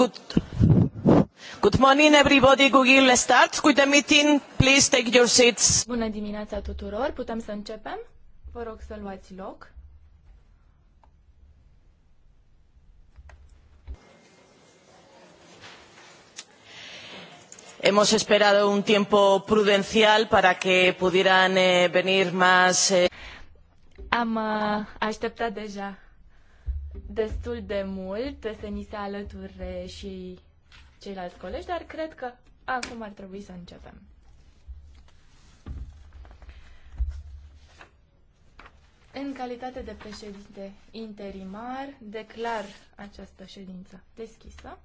Good, good morning everybody. We will start with the meeting. Please take your seats. Bună dimineața tuturor. Putem să începem? Vă rog să luați loc. Hemos esperado un tiempo prudencial para que pudieran eh, venir más. Eh... Am uh, așteptat deja destul de mult să ni se alăture și ceilalți colegi, dar cred că acum ar trebui să începem. În calitate de președinte interimar, declar această ședință deschisă.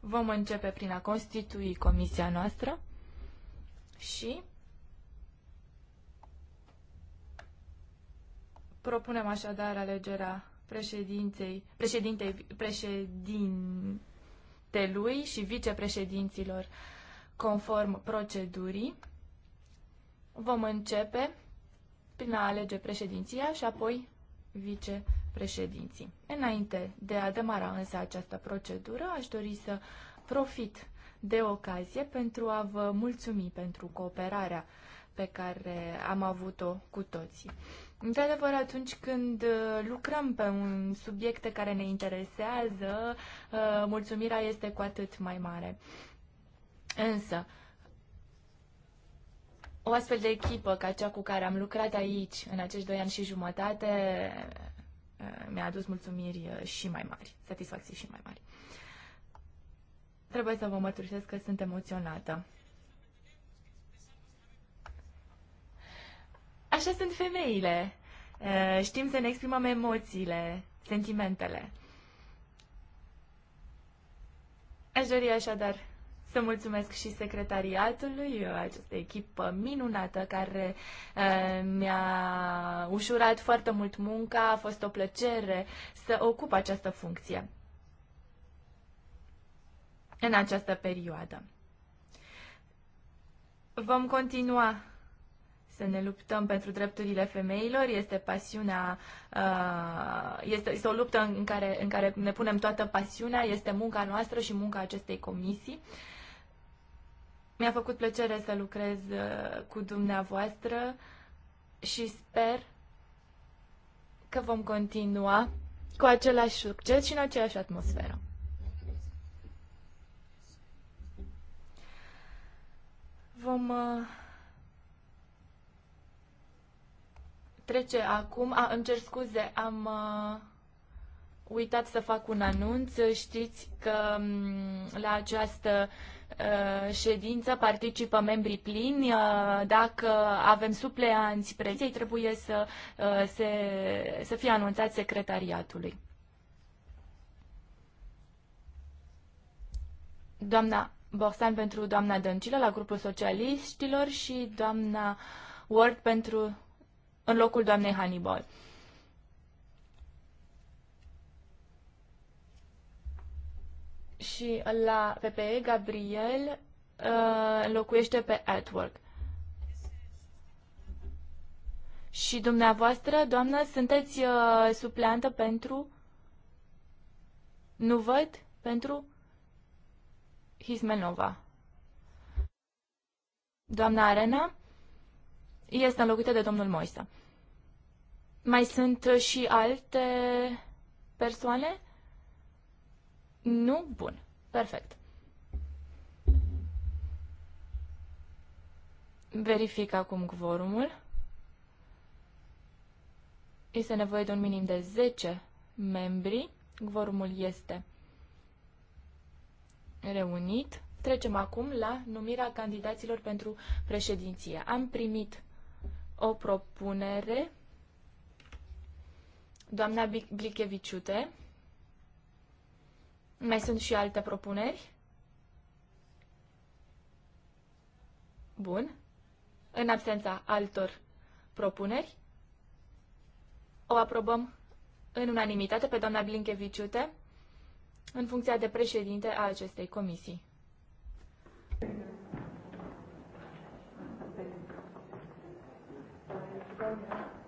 Vom începe prin a constitui comisia noastră și Propunem așadar alegerea președinței, președintei, președintelui și vicepreședinților conform procedurii. Vom începe prin a alege președinția și apoi vicepreședinții. Înainte de a demara însă această procedură, aș dori să profit de ocazie pentru a vă mulțumi pentru cooperarea pe care am avut-o cu toții. Într-adevăr, atunci când uh, lucrăm pe un subiect care ne interesează, uh, mulțumirea este cu atât mai mare. Însă, o astfel de echipă ca cea cu care am lucrat aici în acești doi ani și jumătate uh, mi-a adus mulțumiri și mai mari, satisfacții și mai mari. Trebuie să vă mărturisesc că sunt emoționată. Așa sunt femeile. Eh, știm să ne exprimăm emoțiile, sentimentele. Aș dori așadar să mulțumesc și secretariatului, eh, această echipă minunată care eh, mi-a ușurat foarte mult munca, a fost o plăcere să ocup această funcție în această perioadă. Vom continua să ne luptăm pentru drepturile femeilor, este pasiunea, uh, este, este o luptă în care, în care ne punem toată pasiunea, este munca noastră și munca acestei comisii. Mi-a făcut plăcere să lucrez uh, cu dumneavoastră și sper că vom continua cu același succes și în aceeași atmosferă. Vom uh, trece acum... A, îmi cer scuze, am uh, uitat să fac un anunț. Știți că um, la această uh, ședință participă membrii plini. Uh, dacă avem supleanți prezenți, trebuie să, uh, se, să fie anunțat secretariatului. Doamna Borsan pentru doamna Dăncilă la grupul socialiștilor și doamna Ward pentru în locul doamnei Hannibal. Și la PPE, Gabriel uh, locuiește pe Atwork. Și dumneavoastră, doamnă, sunteți uh, supleantă pentru... Nu văd? Pentru... Hismenova. Doamna Arena este înlocuită de domnul Moisa. Mai sunt uh, și alte persoane? Nu? Bun. Perfect. Verific acum cvorumul. Este nevoie de un minim de 10 membri. Cvorumul este reunit. Trecem acum la numirea candidaților pentru președinție. Am primit o propunere doamna Blicheviciute. Mai sunt și alte propuneri? Bun. În absența altor propuneri, o aprobăm în unanimitate pe doamna Blincheviciute în funcția de președinte a acestei comisii. Thank you.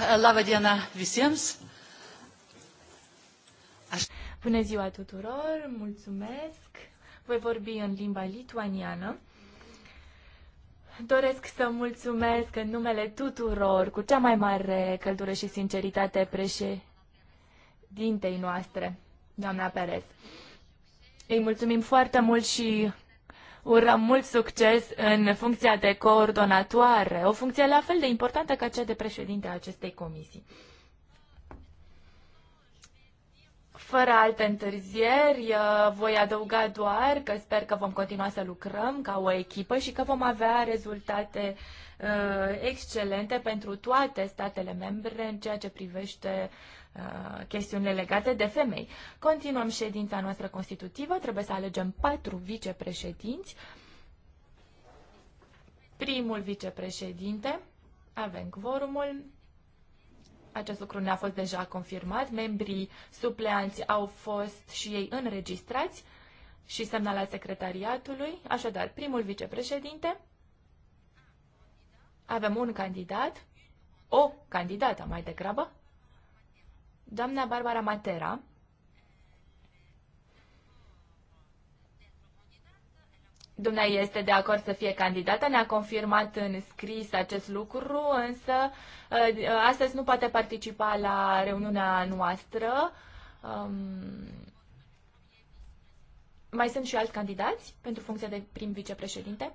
Labą dieną visiems. Bună ziua tuturor, mulțumesc. Voi vorbi în limba lituaniană. Doresc să mulțumesc în numele tuturor, cu cea mai mare căldură și sinceritate președintei noastre, doamna Perez. Îi mulțumim foarte mult și urăm mult succes în funcția de coordonatoare, o funcție la fel de importantă ca cea de președinte a acestei comisii. Fără alte întârzieri, uh, voi adăuga doar că sper că vom continua să lucrăm ca o echipă și că vom avea rezultate uh, excelente pentru toate statele membre în ceea ce privește Uh, chestiunile legate de femei. Continuăm ședința noastră constitutivă, trebuie să alegem patru vicepreședinți. Primul vicepreședinte, avem quorumul, acest lucru ne-a fost deja confirmat, membrii supleanți au fost și ei înregistrați și semnalat secretariatului, așadar primul vicepreședinte, avem un candidat, o candidată mai degrabă, Doamna Barbara Matera Dumnea este de acord să fie candidată, ne-a confirmat în scris acest lucru, însă uh, astăzi nu poate participa la reuniunea noastră. Um, mai sunt și alți candidați pentru funcția de prim vicepreședinte?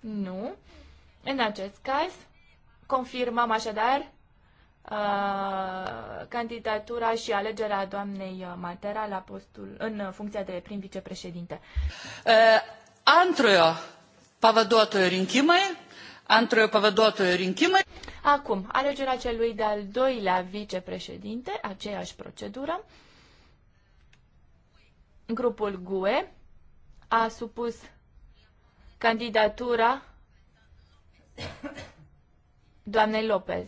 Nu. În acest caz, confirmăm așadar candidatura și alegerea doamnei Matera la postul, în funcția de prim vicepreședinte. Uh, antrojo pavaduotojo rinkimai, antrojo pavaduotojo rinkimai. Acum, alegerea celui de-al doilea vicepreședinte, aceeași procedură. Grupul GUE a supus candidatura doamnei Lopez.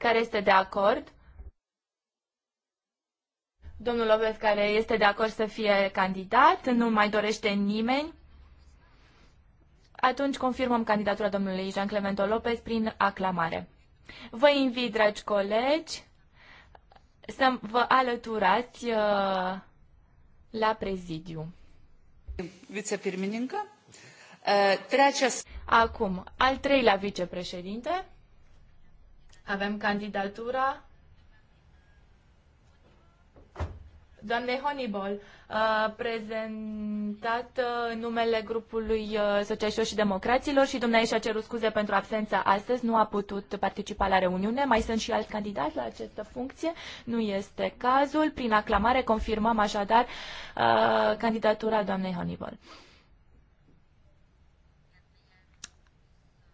care este de acord. Domnul Lopez, care este de acord să fie candidat, nu mai dorește nimeni. Atunci confirmăm candidatura domnului Jean Clemento Lopez prin aclamare. Vă invit, dragi colegi, să vă alăturați uh, la prezidiu. Vicepirminincă? Uh, Acum, al treilea vicepreședinte. Avem candidatura Doamne Honeyball, uh, prezentat uh, numele grupului uh, Socialiștilor și Democraților și dumneavoastră și-a cerut scuze pentru absența astăzi, nu a putut participa la reuniune. Mai sunt și alți candidați la această funcție, nu este cazul. Prin aclamare confirmăm așadar candidatura doamnei Honeyball.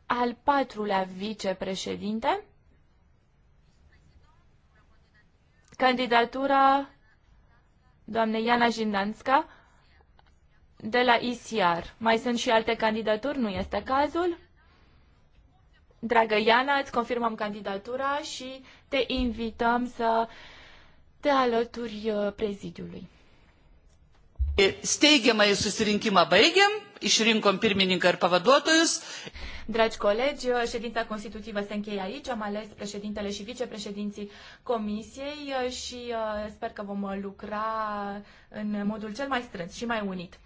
Al patrulea vicepreședinte candidatura doamnei Iana Jindanska de la ICR. Mai sunt și alte candidaturi? Nu este cazul. Dragă Iana, îți confirmăm candidatura și te invităm să te alături uh, prezidiului. Steigiamąjį susirinkimą baigiam išrinkom pirmininką ir pavaduotojus. Dragi colegi, ședința constitutivă se încheie aici. Am ales președintele și vicepreședinții comisiei și uh, sper că vom uh, lucra în modul cel mai strâns și mai unit.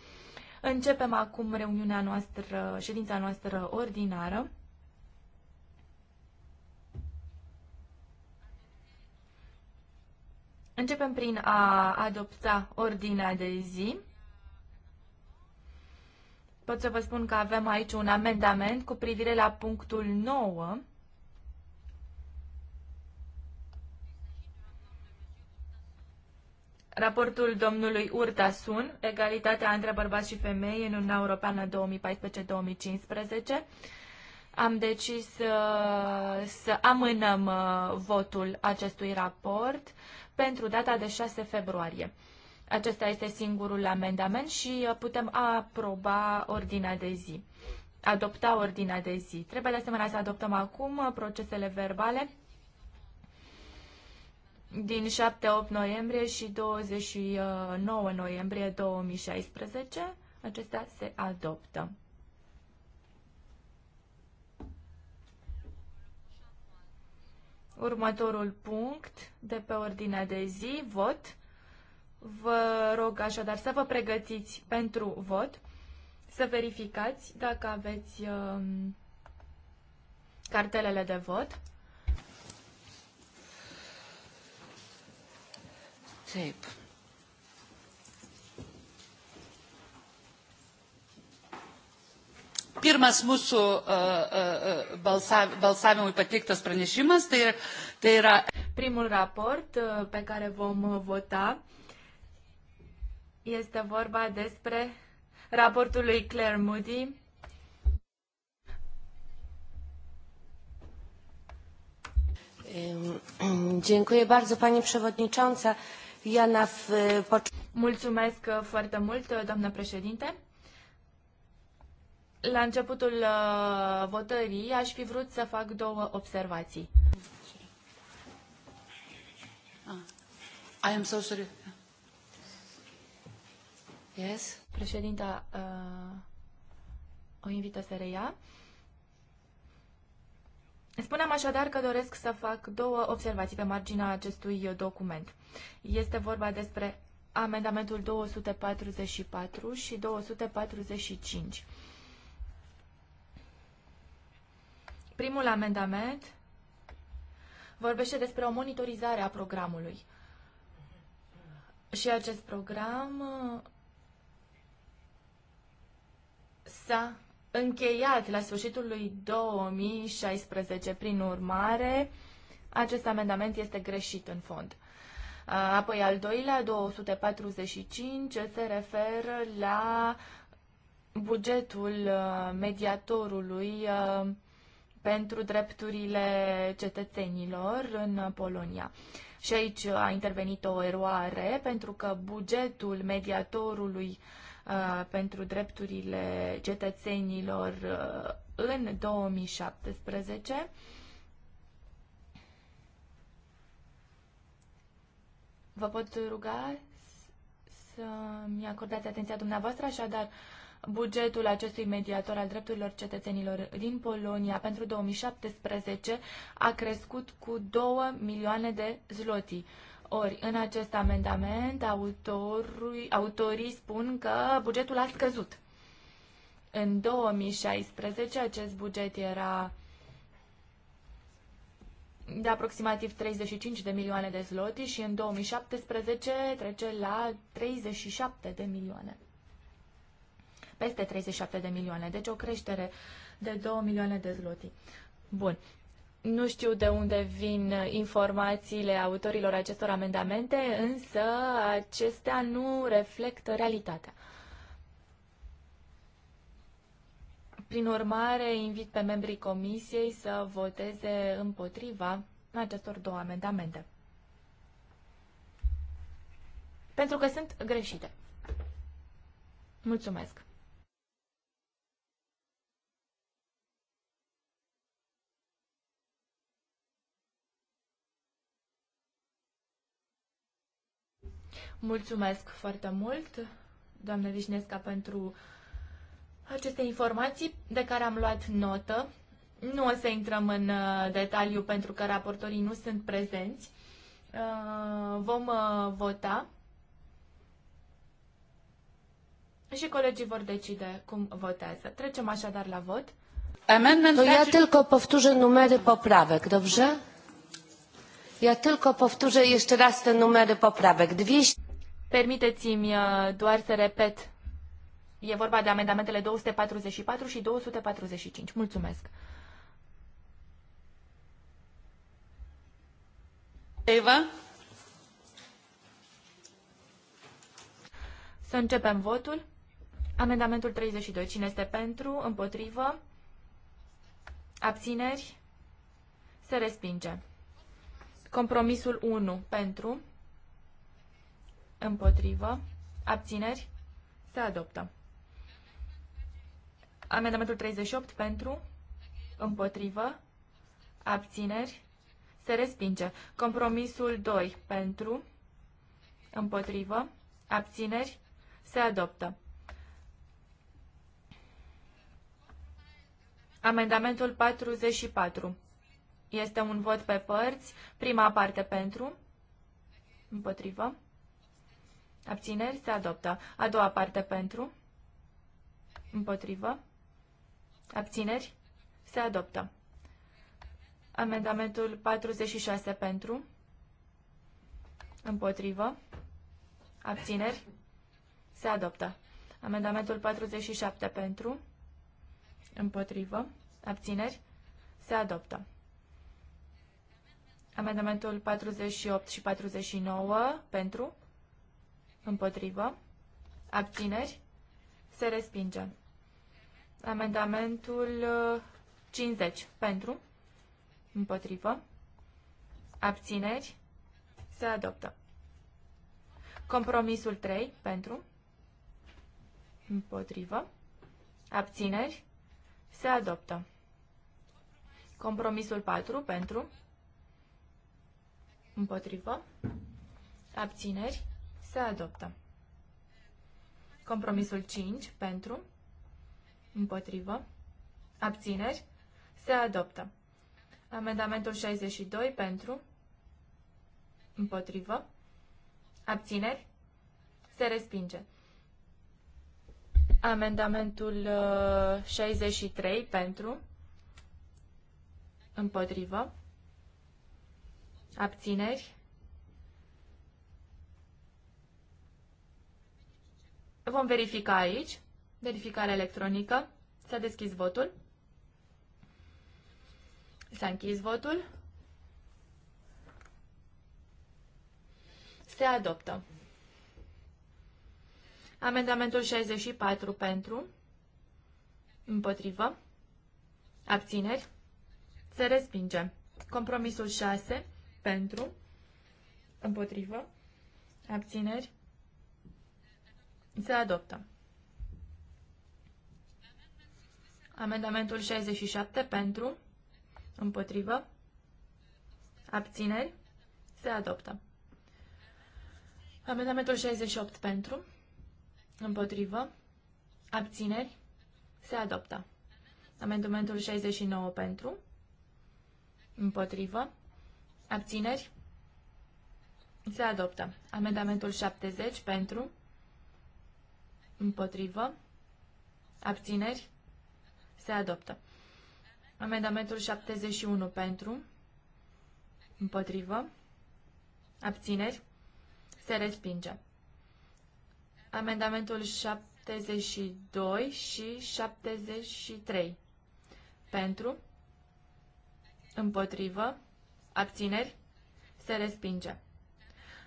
Începem acum reuniunea noastră, ședința noastră ordinară. Începem prin a adopta ordinea de zi pot să vă spun că avem aici un amendament cu privire la punctul 9. Raportul domnului Urtasun, Egalitatea între bărbați și femei în Uniunea Europeană 2014-2015. Am decis uh, să amânăm uh, votul acestui raport pentru data de 6 februarie. Acesta este singurul amendament și uh, putem aproba ordinea de zi, adopta ordinea de zi. Trebuie de asemenea să adoptăm acum uh, procesele verbale din 7-8 noiembrie și 29 noiembrie 2016. Acestea se adoptă. Următorul punct de pe ordinea de zi, vot Vă rog așadar să vă pregătiți pentru vot, să verificați dacă aveți um, cartelele de vot. Tape. pirmas mūsų uh, uh, balsavimui pateiktas pranešimas, tai, tai yra. Primul raport uh, pe care vom vota este vorba despre raportul lui Claire Moody. Dziękuję bardzo Pani Przewodnicząca. na w... Mulțumesc foarte mult, doamnă președinte. La începutul votării aș fi vrut să fac două observații. Ah. I am so sorry. Yes. Președinta uh, o invită să reia. Spuneam așadar că doresc să fac două observații pe marginea acestui document. Este vorba despre amendamentul 244 și 245. Primul amendament vorbește despre o monitorizare a programului. Și acest program s-a încheiat la sfârșitul lui 2016. Prin urmare, acest amendament este greșit în fond. Apoi al doilea, 245, se referă la bugetul mediatorului pentru drepturile cetățenilor în Polonia. Și aici a intervenit o eroare, pentru că bugetul mediatorului uh, Uh, pentru drepturile cetățenilor uh, în 2017. Vă pot ruga să mi acordați atenția dumneavoastră, așadar bugetul acestui mediator al drepturilor cetățenilor din Polonia pentru 2017 a crescut cu 2 milioane de zlotii ori, în acest amendament, autorii, autorii spun că bugetul a scăzut. În 2016, acest buget era de aproximativ 35 de milioane de zloti și în 2017 trece la 37 de milioane. Peste 37 de milioane, deci o creștere de 2 milioane de zloti. Bun, nu știu de unde vin informațiile autorilor acestor amendamente, însă acestea nu reflectă realitatea. Prin urmare, invit pe membrii comisiei să voteze împotriva acestor două amendamente. Pentru că sunt greșite. Mulțumesc. Mulțumesc foarte mult, doamnă Vișnesca, pentru aceste informații de care am luat notă. Nu o să intrăm în uh, detaliu pentru că raportorii nu sunt prezenți. Uh, vom uh, vota și colegii vor decide cum votează. Trecem așadar la vot. to ja tylko powtórzę numery poprawek, dobrze? Ja tylko powtórzę jeszcze raz te numery poprawek. 200... Permiteți-mi uh, doar să repet. E vorba de amendamentele 244 și 245. Mulțumesc. Eva? Să începem votul. Amendamentul 32. Cine este pentru? Împotrivă? Abțineri? Se respinge. Compromisul 1. Pentru? Împotrivă. Abțineri. Se adoptă. Amendamentul 38 pentru. Împotrivă. Abțineri. Se respinge. Compromisul 2 pentru. Împotrivă. Abțineri. Se adoptă. Amendamentul 44. Este un vot pe părți. Prima parte pentru. Împotrivă. Abțineri se adoptă. A doua parte pentru. Împotrivă. Abțineri se adoptă. Amendamentul 46 pentru. Împotrivă. Abțineri se adoptă. Amendamentul 47 pentru. Împotrivă. Abțineri se adoptă. Amendamentul 48 și 49 pentru. Împotrivă. Abțineri. Se respinge. Amendamentul 50 uh, pentru. Împotrivă. Abțineri. Se adoptă. Compromisul 3 pentru. Împotrivă. Abțineri. Se adoptă. Compromisul 4 pentru. Împotrivă. Abțineri se adoptă. Compromisul 5 pentru, împotrivă, abțineri, se adoptă. Amendamentul 62 pentru, împotrivă, abțineri, se respinge. Amendamentul 63 uh, pentru, împotrivă, abțineri, Vom verifica aici. Verificare electronică. S-a deschis votul. S-a închis votul. Se adoptă. Amendamentul 64 pentru. Împotrivă. Abțineri. Se respinge. Compromisul 6 pentru. Împotrivă. Abțineri. Se adoptă. Amendamentul 67 pentru, împotrivă, abțineri, se adoptă. Amendamentul 68 pentru, împotrivă, abțineri, se adoptă. Amendamentul 69 pentru, împotrivă, abțineri, se adoptă. Amendamentul 70 pentru, Împotrivă. Abțineri. Se adoptă. Amendamentul 71 pentru. Împotrivă. Abțineri. Se respinge. Amendamentul 72 și 73 pentru. Împotrivă. Abțineri. Se respinge.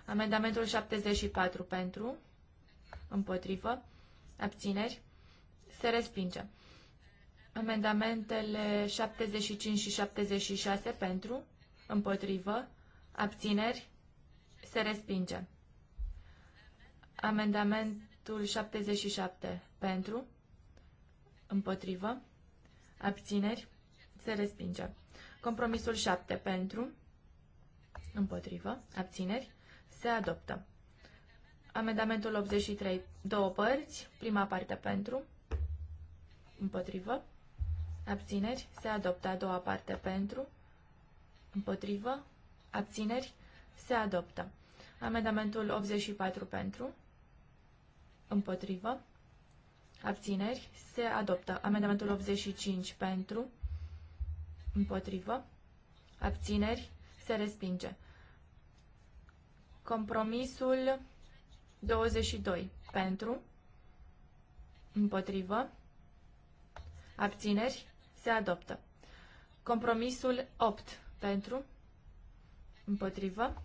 Amendamentul 74 pentru. Împotrivă abțineri, se respinge. Amendamentele 75 și 76 pentru, împotrivă, abțineri, se respinge. Amendamentul 77 pentru, împotrivă, abțineri, se respinge. Compromisul 7 pentru, împotrivă, abțineri, se adoptă. Amendamentul 83, două părți, prima parte pentru, împotrivă, abțineri, se adoptă a doua parte pentru, împotrivă, abțineri, se adoptă. Amendamentul 84 pentru, împotrivă, abțineri, se adoptă. Amendamentul 85 pentru, împotrivă, abțineri, se respinge. Compromisul 22 pentru, împotrivă, abțineri, se adoptă. Compromisul 8 pentru, împotrivă,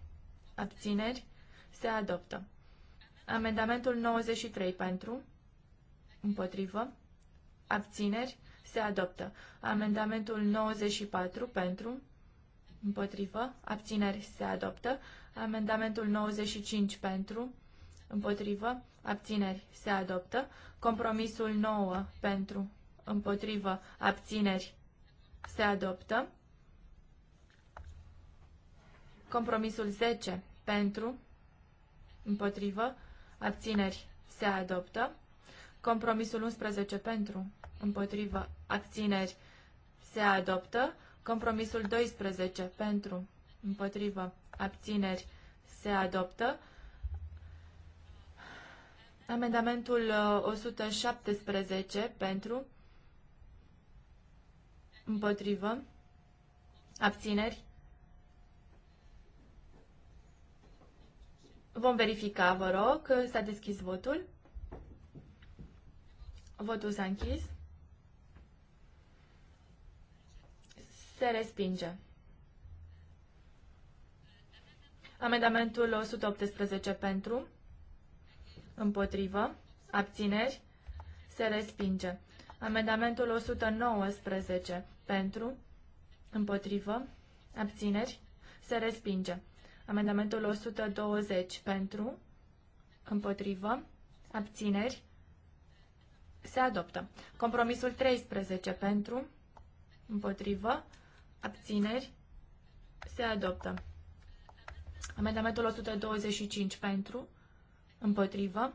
abțineri, se adoptă. Amendamentul 93 pentru, împotrivă, abțineri, se adoptă. Amendamentul 94 pentru, împotrivă, abțineri, se adoptă. Amendamentul 95 pentru, împotrivă, abțineri se adoptă. Compromisul 9 pentru, împotrivă, abțineri se adoptă. Compromisul 10 pentru, împotrivă, abțineri se adoptă. Compromisul 11 pentru, împotrivă, abțineri se adoptă. Compromisul 12 pentru, împotrivă, abțineri se adoptă. Amendamentul 117 uh, pentru, împotrivă, abțineri. Vom verifica, vă rog, s-a deschis votul. Votul s-a închis. Se respinge. Amendamentul 118 pentru împotrivă, abțineri, se respinge. Amendamentul 119 pentru, împotrivă, abțineri, se respinge. Amendamentul 120 pentru, împotrivă, abțineri, se adoptă. Compromisul 13 pentru, împotrivă, abțineri, se adoptă. Amendamentul 125 pentru, împotrivă,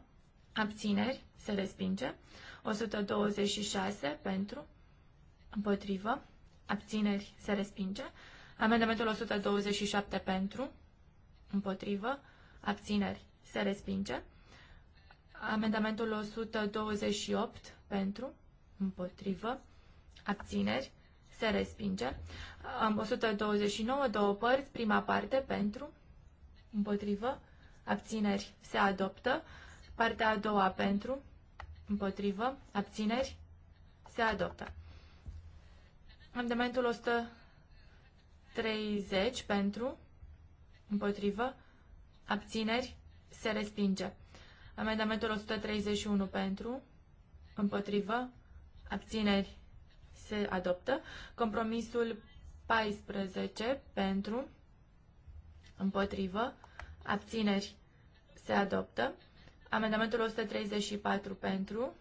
abțineri, se respinge. 126 pentru, împotrivă, abțineri, se respinge. Amendamentul 127 pentru, împotrivă, abțineri, se respinge. Amendamentul 128 pentru, împotrivă, abțineri, se respinge. 129, două părți, prima parte pentru, împotrivă, abțineri, se adoptă. Partea a doua pentru, împotrivă, abțineri, se adoptă. Amendamentul 130 pentru, împotrivă, abțineri, se respinge. Amendamentul 131 pentru, împotrivă, abțineri, se adoptă. Compromisul 14 pentru, împotrivă, abțineri, se adoptă. Amendamentul 134 pentru,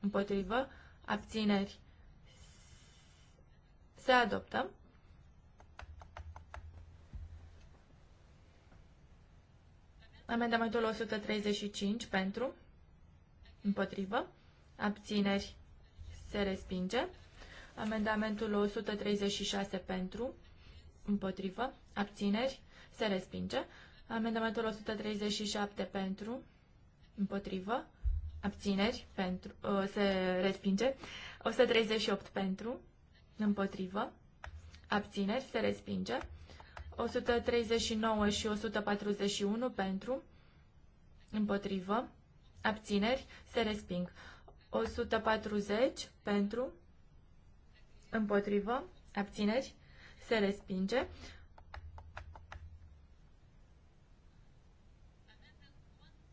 împotrivă, abțineri, se adoptă. Amendamentul 135 pentru, împotrivă, abțineri, se respinge. Amendamentul 136 pentru, împotrivă, abțineri, se respinge. Amendamentul 137 pentru, împotrivă, abțineri, pentru, uh, se respinge. 138 pentru, împotrivă, abțineri, se respinge. 139 și 141 pentru, împotrivă, abțineri, se resping. 140 pentru, împotrivă, abțineri, se respinge.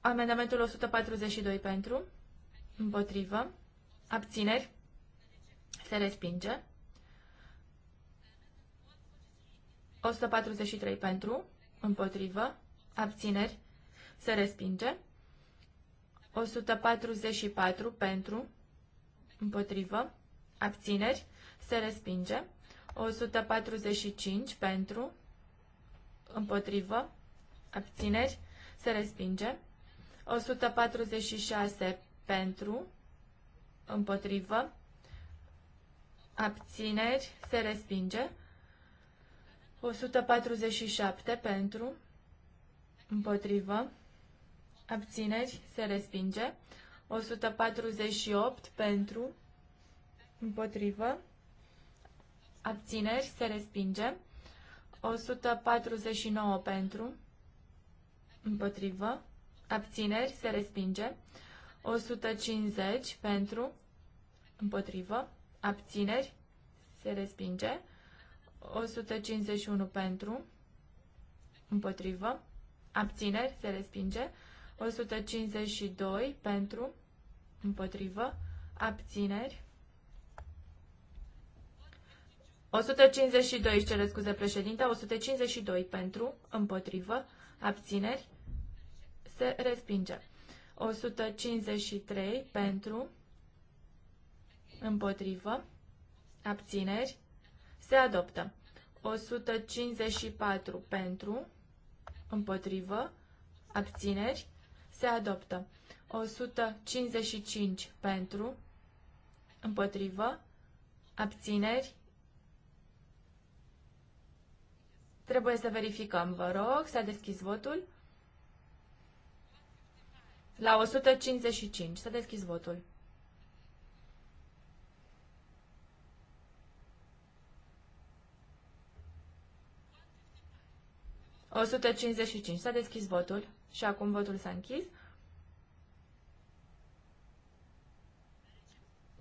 Amendamentul 142 pentru, împotrivă, abțineri, se respinge. 143 pentru, împotrivă, abțineri, se respinge. 144 pentru, împotrivă, abțineri, se respinge. 145 pentru, împotrivă, abțineri, se respinge. 146 pentru, împotrivă, abțineri, se respinge. 147 pentru, împotrivă, abțineri, se respinge. 148 pentru, împotrivă, abțineri, se respinge. 149 pentru, împotrivă, abțineri, se respinge. 150 pentru, împotrivă, abțineri, se respinge. 151 pentru, împotrivă, abțineri, se respinge. 152 pentru, împotrivă, abțineri. 152, cer scuze președinte, 152 pentru, împotrivă, abțineri, se respinge. 153 pentru, împotrivă, abțineri, se adoptă. 154 pentru, împotrivă, abțineri, se adoptă. 155 pentru, împotrivă, abțineri. Trebuie să verificăm, vă rog, s-a deschis votul. La 155. Să deschizi votul. O 155. S-a deschis votul și acum votul s-a închis.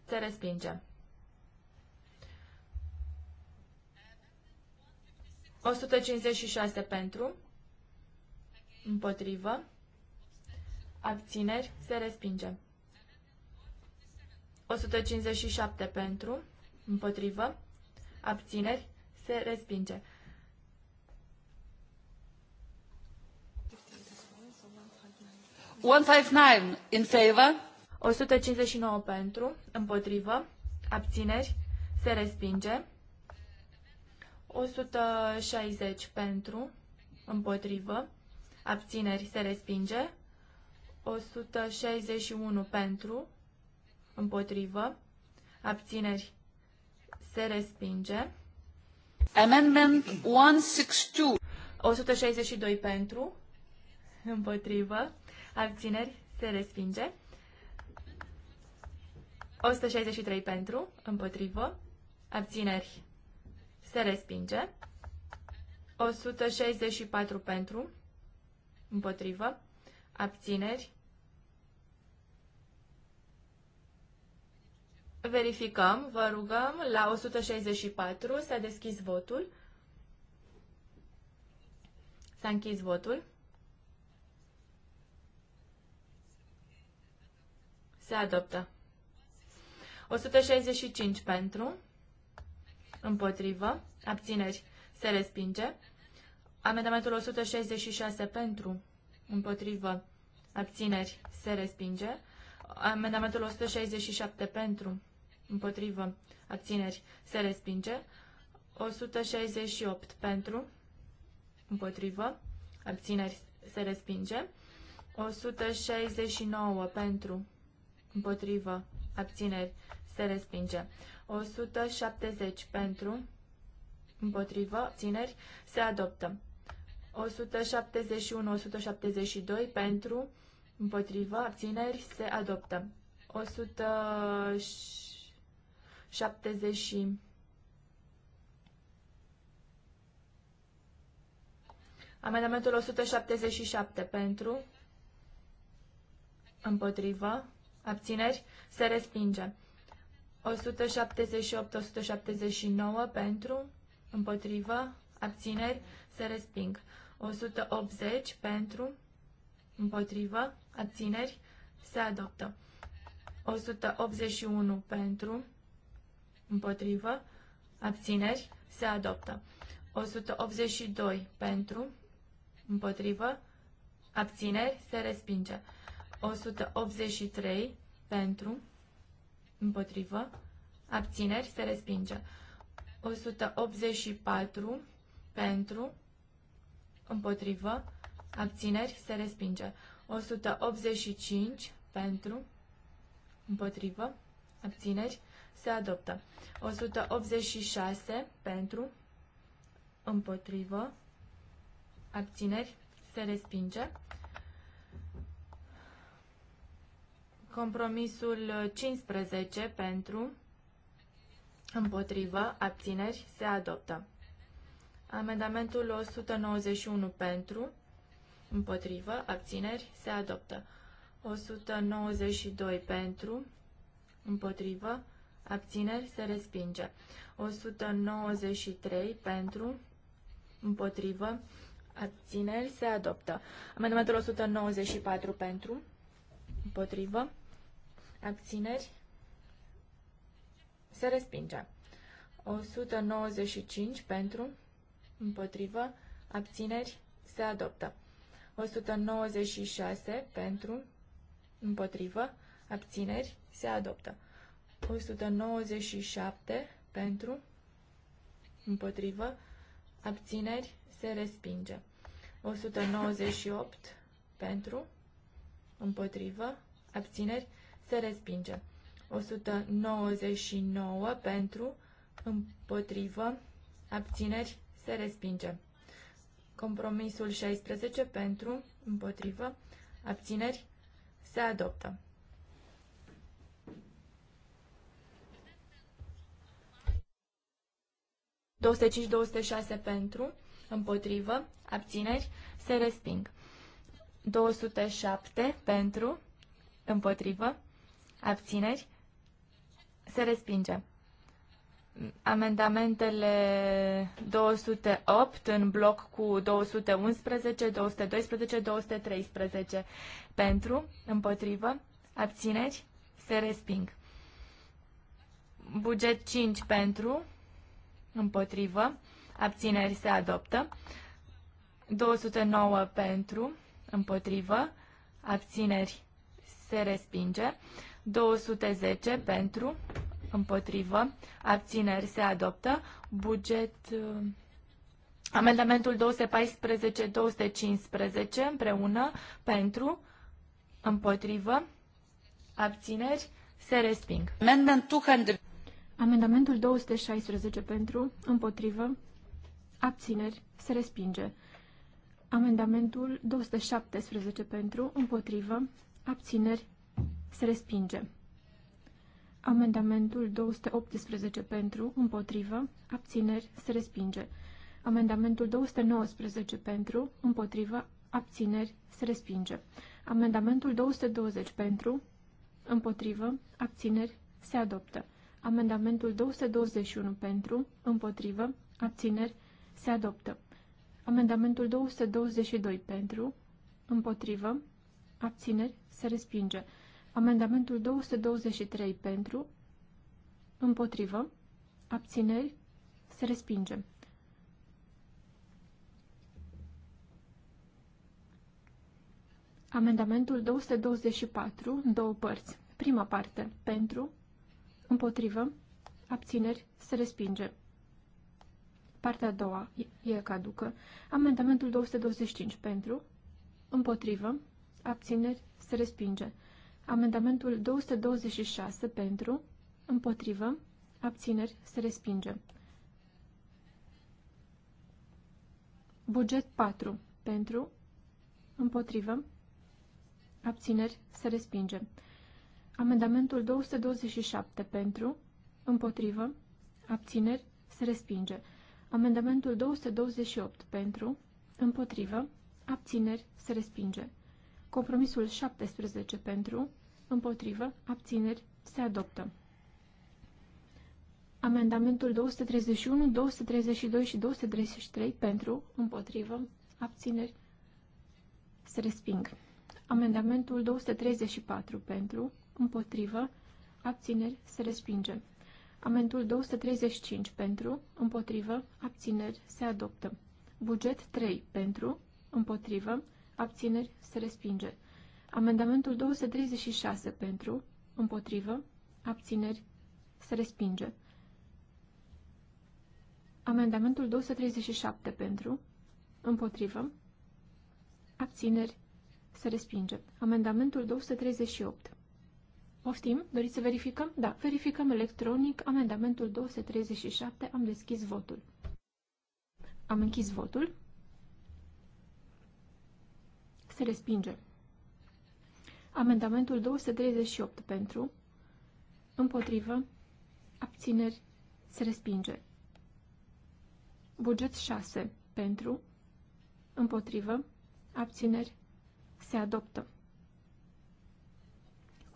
Se respinge. 156 pentru, împotrivă abțineri, se respinge. 157 pentru, împotrivă, abțineri, se respinge. One five nine in favor. 159 pentru, împotrivă, abțineri, se respinge. 160 pentru, împotrivă, abțineri, se respinge. 161 pentru, împotrivă, abțineri, se respinge. Amendment 162. 162 pentru, împotrivă, abțineri, se respinge. 163 pentru, împotrivă, abțineri, se respinge. 164 pentru, împotrivă, abțineri, Verificăm, vă rugăm, la 164 s-a deschis votul. S-a închis votul. Se adoptă. 165 pentru, împotrivă, abțineri, se respinge. Amendamentul 166 pentru, împotrivă, abțineri, se respinge. Amendamentul 167 pentru, împotrivă, abțineri, se respinge. 168 pentru, împotrivă, abțineri, se respinge. 169 pentru, împotrivă, abțineri, se respinge. 170 pentru, împotrivă, abțineri, se adoptă. 171-172 pentru, împotrivă, abțineri, se adoptă. 100 70 și... Amendamentul 177 pentru, împotrivă, abțineri, se respinge. 178-179 pentru, împotrivă, abțineri, se resping. 180 pentru, împotrivă, abțineri, se adoptă. 181 pentru, împotrivă, abțineri, se adoptă. 182 pentru, împotrivă, abțineri, se respinge. 183 pentru, împotrivă, abțineri, se respinge. 184 pentru, împotrivă, abțineri, se respinge. 185 pentru, împotrivă, abțineri, se adoptă. 186 pentru, împotrivă, abțineri, se respinge. Compromisul 15 pentru, împotrivă, abțineri, se adoptă. Amendamentul 191 pentru, împotrivă, abțineri, se adoptă. 192 pentru, împotrivă, abțineri, abțineri, se respinge. 193 pentru, împotrivă, abțineri, se adoptă. Amendamentul 194 pentru, împotrivă, abțineri, se respinge. 195 pentru, împotrivă, abțineri, se adoptă. 196 pentru, împotrivă, abțineri, se adoptă. 197 pentru, împotrivă, abțineri, se respinge. 198 pentru, împotrivă, abțineri, se respinge. 199 pentru, împotrivă, abțineri, se respinge. Compromisul 16 pentru, împotrivă, abțineri, se adoptă. 205-206 pentru, împotrivă, abțineri, se resping. 207 pentru, împotrivă, abțineri, se respinge. Amendamentele 208 în bloc cu 211, 212, 213 pentru, împotrivă, abțineri, se resping. Buget 5 pentru, împotrivă, abțineri se adoptă. 209 pentru, împotrivă, abțineri se respinge. 210 pentru, împotrivă, abțineri se adoptă. Buget uh, Amendamentul 214-215 împreună pentru, împotrivă, abțineri, se resping. Amendment 200. Amendamentul 216 pentru, împotrivă, abțineri, se respinge. Amendamentul 217 pentru, împotrivă, abțineri, se respinge. Amendamentul 218 pentru, împotrivă, abțineri, se respinge. Amendamentul 219 pentru, împotrivă, abțineri, se respinge. Amendamentul 220 pentru, împotrivă, abțineri, se adoptă. Amendamentul 221 pentru, împotrivă, abțineri, se adoptă. Amendamentul 222 pentru, împotrivă, abțineri, se respinge. Amendamentul 223 pentru, împotrivă, abțineri, se respinge. Amendamentul 224, în două părți. Prima parte, pentru, Împotrivă. Abțineri. Se respinge. Partea a doua e caducă. Amendamentul 225 pentru. Împotrivă. Abțineri. Se respinge. Amendamentul 226 pentru. Împotrivă. Abțineri. Se respinge. Buget 4. Pentru. Împotrivă. Abțineri. Se respinge. Amendamentul 227 pentru, împotrivă, abțineri, se respinge. Amendamentul 228 pentru, împotrivă, abțineri, se respinge. Compromisul 17 pentru, împotrivă, abțineri, se adoptă. Amendamentul 231, 232 și 233 pentru, împotrivă, abțineri, se resping. Amendamentul 234 pentru, împotrivă, abțineri, se respinge. Amendul 235 pentru, împotrivă, abțineri, se adoptă. Buget 3 pentru, împotrivă, abțineri, se respinge. Amendamentul 236 pentru, împotrivă, abțineri, se respinge. Amendamentul 237 pentru, împotrivă, abțineri, se respinge. Amendamentul 238 Poftim? Doriți să verificăm? Da, verificăm electronic amendamentul 237. Am deschis votul. Am închis votul. Se respinge. Amendamentul 238 pentru, împotrivă, abțineri, se respinge. Buget 6 pentru, împotrivă, abțineri, se adoptă.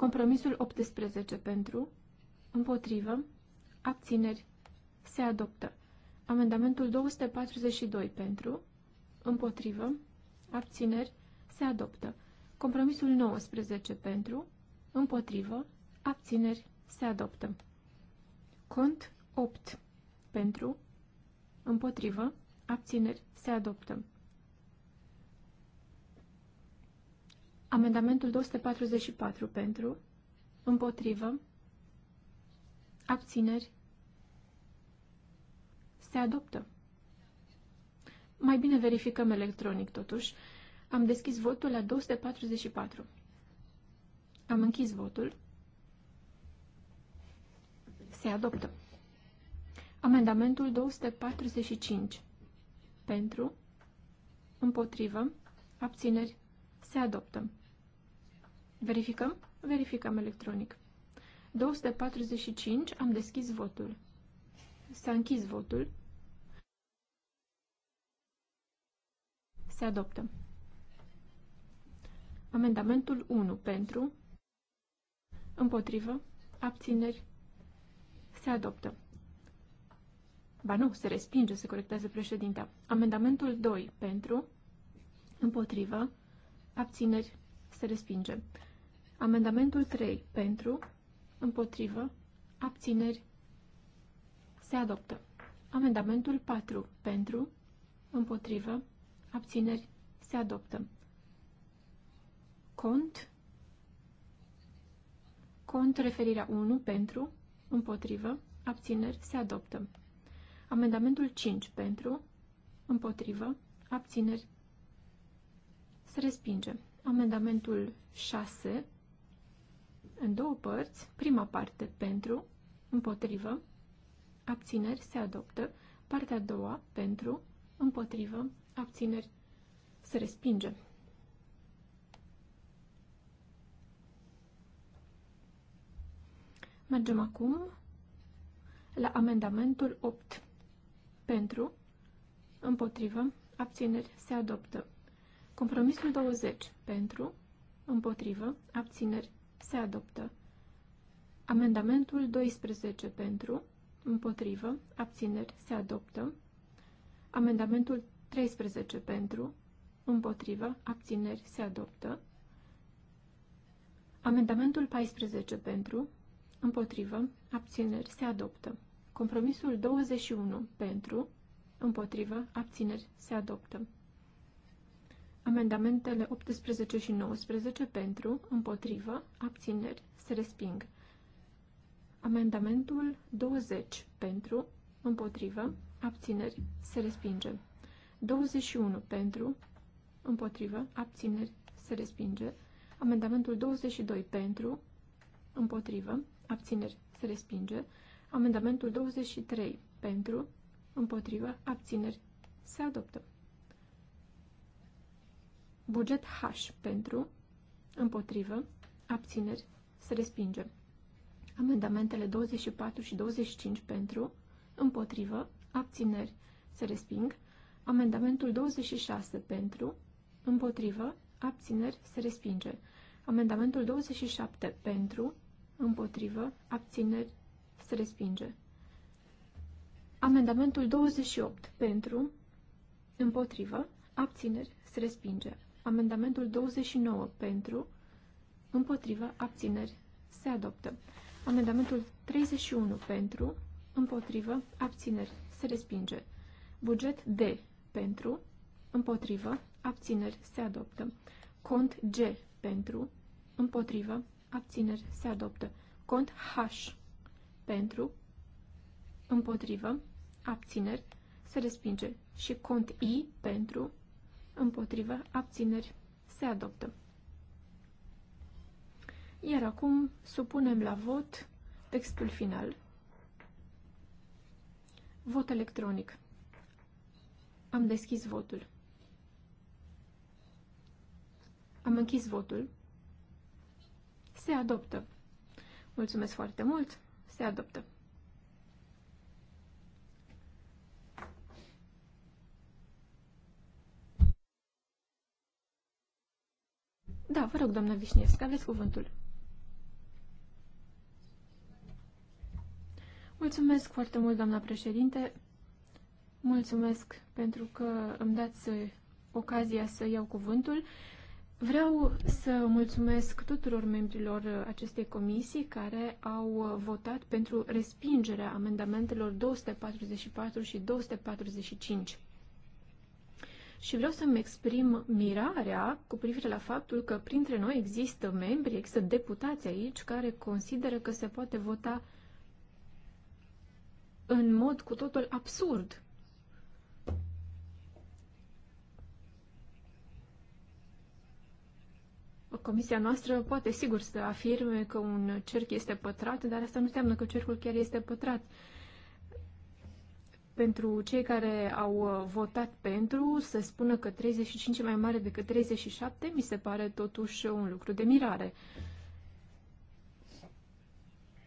Compromisul 18 pentru, împotrivă, abțineri, se adoptă. Amendamentul 242 pentru, împotrivă, abțineri, se adoptă. Compromisul 19 pentru, împotrivă, abțineri, se adoptă. Cont 8 pentru, împotrivă, abțineri, se adoptă. Amendamentul 244 pentru, împotrivă, abțineri, se adoptă. Mai bine verificăm electronic, totuși. Am deschis votul la 244. Am închis votul. Se adoptă. Amendamentul 245. Pentru, împotrivă, abțineri, se adoptă. Verificăm? Verificăm electronic. 245, am deschis votul. S-a închis votul. Se adoptă. Amendamentul 1 pentru, împotrivă, abțineri, se adoptă. Ba nu, se respinge, se corectează președintea. Amendamentul 2 pentru, împotrivă, abțineri, se respinge. Amendamentul 3. Pentru, împotrivă, abțineri, se adoptă. Amendamentul 4. Pentru, împotrivă, abțineri, se adoptă. Cont. Cont referirea 1 pentru, împotrivă, abțineri, se adoptă. Amendamentul 5 pentru, împotrivă, abțineri, se respinge. Amendamentul 6 în două părți. Prima parte pentru, împotrivă, abțineri se adoptă. Partea a doua pentru, împotrivă, abțineri se respinge. Mergem acum la amendamentul 8. Pentru, împotrivă, abțineri se adoptă. Compromisul 20. Pentru, împotrivă, abțineri se adoptă. Amendamentul 12 pentru, împotrivă, abțineri, se adoptă. Amendamentul 13 pentru, împotrivă, abțineri, se adoptă. Amendamentul 14 pentru, împotrivă, abțineri, se adoptă. Compromisul 21 pentru, împotrivă, abțineri, se adoptă. Amendamentele 18 și 19 pentru, împotrivă, abțineri, se resping. Amendamentul 20 pentru, împotrivă, abțineri, se respinge. 21 pentru, împotrivă, abțineri, se respinge. Amendamentul 22 pentru, împotrivă, abțineri, se respinge. Amendamentul 23 pentru, împotrivă, abțineri, se adoptă. Buget H pentru, împotrivă, abțineri, se respinge. Amendamentele 24 și 25 pentru, împotrivă, abțineri, se resping. Amendamentul 26 pentru, împotrivă, abțineri, se respinge. Amendamentul 27 pentru, împotrivă, abțineri, se respinge. Amendamentul 28 pentru, împotrivă, abțineri, se respinge. Amendamentul 29 pentru, împotriva, abțineri, se adoptă. Amendamentul 31 pentru, împotrivă, abțineri, se respinge. Buget D pentru, împotrivă, abțineri, se adoptă. Cont G pentru, împotrivă, abțineri, se adoptă. Cont H pentru, împotrivă, abțineri, se respinge. Și cont I pentru, împotrivă, abțineri, se adoptă. Iar acum supunem la vot textul final. Vot electronic. Am deschis votul. Am închis votul. Se adoptă. Mulțumesc foarte mult. Se adoptă. Da, vă rog, doamna Vișnevscă, aveți cuvântul. Mulțumesc foarte mult, doamna președinte. Mulțumesc pentru că îmi dați ocazia să iau cuvântul. Vreau să mulțumesc tuturor membrilor acestei comisii care au votat pentru respingerea amendamentelor 244 și 245 și vreau să-mi exprim mirarea cu privire la faptul că printre noi există membri, există deputați aici care consideră că se poate vota în mod cu totul absurd. Comisia noastră poate sigur să afirme că un cerc este pătrat, dar asta nu înseamnă că cercul chiar este pătrat pentru cei care au uh, votat pentru să spună că 35 e mai mare decât 37, mi se pare totuși un lucru de mirare.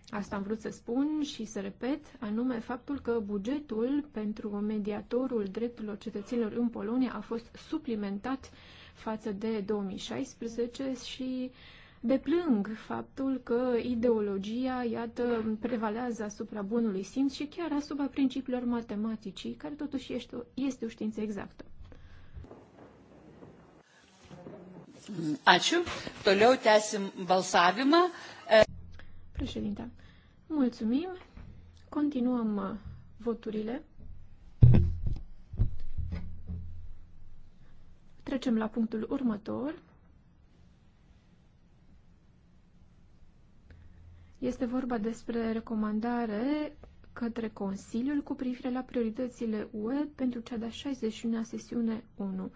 Asta am vrut să spun și să repet, anume faptul că bugetul pentru mediatorul drepturilor cetățenilor în Polonia a fost suplimentat față de 2016 și uh, Deplâng faptul că ideologia, iată, prevalează asupra bunului simț și chiar asupra principiilor matematicii, care totuși este o, este o știință exactă. Ačiū. Toliau tęsim balsavimą. Președinte, mulțumim. Continuăm uh, voturile. Trecem la punctul următor. Este vorba despre recomandare către Consiliul cu privire la prioritățile UE pentru cea de-a 61-a sesiune 1.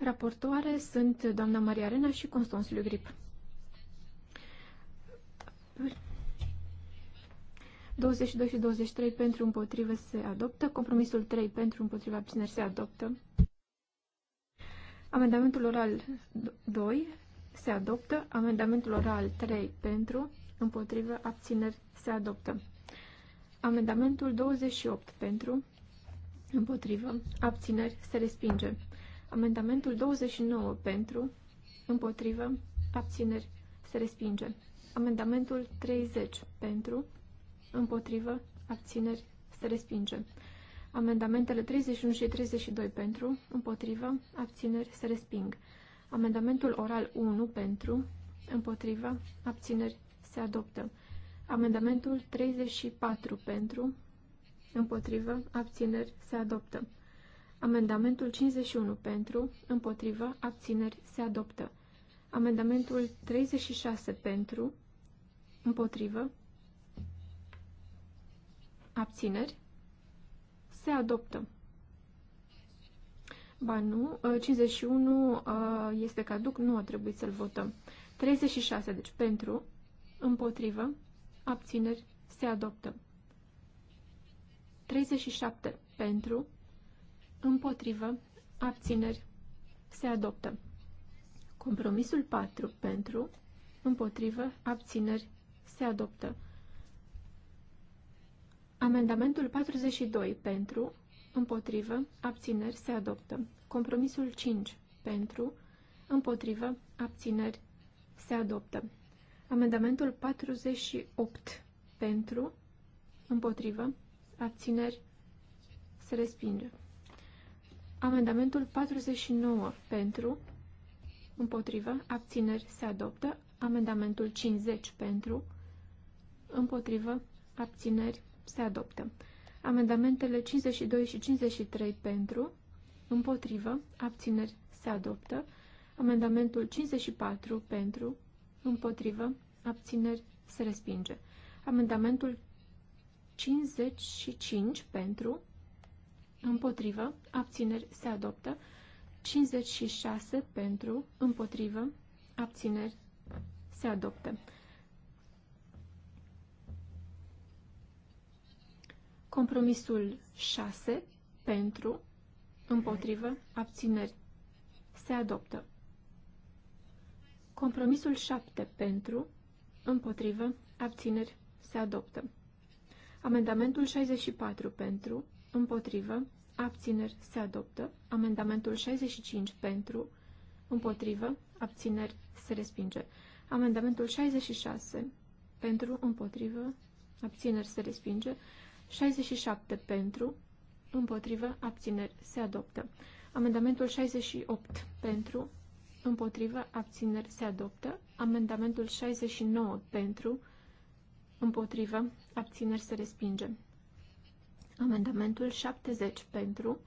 Raportoare sunt doamna Maria Arena și Constans Grip. 22 și 23 pentru împotrivă se adoptă, compromisul 3 pentru împotriva abțineri se adoptă, amendamentul oral 2 se adoptă, amendamentul oral 3 pentru împotrivă, abțineri, se adoptă. Amendamentul 28 pentru, împotrivă, abțineri, se respinge. Amendamentul 29 pentru, împotrivă, abțineri, se respinge. Amendamentul 30 pentru, împotrivă, abțineri, se respinge. Amendamentele 31 și 32 pentru, împotrivă, abțineri, se resping. Amendamentul oral 1 pentru, împotrivă, abțineri, se adoptă. Amendamentul 34 pentru, împotrivă, abțineri, se adoptă. Amendamentul 51 pentru, împotrivă, abțineri, se adoptă. Amendamentul 36 pentru, împotrivă, abțineri, se adoptă. Ba nu, 51 uh, uh, este caduc, nu a trebuit să-l votăm. 36, deci pentru, Împotrivă. Abțineri. Se adoptă. 37. Pentru. Împotrivă. Abțineri. Se adoptă. Compromisul 4. Pentru. Împotrivă. Abțineri. Se adoptă. Amendamentul 42. Pentru. Împotrivă. Abțineri. Se adoptă. Compromisul 5. Pentru. Împotrivă. Abțineri. Se adoptă. Amendamentul 48 pentru, împotrivă, abțineri, se respinge. Amendamentul 49 pentru, împotrivă, abțineri, se adoptă. Amendamentul 50 pentru, împotrivă, abțineri, se adoptă. Amendamentele 52 și 53 pentru, împotrivă, abțineri, se adoptă. Amendamentul 54 pentru, împotrivă, abțineri, se respinge. Amendamentul 55 pentru, împotrivă, abțineri, se adoptă. 56 pentru, împotrivă, abțineri, se adoptă. Compromisul 6 pentru, împotrivă, abțineri, se adoptă. Compromisul 7 pentru, împotrivă, abțineri, se adoptă. Amendamentul 64 pentru, împotrivă, abțineri, se adoptă. Amendamentul 65 pentru, împotrivă, abțineri, se respinge. Amendamentul 66 pentru, împotrivă, abțineri, se respinge. 67 pentru, împotrivă, abțineri, se adoptă. Amendamentul 68 pentru, împotrivă, abțineri se adoptă. Amendamentul 69 pentru, împotrivă, abțineri se respinge. Amendamentul 70 pentru,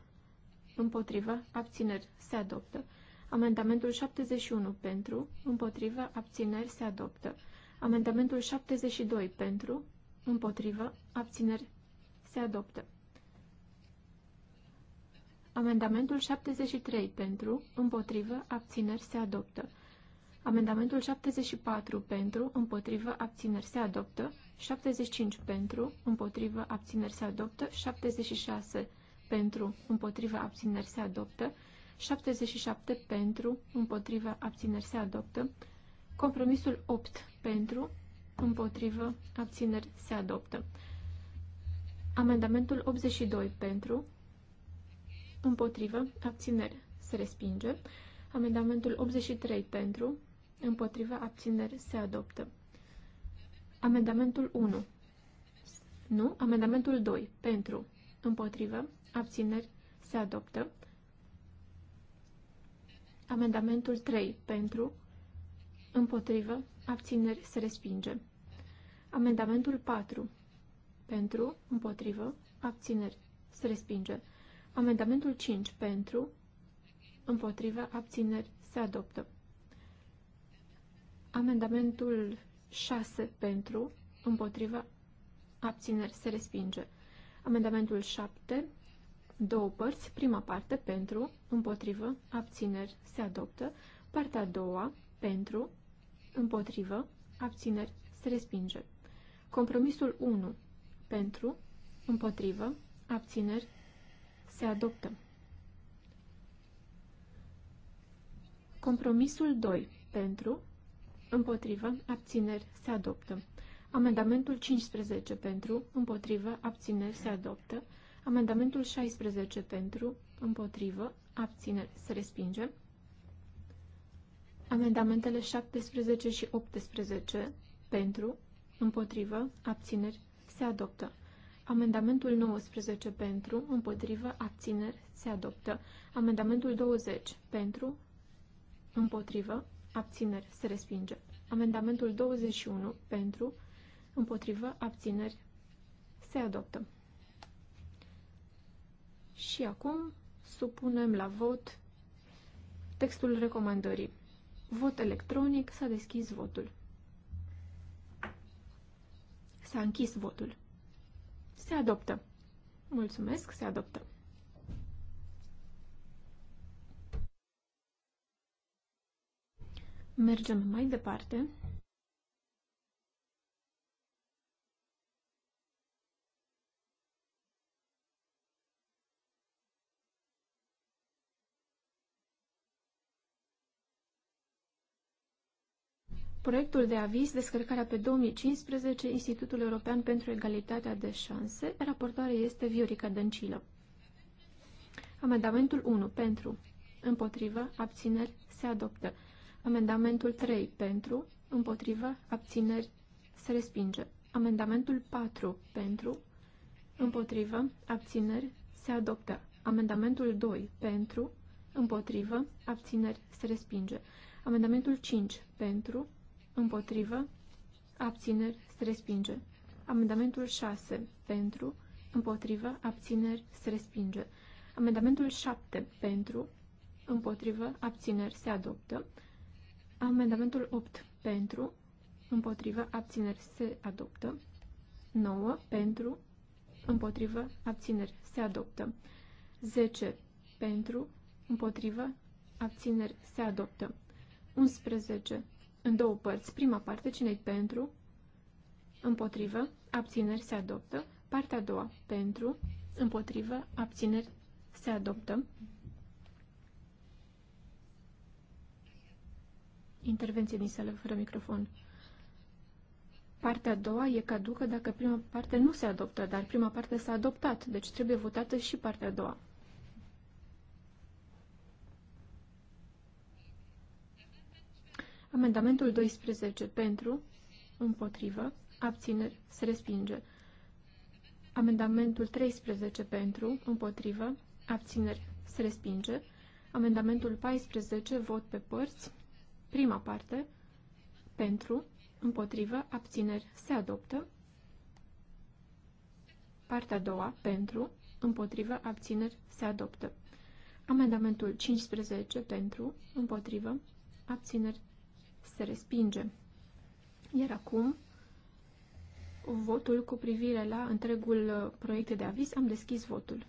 împotrivă, abțineri se adoptă. Amendamentul 71 pentru, împotrivă, abțineri se adoptă. Amendamentul 72 pentru, împotrivă, abțineri se adoptă. Amendamentul 73 pentru, împotrivă, abțineri se adoptă. Amendamentul 74 pentru, împotrivă, abțineri se adoptă. 75 pentru, împotrivă, abțineri se adoptă. 76 pentru, împotrivă, abțineri se adoptă. 77 pentru, împotrivă, abțineri se adoptă. Compromisul 8 pentru, împotrivă, abțineri se adoptă. Amendamentul 82 pentru, împotrivă, abținere, se respinge. Amendamentul 83 pentru, împotrivă, abținere, se adoptă. Amendamentul 1. Nu, amendamentul 2 pentru, împotrivă, abțineri, se adoptă. Amendamentul 3 pentru, împotrivă, abțineri, se respinge. Amendamentul 4 pentru, împotrivă, abțineri, se respinge. Amendamentul 5 pentru, împotriva, abțineri, se adoptă. Amendamentul 6 pentru, împotriva, abțineri, se respinge. Amendamentul 7, două părți, prima parte pentru, împotrivă, abțineri, se adoptă. Partea a doua, pentru, împotrivă, abțineri, se respinge. Compromisul 1, pentru, împotrivă, abțineri, se adoptă. Compromisul 2. Pentru. Împotrivă. Abțineri. Se adoptă. Amendamentul 15 pentru, împotrivă, abțineri se adoptă. Amendamentul 16 pentru, împotrivă, abțineri se respinge. Amendamentele 17 și 18 pentru, împotrivă, abțineri se adoptă. Amendamentul 19 pentru, împotrivă, abțineri, se adoptă. Amendamentul 20 pentru, împotrivă, abțineri, se respinge. Amendamentul 21 pentru, împotrivă, abțineri, se adoptă. Și acum supunem la vot textul recomandării. Vot electronic, s-a deschis votul. S-a închis votul. Se adoptă. Mulțumesc, se adoptă. Mergem mai departe. Proiectul de aviz, descărcarea pe 2015, Institutul European pentru Egalitatea de Șanse, raportoare este Viorica Dăncilă. Amendamentul 1. Pentru. Împotrivă. Abțineri. Se adoptă. Amendamentul 3. Pentru. Împotrivă. Abțineri. Se respinge. Amendamentul 4. Pentru. Împotrivă. Abțineri. Se adoptă. Amendamentul 2. Pentru. Împotrivă. Abțineri. Se respinge. Amendamentul 5. Pentru. Împotrivă. Abțineri. Se respinge. Amendamentul 6. Pentru. Împotrivă. Abțineri. Se respinge. Amendamentul 7. Pentru. Împotrivă. Abțineri. Se adoptă. Amendamentul 8. Pentru. Împotrivă. Abțineri. Se adoptă. 9. Pentru. Împotrivă. Abțineri. Se adoptă. 10. Pentru. Împotrivă. Abțineri. Se adoptă. 11 în două părți. Prima parte, cine pentru, împotrivă, abțineri se adoptă. Partea a doua, pentru, împotrivă, abțineri se adoptă. Intervenție din sală fără microfon. Partea a doua e caducă dacă prima parte nu se adoptă, dar prima parte s-a adoptat, deci trebuie votată și partea a doua. Amendamentul 12 pentru, împotrivă, abțineri, se respinge. Amendamentul 13 pentru, împotrivă, abțineri, se respinge. Amendamentul 14, vot pe părți, prima parte, pentru, împotrivă, abțineri, se adoptă. Partea a doua, pentru, împotrivă, abțineri, se adoptă. Amendamentul 15, pentru, împotrivă, abțineri, se respinge. Iar acum, votul cu privire la întregul uh, proiect de aviz, am deschis votul.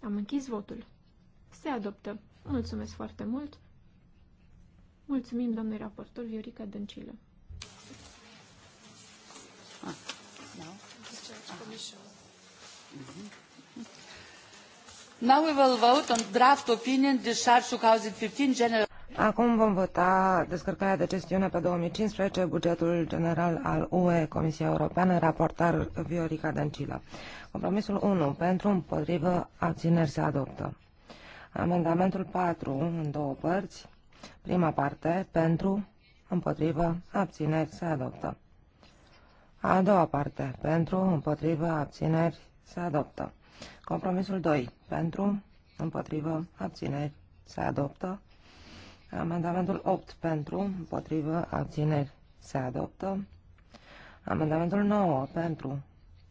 Am închis votul. Se adoptă. Mulțumesc foarte mult. Mulțumim, doamnei raportor Viorica Dăncilă. Ah. No. Mm-hmm. Now we will vote on draft opinion discharge 2015 general. Acum vom vota descărcarea de gestiune pe 2015, bugetul general al UE, Comisia Europeană, raportar Viorica Dăncilă. Compromisul 1. Pentru, împotrivă, abțineri se adoptă. Amendamentul 4, în două părți. Prima parte, pentru, împotrivă, abțineri se adoptă. A doua parte, pentru, împotrivă, abțineri se adoptă. Compromisul 2. Pentru, împotrivă, abțineri, se adoptă. Amendamentul 8. Pentru, împotrivă, abțineri, se adoptă. Amendamentul 9. Pentru,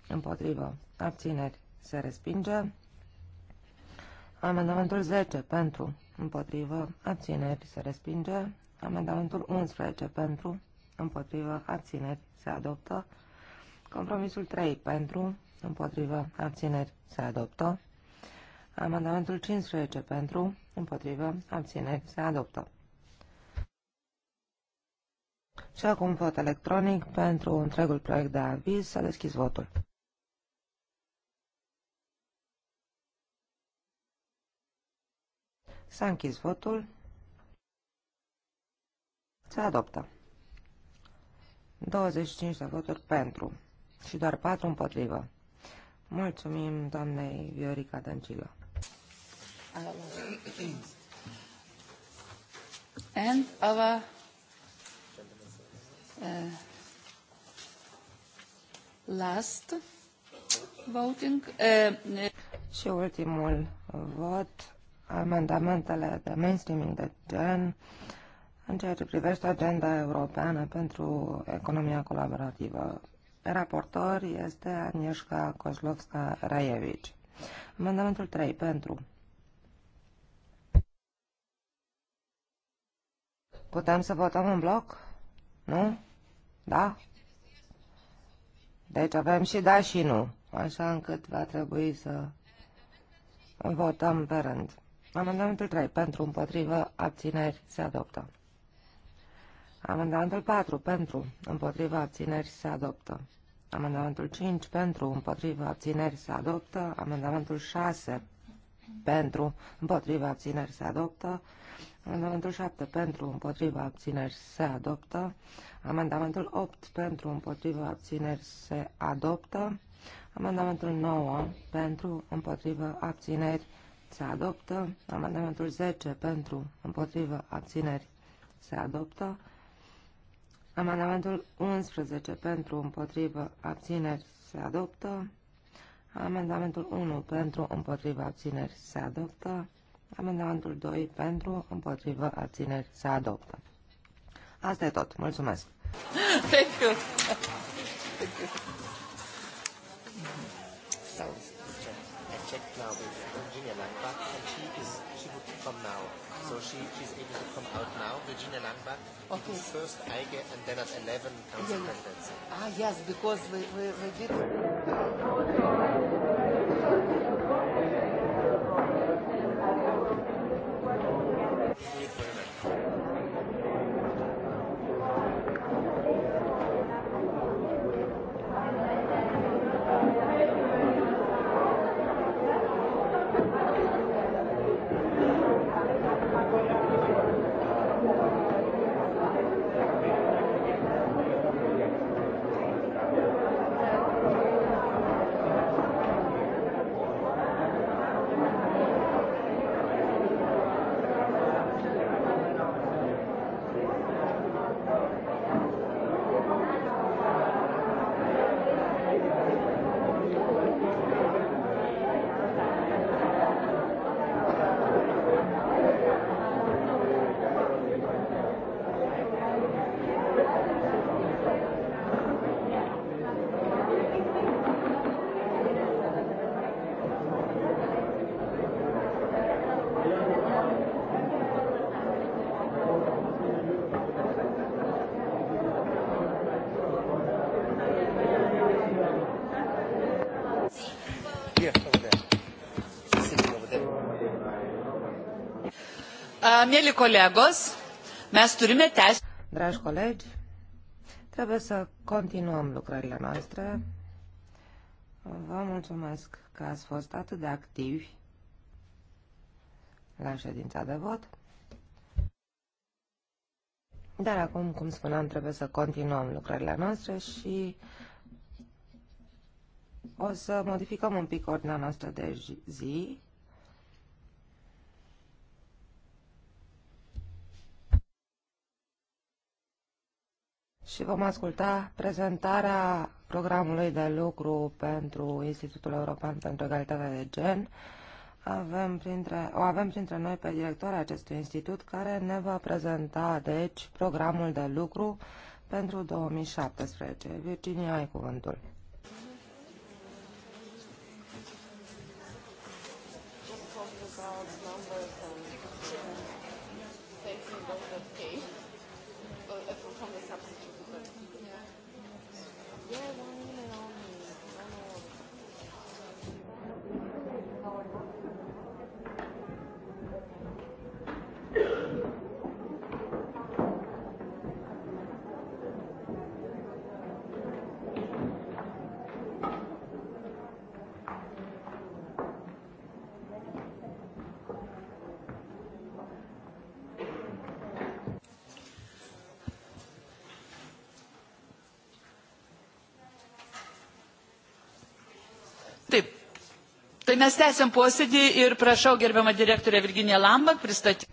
împotrivă, abțineri, se respinge. Amendamentul 10. Pentru, împotrivă, abțineri, se respinge. Amendamentul 11. Pentru, împotrivă, abțineri, se adoptă. Compromisul 3. Pentru, împotrivă, abțineri, se adoptă. Amendamentul 15 pentru, împotrivă, abțineri, se adoptă. Și acum vot electronic pentru întregul proiect de aviz. S-a deschis votul. S-a închis votul. Se adoptă. 25 de voturi pentru și doar 4 împotrivă. Mulțumim, doamnei Viorica Dăncilă. And our uh, last voting. Uh, și ultimul vot, amendamentele de mainstreaming de gen în ceea ce privește agenda europeană pentru economia colaborativă Raportor este Agnieszka Kozlowska-Rajewicz. Amendamentul 3. Pentru. Putem să votăm în bloc? Nu? Da? Deci avem și da și nu, așa încât va trebui să votăm pe rând. Amendamentul 3. Pentru, împotrivă, abțineri, se adoptă. Amendamentul 4. Pentru, împotrivă, abțineri, se adoptă. Amendamentul 5 pentru, împotrivă, abțineri se adoptă. Amendamentul 6 pentru, împotrivă, abțineri se adoptă. Amendamentul 7 pentru, împotrivă, abțineri se adoptă. Amendamentul 8 pentru, împotrivă, abțineri se adoptă. Amendamentul 9 pentru, împotrivă, abțineri se adoptă. Amendamentul 10 pentru, împotrivă, abțineri se adoptă. Amendamentul 11 pentru împotrivă abțineri se adoptă. Amendamentul 1 pentru împotrivă abțineri se adoptă. Amendamentul 2 pentru împotrivă abțineri se adoptă. Asta e tot. Mulțumesc! Thank you. Thank you. so, I checked now with Virginia Langbach and she is she will come now. So she, she's able to come out now. Virginia Langbach okay. it is first IGE and then at 11 council yeah, yeah. presidency. Ah, yes, because we, we, we did... Mėly colegos, mes turime tęsti. Dragi colegi, trebuie să continuăm lucrările noastre. Vă mulțumesc că ați fost atât de activi la ședința de vot. Dar acum, cum spuneam, trebuie să continuăm lucrările noastre și o să modificăm un pic ordinea noastră de zi și vom asculta prezentarea programului de lucru pentru Institutul European pentru Egalitatea de Gen. Avem printre, o avem printre noi pe directoarea acestui institut care ne va prezenta, deci, programul de lucru pentru 2017. Virginia, ai cuvântul. Mes tęsim posėdį ir prašau gerbiamą direktorę Virginiją Lambak pristatyti.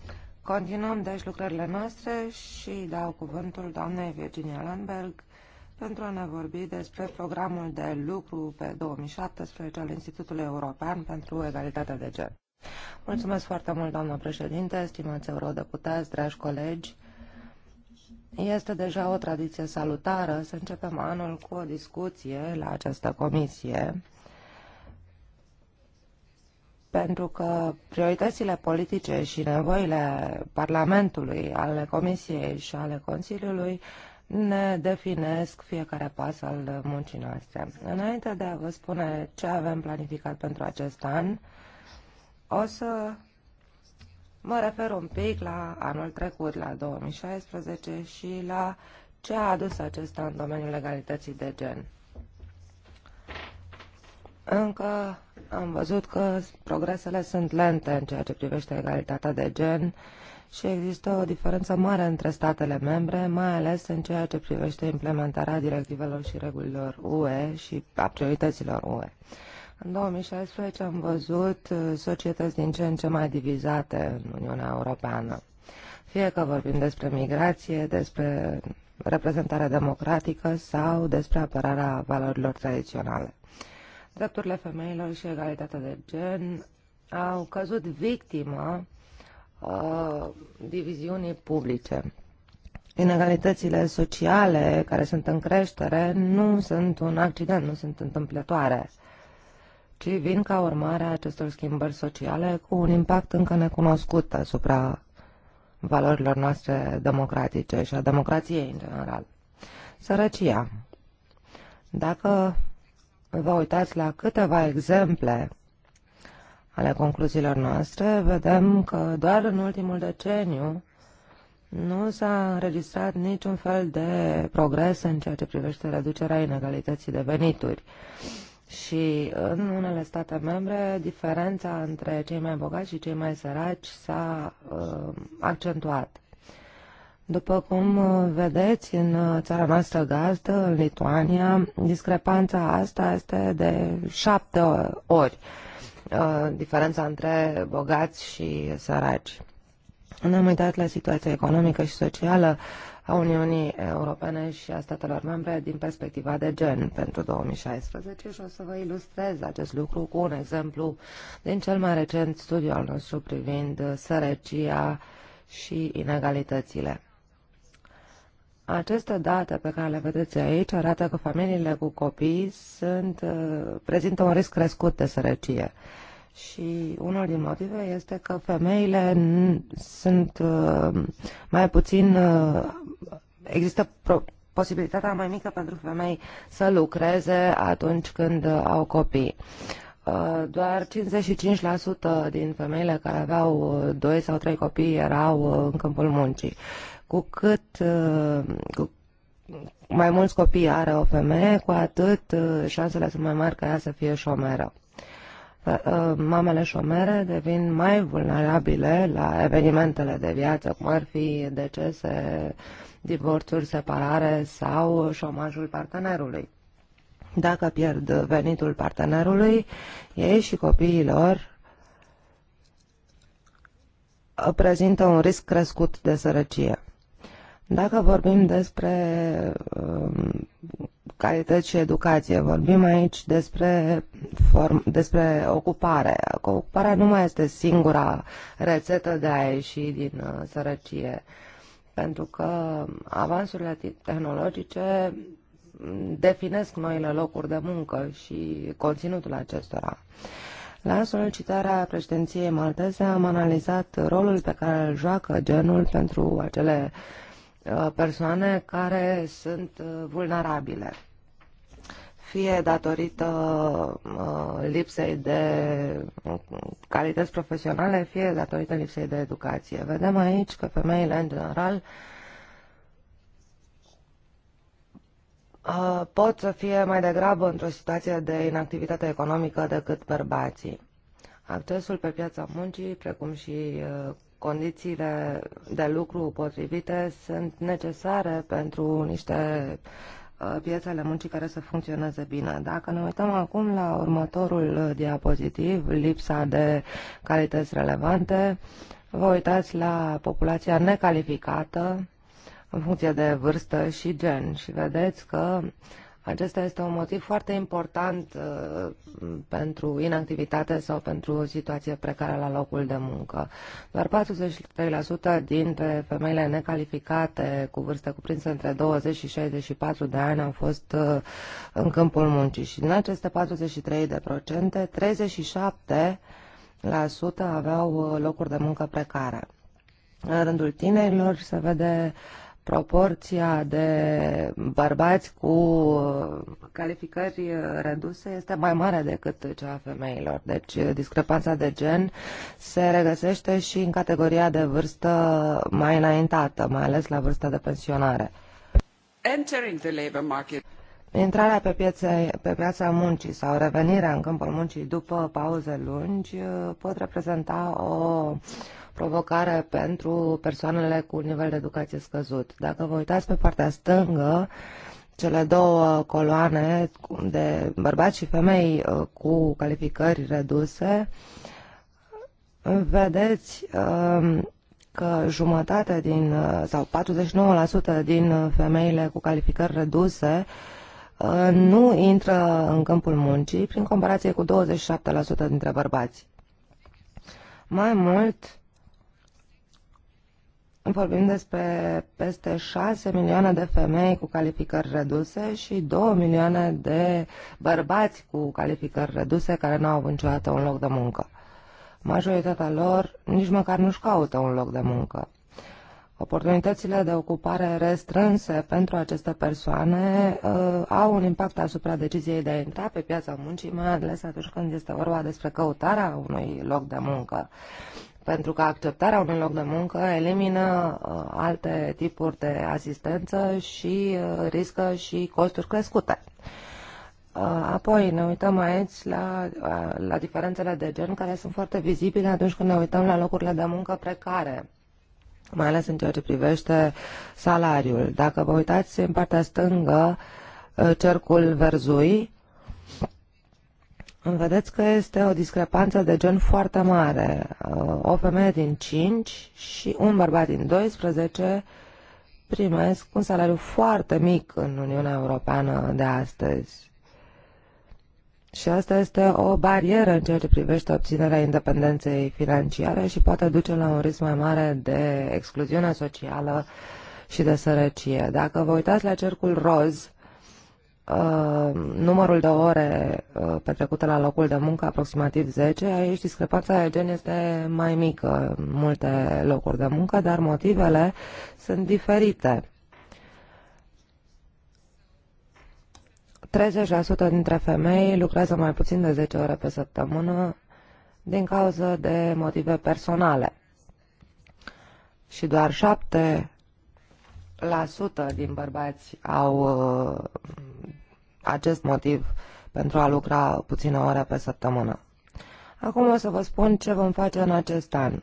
Continuăm deci lucrările noastre și dau cuvântul doamnei Virginia Landberg pentru a ne vorbi despre programul de lucru pe 2017 al Institutului European pentru Egalitatea de Gen. Mulțumesc foarte mult, doamnă președinte, stimați eurodeputați, dragi colegi. Este deja o tradiție salutară să începem anul cu o discuție la această comisie pentru că prioritățile politice și nevoile Parlamentului, ale Comisiei și ale Consiliului ne definesc fiecare pas al muncii noastre. Înainte de a vă spune ce avem planificat pentru acest an, o să mă refer un pic la anul trecut, la 2016 și la ce a adus an în domeniul legalității de gen. Încă am văzut că progresele sunt lente în ceea ce privește egalitatea de gen și există o diferență mare între statele membre, mai ales în ceea ce privește implementarea directivelor și regulilor UE și a priorităților UE. În 2016 am văzut uh, societăți din ce în ce mai divizate în Uniunea Europeană. Fie că vorbim despre migrație, despre reprezentarea democratică sau despre apărarea valorilor tradiționale drepturile femeilor și egalitatea de gen au căzut victima uh, diviziunii publice. Inegalitățile sociale care sunt în creștere nu sunt un accident, nu sunt întâmplătoare, ci vin ca urmare a acestor schimbări sociale cu un impact încă necunoscut asupra valorilor noastre democratice și a democrației în general. Sărăcia. Dacă vă uitați la câteva exemple ale concluziilor noastre, vedem că doar în ultimul deceniu nu s-a înregistrat niciun fel de progres în ceea ce privește reducerea inegalității de venituri. Și în unele state membre, diferența între cei mai bogați și cei mai săraci s-a uh, accentuat. După cum uh, vedeți, în uh, țara noastră gazdă, în Lituania, discrepanța asta este de șapte ori, uh, diferența între bogați și săraci. Ne-am uitat la situația economică și socială a Uniunii Europene și a statelor membre din perspectiva de gen pentru 2016 și o să vă ilustrez acest lucru cu un exemplu din cel mai recent studiu al nostru privind sărăcia și inegalitățile. Aceste date pe care le vedeți aici arată că familiile cu copii sunt, uh, prezintă un risc crescut de sărăcie. Și unul din motive este că femeile sunt uh, mai puțin, uh, există posibilitatea mai mică pentru femei să lucreze atunci când au copii. Doar 55% din femeile care aveau 2 sau 3 copii erau în câmpul muncii cu cât uh, cu mai mulți copii are o femeie, cu atât uh, șansele sunt mai mari ca ea să fie șomeră. Uh, mamele șomere devin mai vulnerabile la evenimentele de viață, cum ar fi decese, divorțuri, separare sau șomajul partenerului. Dacă pierd venitul partenerului, ei și copiilor prezintă un risc crescut de sărăcie. Dacă vorbim despre um, calități și educație, vorbim aici despre, form, despre ocupare. Ocuparea nu mai este singura rețetă de a ieși din uh, sărăcie, pentru că avansurile tehnologice mm, definesc noile locuri de muncă și conținutul acestora. La solicitarea președinției malteze am analizat rolul pe care îl joacă genul pentru acele uh, Uh, persoane care sunt uh, vulnerabile fie datorită uh, lipsei de calități profesionale, fie datorită lipsei de educație. Vedem aici că femeile, în general, pot să fie mai degrabă într-o situație de inactivitate economică decât bărbații. Accesul pe piața muncii, precum și condițiile de lucru potrivite sunt necesare pentru niște uh, piețele muncii care să funcționeze bine. Dacă ne uităm acum la următorul diapozitiv, lipsa de calități relevante, vă uitați la populația necalificată în funcție de vârstă și gen și vedeți că uh, acesta este un motiv foarte important uh, pentru inactivitate sau pentru o situație precară la locul de muncă. Doar 43% dintre femeile necalificate cu vârste cuprinse între 20 și 64 de ani au fost uh, în câmpul muncii și din aceste 43%, de procente, 37% aveau uh, locuri de muncă precare. În rândul tinerilor se vede uh, proporția de bărbați cu uh, calificări uh, reduse este mai mare decât cea a femeilor. Deci uh, discrepanța de gen se regăsește și în categoria de vârstă mai înaintată, mai ales la vârsta de pensionare. Entering the labor market. Intrarea pe, piețe, pe piața muncii sau revenirea în câmpul muncii după pauze lungi pot reprezenta o provocare pentru persoanele cu un nivel de educație scăzut. Dacă vă uitați pe partea stângă, cele două coloane de bărbați și femei uh, cu calificări reduse, vedeți um, că jumătate din, uh, sau 49% din femeile cu calificări reduse uh, nu intră în câmpul muncii, prin comparație cu 27% dintre bărbați. Mai mult, Vorbim despre peste 6 milioane de femei cu calificări reduse și 2 milioane de bărbați cu calificări reduse care nu au avut niciodată un loc de muncă. Majoritatea lor nici măcar nu-și caută un loc de muncă. Oportunitățile de ocupare restrânse pentru aceste persoane uh, au un impact asupra deciziei de a intra pe piața muncii, mai ales atunci când este vorba despre căutarea unui loc de muncă pentru că acceptarea unui loc de muncă elimină uh, alte tipuri de asistență și uh, riscă și costuri crescute. Uh, apoi ne uităm aici la, la diferențele de gen care sunt foarte vizibile atunci când ne uităm la locurile de muncă precare mai ales în ceea ce privește salariul. Dacă vă uitați în partea stângă, cercul verzui, Vedeți că este o discrepanță de gen foarte mare. Uh, o femeie din 5 și un bărbat din 12 primesc un salariu foarte mic în Uniunea Europeană de astăzi. Și asta este o barieră în ceea ce privește obținerea independenței financiare și poate duce la un risc mai mare de excluziune socială și de sărăcie. Dacă vă uitați la cercul roz, Uh, numărul de ore uh, petrecute la locul de muncă, aproximativ 10, aici discrepanța de gen este mai mică în multe locuri de muncă, dar motivele sunt diferite. 30% dintre femei lucrează mai puțin de 10 ore pe săptămână din cauza de motive personale și doar din bărbați au uh, acest motiv pentru a lucra puțină oră pe săptămână. Acum o să vă spun ce vom face în acest an.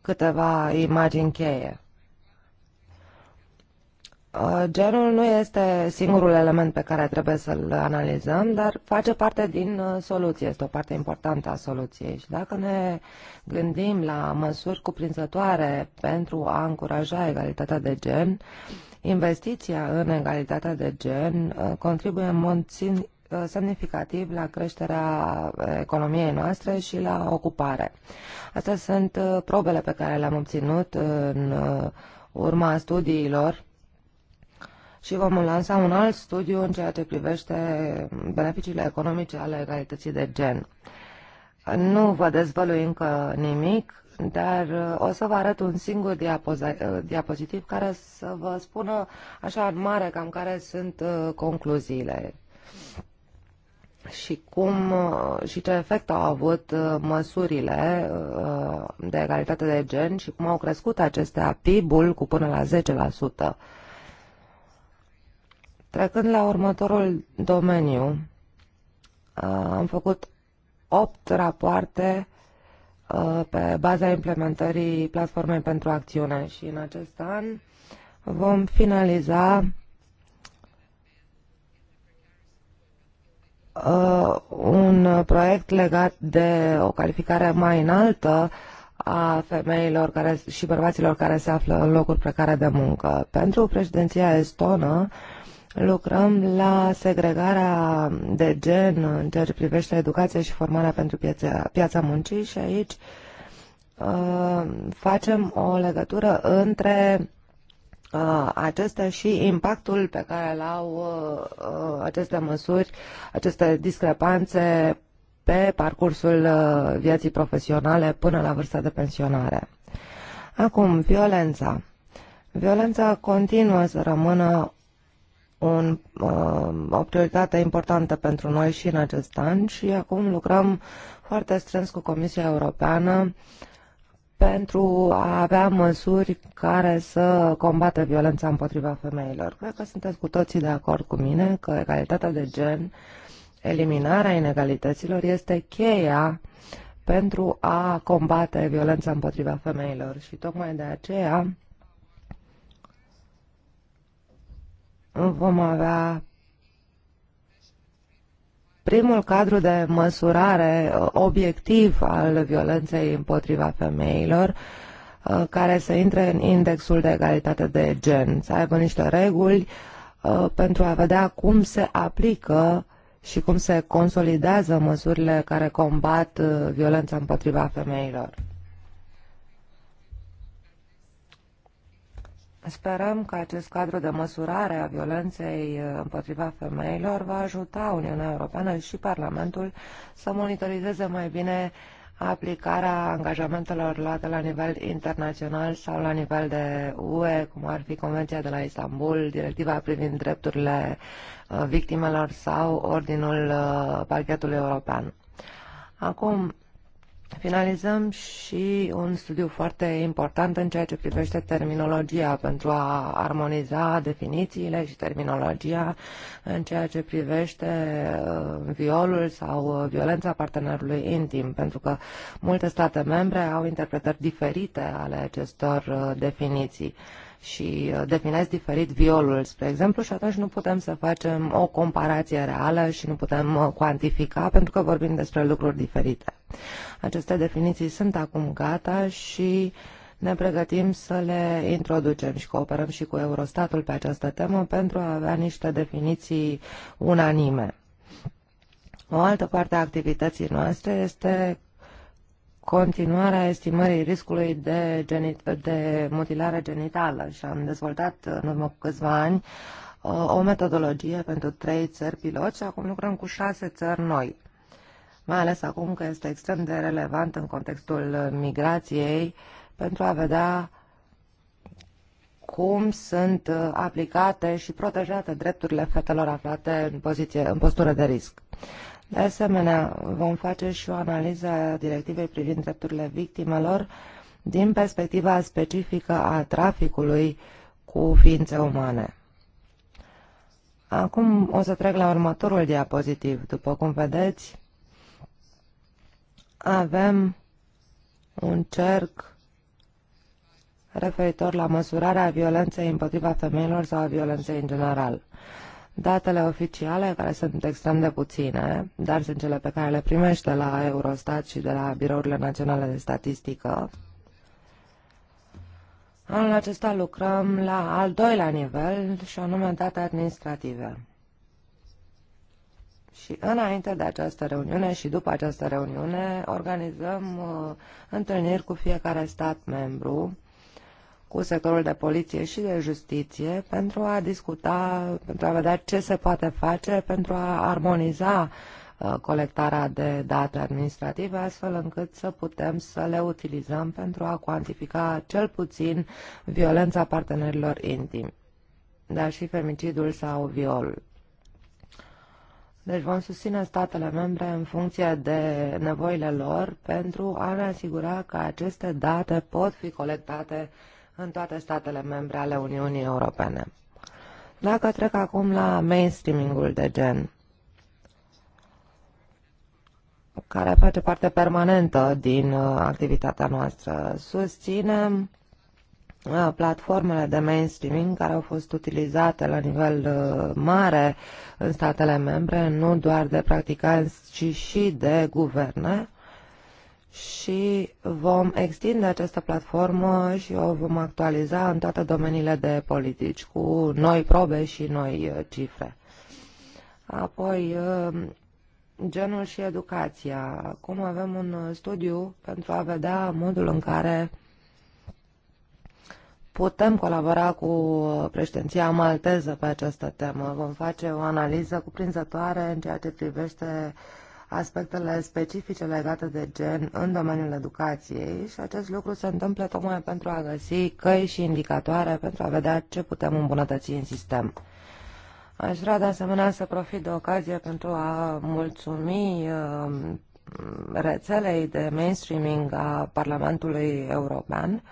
Câteva imagini cheie. Uh, genul nu este singurul element pe care trebuie să-l analizăm, dar face parte din uh, soluție, este o parte importantă a soluției. Și dacă ne gândim la măsuri cuprinzătoare pentru a încuraja egalitatea de gen, investiția în egalitatea de gen uh, contribuie în mod semnificativ la creșterea economiei noastre și la ocupare. Astea sunt probele pe care le-am obținut în urma studiilor și vom lansa un alt studiu în ceea ce privește beneficiile economice ale egalității de gen. Nu vă dezvălui încă nimic, dar uh, o să vă arăt un singur uh, diapozitiv care să vă spună așa în mare cam care sunt uh, concluziile și cum și ce efect au avut măsurile de egalitate de gen și cum au crescut acestea PIB-ul cu până la 10%. Trecând la următorul domeniu, am făcut opt rapoarte pe baza implementării platformei pentru acțiune și în acest an vom finaliza un proiect legat de o calificare mai înaltă a femeilor care, și bărbaților care se află în locuri precare de muncă. Pentru președinția estonă, uh, Lucrăm la segregarea de gen în ceea ce privește educația și formarea pentru piața, piața muncii și aici uh, facem o legătură între uh, acestea și impactul pe care îl au uh, uh aceste măsuri, aceste discrepanțe pe parcursul uh, vieții profesionale până la vârsta de pensionare. Acum, violența. Violența continuă să rămână un, uh, o prioritate importantă pentru noi și în acest an și acum lucrăm foarte strâns cu Comisia Europeană pentru a avea măsuri care să combată violența împotriva femeilor. Cred că sunteți cu toții de acord cu mine că egalitatea de gen, eliminarea inegalităților este cheia pentru a combate violența împotriva femeilor și tocmai de aceea vom avea primul cadru de măsurare uh, obiectiv al violenței împotriva femeilor uh, care să intre în indexul de egalitate de gen, să aibă niște reguli uh, pentru a vedea cum se aplică și cum se consolidează măsurile care combat violența împotriva femeilor. Sperăm că acest cadru de măsurare a violenței uh, împotriva femeilor va ajuta Uniunea Europeană și Parlamentul să monitorizeze mai bine aplicarea angajamentelor luate la nivel internațional sau la nivel de UE, cum ar fi Convenția de la Istanbul, Directiva privind drepturile uh, victimelor sau Ordinul uh, Parchetului European. Acum, Finalizăm și un studiu foarte important în ceea ce privește terminologia pentru a armoniza definițiile și terminologia în ceea ce privește uh, violul sau uh, violența partenerului intim, pentru că multe state membre au interpretări diferite ale acestor uh, definiții și uh, definesc diferit violul, spre exemplu, și atunci nu putem să facem o comparație reală și nu putem uh, cuantifica pentru că vorbim despre lucruri diferite. Aceste definiții sunt acum gata și ne pregătim să le introducem și cooperăm și cu Eurostatul pe această temă pentru a avea niște definiții unanime. O altă parte a activității noastre este continuarea estimării riscului de, genit- de mutilare genitală și am dezvoltat uh, în urmă cu câțiva ani uh, o metodologie pentru trei țări pilot și acum lucrăm cu șase țări noi. Mai ales acum că este extrem de relevant în contextul uh, migrației pentru a vedea cum sunt aplicate și protejate drepturile fetelor aflate în, poziție, în postură de risc. De asemenea, vom face și o analiză a directivei privind drepturile victimelor din perspectiva specifică a traficului cu ființe umane. Acum o să trec la următorul diapozitiv. După cum vedeți, avem un cerc referitor la măsurarea violenței împotriva femeilor sau a violenței în general. Datele oficiale, care sunt extrem de puține, dar sunt cele pe care le primește la Eurostat și de la Birourile Naționale de Statistică, Anul acesta lucrăm la al doilea nivel și anume date administrative. Și înainte de această reuniune și după această reuniune organizăm uh, întâlniri cu fiecare stat membru cu sectorul de poliție și de justiție pentru a discuta, pentru a vedea ce se poate face pentru a armoniza uh, colectarea de date administrative, astfel încât să putem să le utilizăm pentru a cuantifica cel puțin violența partenerilor intimi, dar și femicidul sau violul. Deci vom susține statele membre în funcție de nevoile lor pentru a ne asigura că aceste date pot fi colectate uh, în toate statele membre ale Uniunii Europene. Dacă trec acum la mainstreamingul de gen, care face parte permanentă din uh, activitatea noastră, susținem uh, platformele de mainstreaming care au fost utilizate la nivel uh, mare în statele membre, nu doar de practicanți, ci și de guverne, și vom extinde această platformă și o vom actualiza în toate domeniile de politici, cu noi probe și noi uh, cifre. Apoi, uh, genul și educația. Acum avem un uh, studiu pentru a vedea modul în care putem colabora cu președinția malteză pe această temă. Vom face o analiză cuprinzătoare în ceea ce privește uh, aspectele specifice legate de gen în domeniul educației și acest lucru se întâmplă tocmai pentru a găsi căi și indicatoare pentru a vedea ce putem îmbunătăți în sistem. Aș vrea de asemenea să profit de ocazie pentru a mulțumi uh, rețelei de mainstreaming a Parlamentului European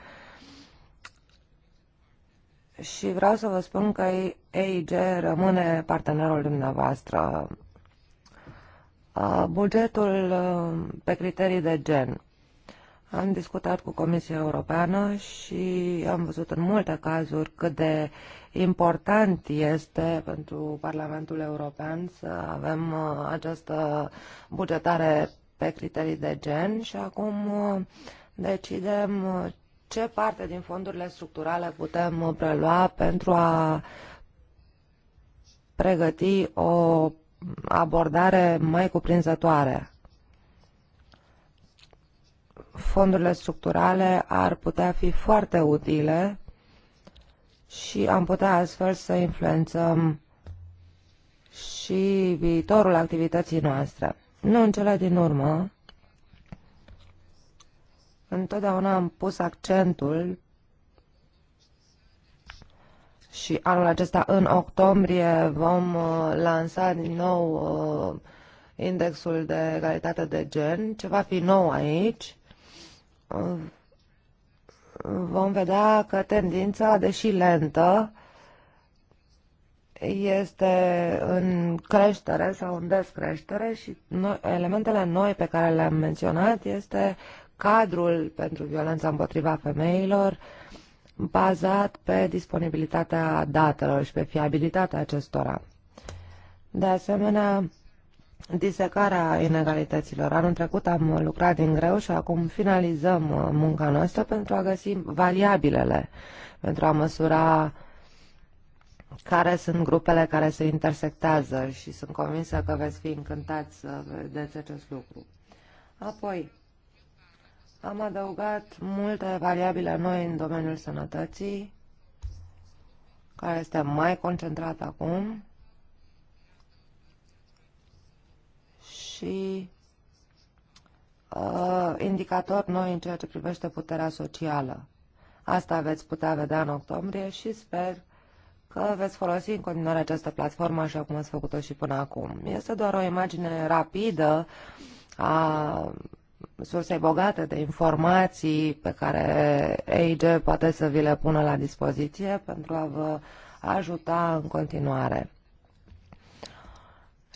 și vreau să vă spun că EIG rămâne partenerul dumneavoastră Bugetul pe criterii de gen. Am discutat cu Comisia Europeană și am văzut în multe cazuri cât de important este pentru Parlamentul European să avem această bugetare pe criterii de gen și acum decidem ce parte din fondurile structurale putem prelua pentru a pregăti o abordare mai cuprinzătoare. Fondurile structurale ar putea fi foarte utile și am putea astfel să influențăm și viitorul activității noastre. Nu în cele din urmă, întotdeauna am pus accentul și anul acesta, în octombrie, vom uh, lansa din nou uh, indexul de egalitate de gen. Ce va fi nou aici? Uh, vom vedea că tendința, deși lentă, este în creștere sau în descreștere și noi, elementele noi pe care le-am menționat este cadrul pentru violența împotriva femeilor, uh, bazat pe disponibilitatea datelor și pe fiabilitatea acestora. De asemenea, disecarea inegalităților. Anul trecut am lucrat din greu și acum finalizăm uh, munca noastră pentru a găsi variabilele, pentru a măsura care sunt grupele care se intersectează și sunt convinsă că veți fi încântați să uh, vedeți acest lucru. Apoi, am adăugat multe variabile noi în domeniul sănătății, care este mai concentrat acum și uh, indicator noi în ceea ce privește puterea socială. Asta veți putea vedea în octombrie și sper că veți folosi în continuare această platformă așa cum ați făcut-o și până acum. Este doar o imagine rapidă a surse bogate de informații pe care EIG poate să vi le pună la dispoziție pentru a vă ajuta în continuare.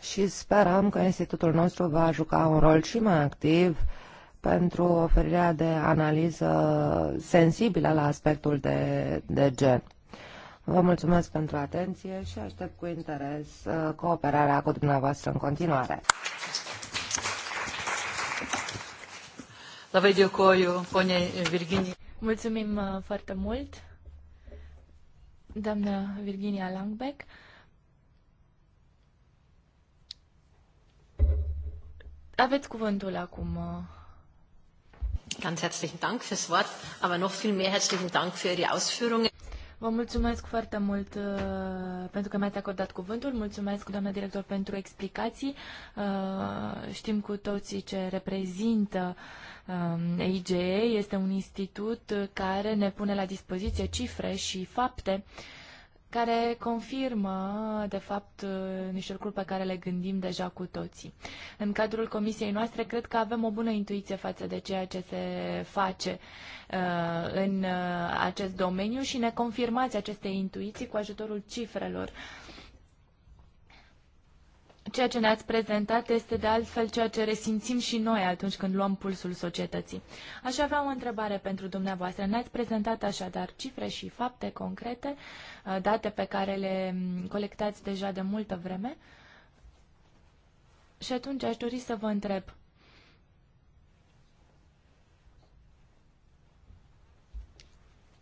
Și sperăm că institutul nostru va juca un rol și mai activ pentru oferirea de analiză sensibilă la aspectul de, de gen. Vă mulțumesc pentru atenție și aștept cu interes uh, cooperarea cu dumneavoastră în continuare. Mulțumim uh, foarte mult, doamnă Virginia Langbeck. Aveți cuvântul acum. Uh. Ganz herzlichen Dank fürs Wort, aber noch viel mehr herzlichen Dank für Ihre Ausführungen. Vă mulțumesc foarte mult uh, pentru că mi-ați acordat cuvântul. Mulțumesc, doamna director, pentru explicații. Știm cu toții ce reprezintă uh, IGE um, este un institut care ne pune la dispoziție cifre și fapte care confirmă, de fapt, niște lucruri pe care le gândim deja cu toții. În cadrul comisiei noastre, cred că avem o bună intuiție față de ceea ce se face uh, în uh, acest domeniu și ne confirmați aceste intuiții cu ajutorul cifrelor Ceea ce ne-ați prezentat este de altfel ceea ce resimțim și noi atunci când luăm pulsul societății. Aș avea o întrebare pentru dumneavoastră. Ne-ați prezentat așadar cifre și fapte concrete, uh, date pe care le mm, colectați deja de multă vreme. Și atunci aș dori să vă întreb.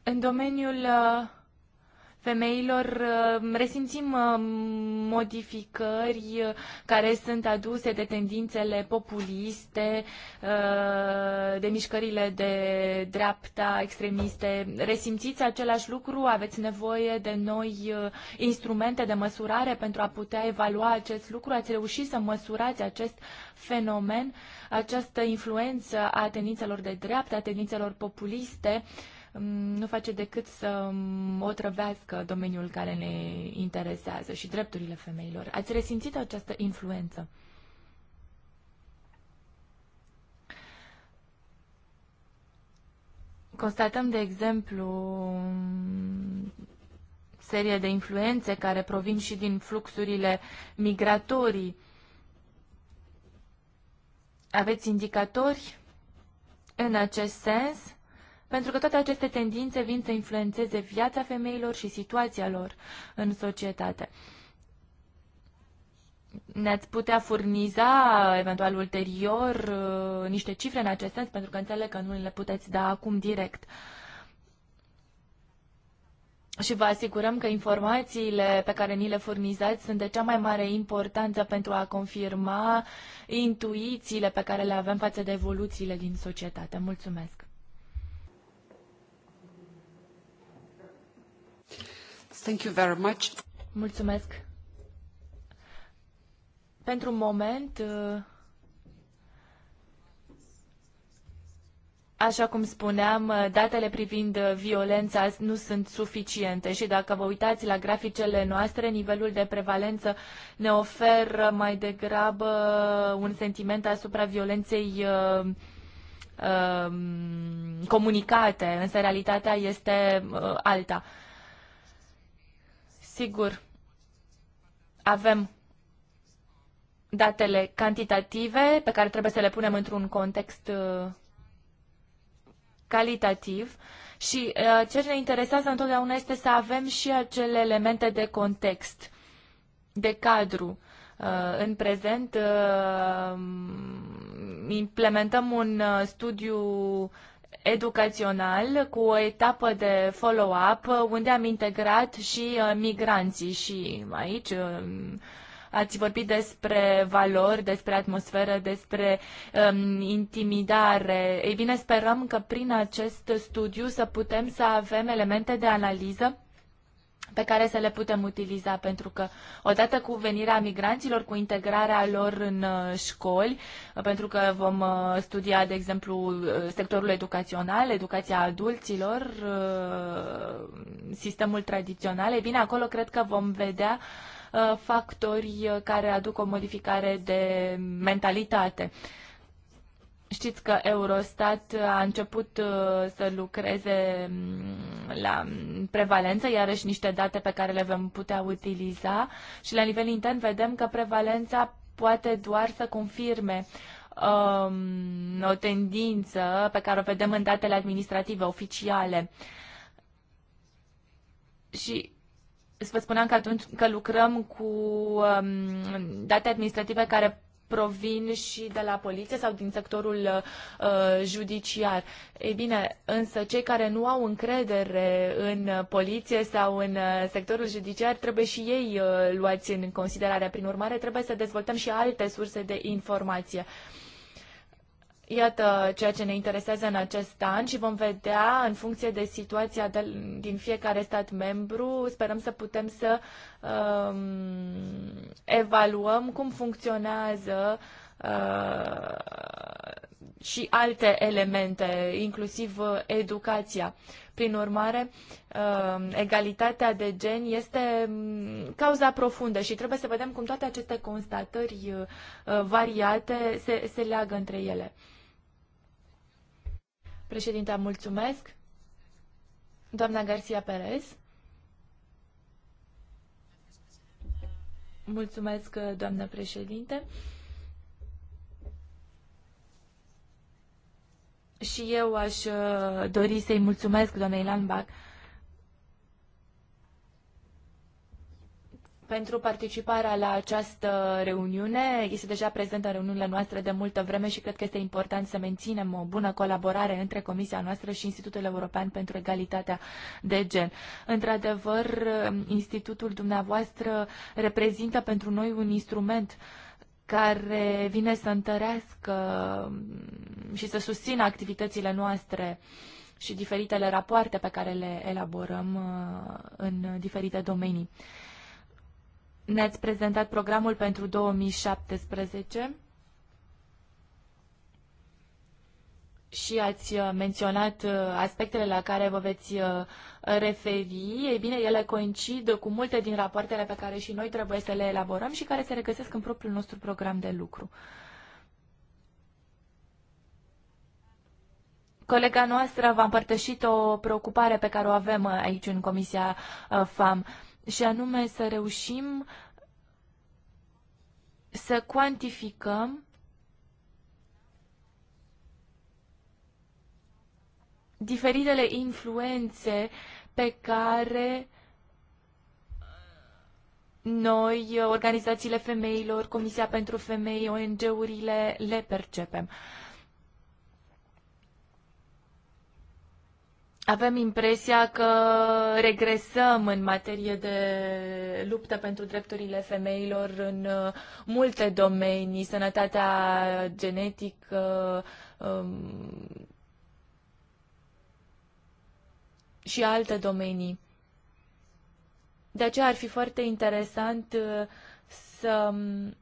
În domeniul uh, femeilor, uh, resimțim uh, modificări uh, care sunt aduse de tendințele populiste, de mișcările de dreapta extremiste. Resimțiți același lucru? Aveți nevoie de noi instrumente de măsurare pentru a putea evalua acest lucru? Ați reușit să măsurați acest fenomen, această influență a tendințelor de dreapta, a tendințelor populiste? Mm, nu face decât să otrăvească domeniul care ne interesează și drepturile femeilor. Ați resimțit această influență? Constatăm, de exemplu, serie de influențe care provin și din fluxurile migratorii. Aveți indicatori în acest sens? pentru că toate aceste tendințe vin să influențeze viața femeilor și situația lor în societate. Ne-ați putea furniza, eventual ulterior, uh, niște cifre în acest sens, pentru că înțeleg că nu le puteți da acum direct. Și vă asigurăm că informațiile pe care ni le furnizați sunt de cea mai mare importanță pentru a confirma intuițiile pe care le avem față de evoluțiile din societate. Mulțumesc! Mulțumesc. Pentru un moment, uh, Așa cum spuneam, uh, datele privind uh, violența nu sunt suficiente și dacă vă uitați la graficele noastre, nivelul de prevalență ne oferă mai degrabă un sentiment asupra violenței um, comunicate, însă realitatea este alta. Sigur, avem datele cantitative pe care trebuie să le punem într-un context uh, calitativ și uh, ce ne interesează întotdeauna este să avem și acele elemente de context, de cadru. Uh, în prezent implementăm un studiu educațional cu o etapă de follow-up uh, unde am integrat și uh, migranții și aici um, ați vorbit despre valori, despre atmosferă, despre um, intimidare. Ei bine, sperăm că prin acest studiu să putem să avem elemente de analiză pe care să le putem utiliza, pentru că odată cu venirea migranților, cu integrarea lor în uh, școli, uh, pentru că vom uh, studia, de exemplu, sectorul educațional, educația adulților, sistemul tradițional, e bine, acolo cred că vom vedea factori care aduc o modificare de mentalitate. Știți că Eurostat a început uh, să lucreze mm, la mm, prevalență, iarăși niște date pe care le vom putea utiliza și la nivel intern vedem că prevalența poate doar să confirme um, o tendință pe care o vedem în datele administrative oficiale. Și vă spuneam că atunci că lucrăm cu um, date administrative care provin și de la poliție sau din sectorul uh, judiciar. Ei bine, însă cei care nu au încredere în poliție sau în uh, sectorul judiciar trebuie și ei uh, luați în considerare. Prin urmare, trebuie să dezvoltăm și alte surse de informație. Uh, Iată ceea ce ne interesează în acest an și vom vedea în funcție de situația de, din fiecare stat membru. Sperăm să putem să um, evaluăm cum funcționează uh, și alte elemente, inclusiv uh, educația. Prin urmare, um, egalitatea de gen este um, cauza profundă și trebuie să vedem cum toate aceste constatări uh, variate se, se leagă între ele. Președinte, mulțumesc. Doamna Garcia Perez. Mulțumesc, doamnă președinte. Și eu aș uh, dori să-i mulțumesc doamnei Landbach pentru participarea la această reuniune. Este deja prezentă în reuniunile noastre de multă vreme și cred că este important să menținem o bună colaborare între Comisia noastră și Institutul European pentru Egalitatea de Gen. Într-adevăr, institutul dumneavoastră reprezintă pentru noi un instrument care vine să întărească și să susțină activitățile noastre și diferitele rapoarte pe care le elaborăm uh, în diferite domenii ne-ați prezentat programul pentru 2017 și ați uh, menționat uh, aspectele la care vă veți uh, referi. Ei bine, ele coincid cu multe din rapoartele pe care și noi trebuie să le elaborăm și care se regăsesc în propriul nostru program de lucru. Colega noastră v-a împărtășit o preocupare pe care o avem aici în Comisia FAM și anume să reușim să cuantificăm diferitele influențe pe care noi, organizațiile femeilor, Comisia pentru Femei, ONG-urile le percepem. Uh, avem impresia că regresăm în materie de luptă pentru drepturile femeilor în uh, multe domenii, sănătatea genetică um, și alte domenii. De aceea ar fi foarte interesant uh, să um,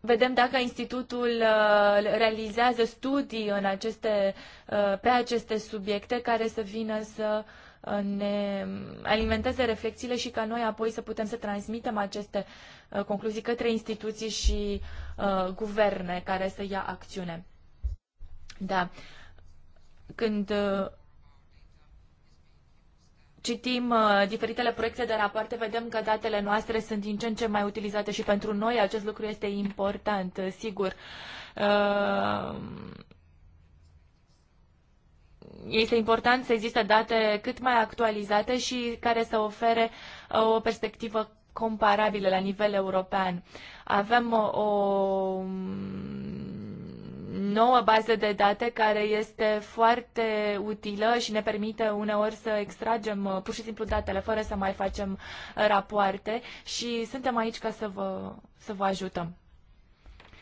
vedem dacă institutul uh, realizează studii în aceste, uh, pe aceste subiecte care să vină să uh, ne alimenteze reflexiile și ca noi apoi să putem să transmitem aceste concluzii către instituții și guverne care să ia acțiune. Da. Când citim uh, diferitele proiecte de rapoarte, vedem că datele noastre sunt din ce în ce mai utilizate și pentru noi acest lucru este important, uh, sigur. Uh, este important să existe date cât mai actualizate și care să ofere uh, o perspectivă comparabilă la nivel european. Avem uh, o, o nouă bază de date care este foarte utilă și ne permite uneori să extragem uh, pur și simplu datele fără să mai facem uh, rapoarte și suntem aici ca să vă, să vă ajutăm.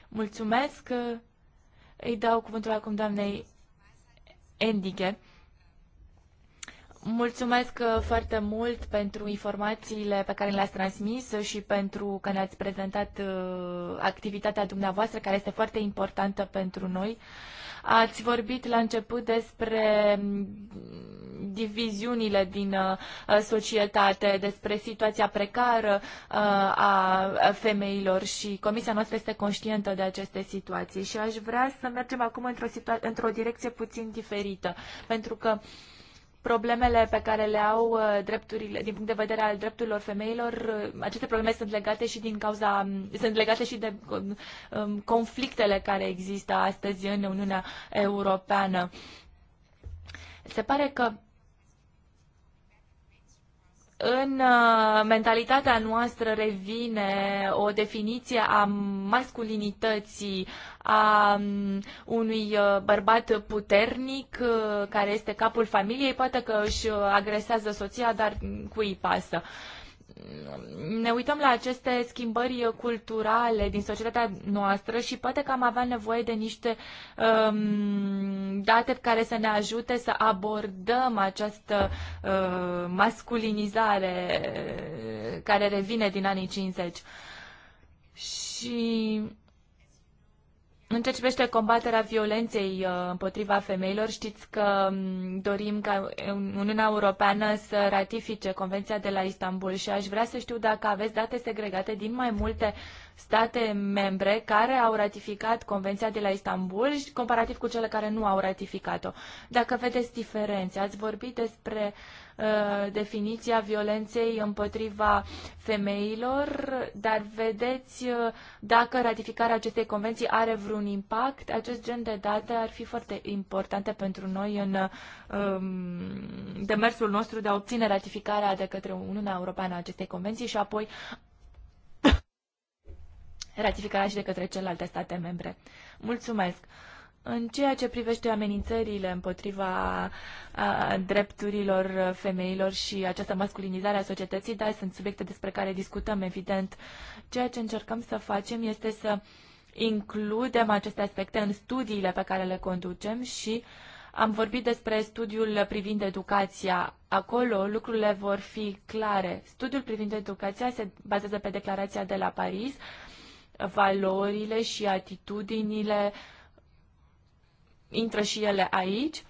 Mulțumesc! Uh, îi dau cuvântul acum doamnei Endike Mulțumesc uh, foarte mult pentru informațiile pe care le-ați transmis și pentru că ne-ați prezentat uh, activitatea dumneavoastră, care este foarte importantă pentru noi. Ați vorbit la început despre mm, diviziunile din uh, societate, despre situația precară a femeilor și comisia noastră este conștientă de aceste situații și aș vrea să mergem acum într-o, într, direcție puțin diferită, pentru că problemele pe care le au uh, drepturile, din punct de vedere al drepturilor femeilor, uh, aceste probleme sunt legate și din cauza, um, sunt legate și de um, um, conflictele care există astăzi în Uniunea Europeană. Se pare că în uh, mentalitatea noastră revine o definiție a masculinității, a um, unui uh, bărbat puternic uh, care este capul familiei, poate că își agresează soția, dar cui îi pasă. Uh, ne uităm la aceste schimbări culturale din societatea noastră și poate că am avea nevoie de niște um, date care să ne ajute să abordăm această uh, masculinizare care revine din anii 50. Și în ce privește combaterea violenței uh, împotriva femeilor, știți că um, dorim ca Uniunea Europeană să ratifice Convenția de la Istanbul și aș vrea să știu dacă aveți date segregate din mai multe state membre care au ratificat Convenția de la Istanbul comparativ cu cele care nu au ratificat-o. Dacă vedeți diferențe, ați vorbit despre uh, Uh, definiția violenței împotriva femeilor, dar vedeți uh, dacă ratificarea acestei convenții are vreun impact. Acest gen de date ar fi foarte importante pentru noi în um, demersul nostru de a obține ratificarea de către Uniunea Europeană a acestei convenții și apoi ratificarea și de către celelalte state membre. Mulțumesc! În ceea ce privește amenințările împotriva a, drepturilor femeilor și această masculinizare a societății, da, sunt subiecte despre care discutăm, evident. Ceea ce încercăm să facem este să includem aceste aspecte în studiile pe care le conducem și am vorbit despre studiul privind educația. Acolo lucrurile vor fi clare. Studiul privind educația se bazează pe declarația de la Paris, valorile și atitudinile uh, intră și ele aici.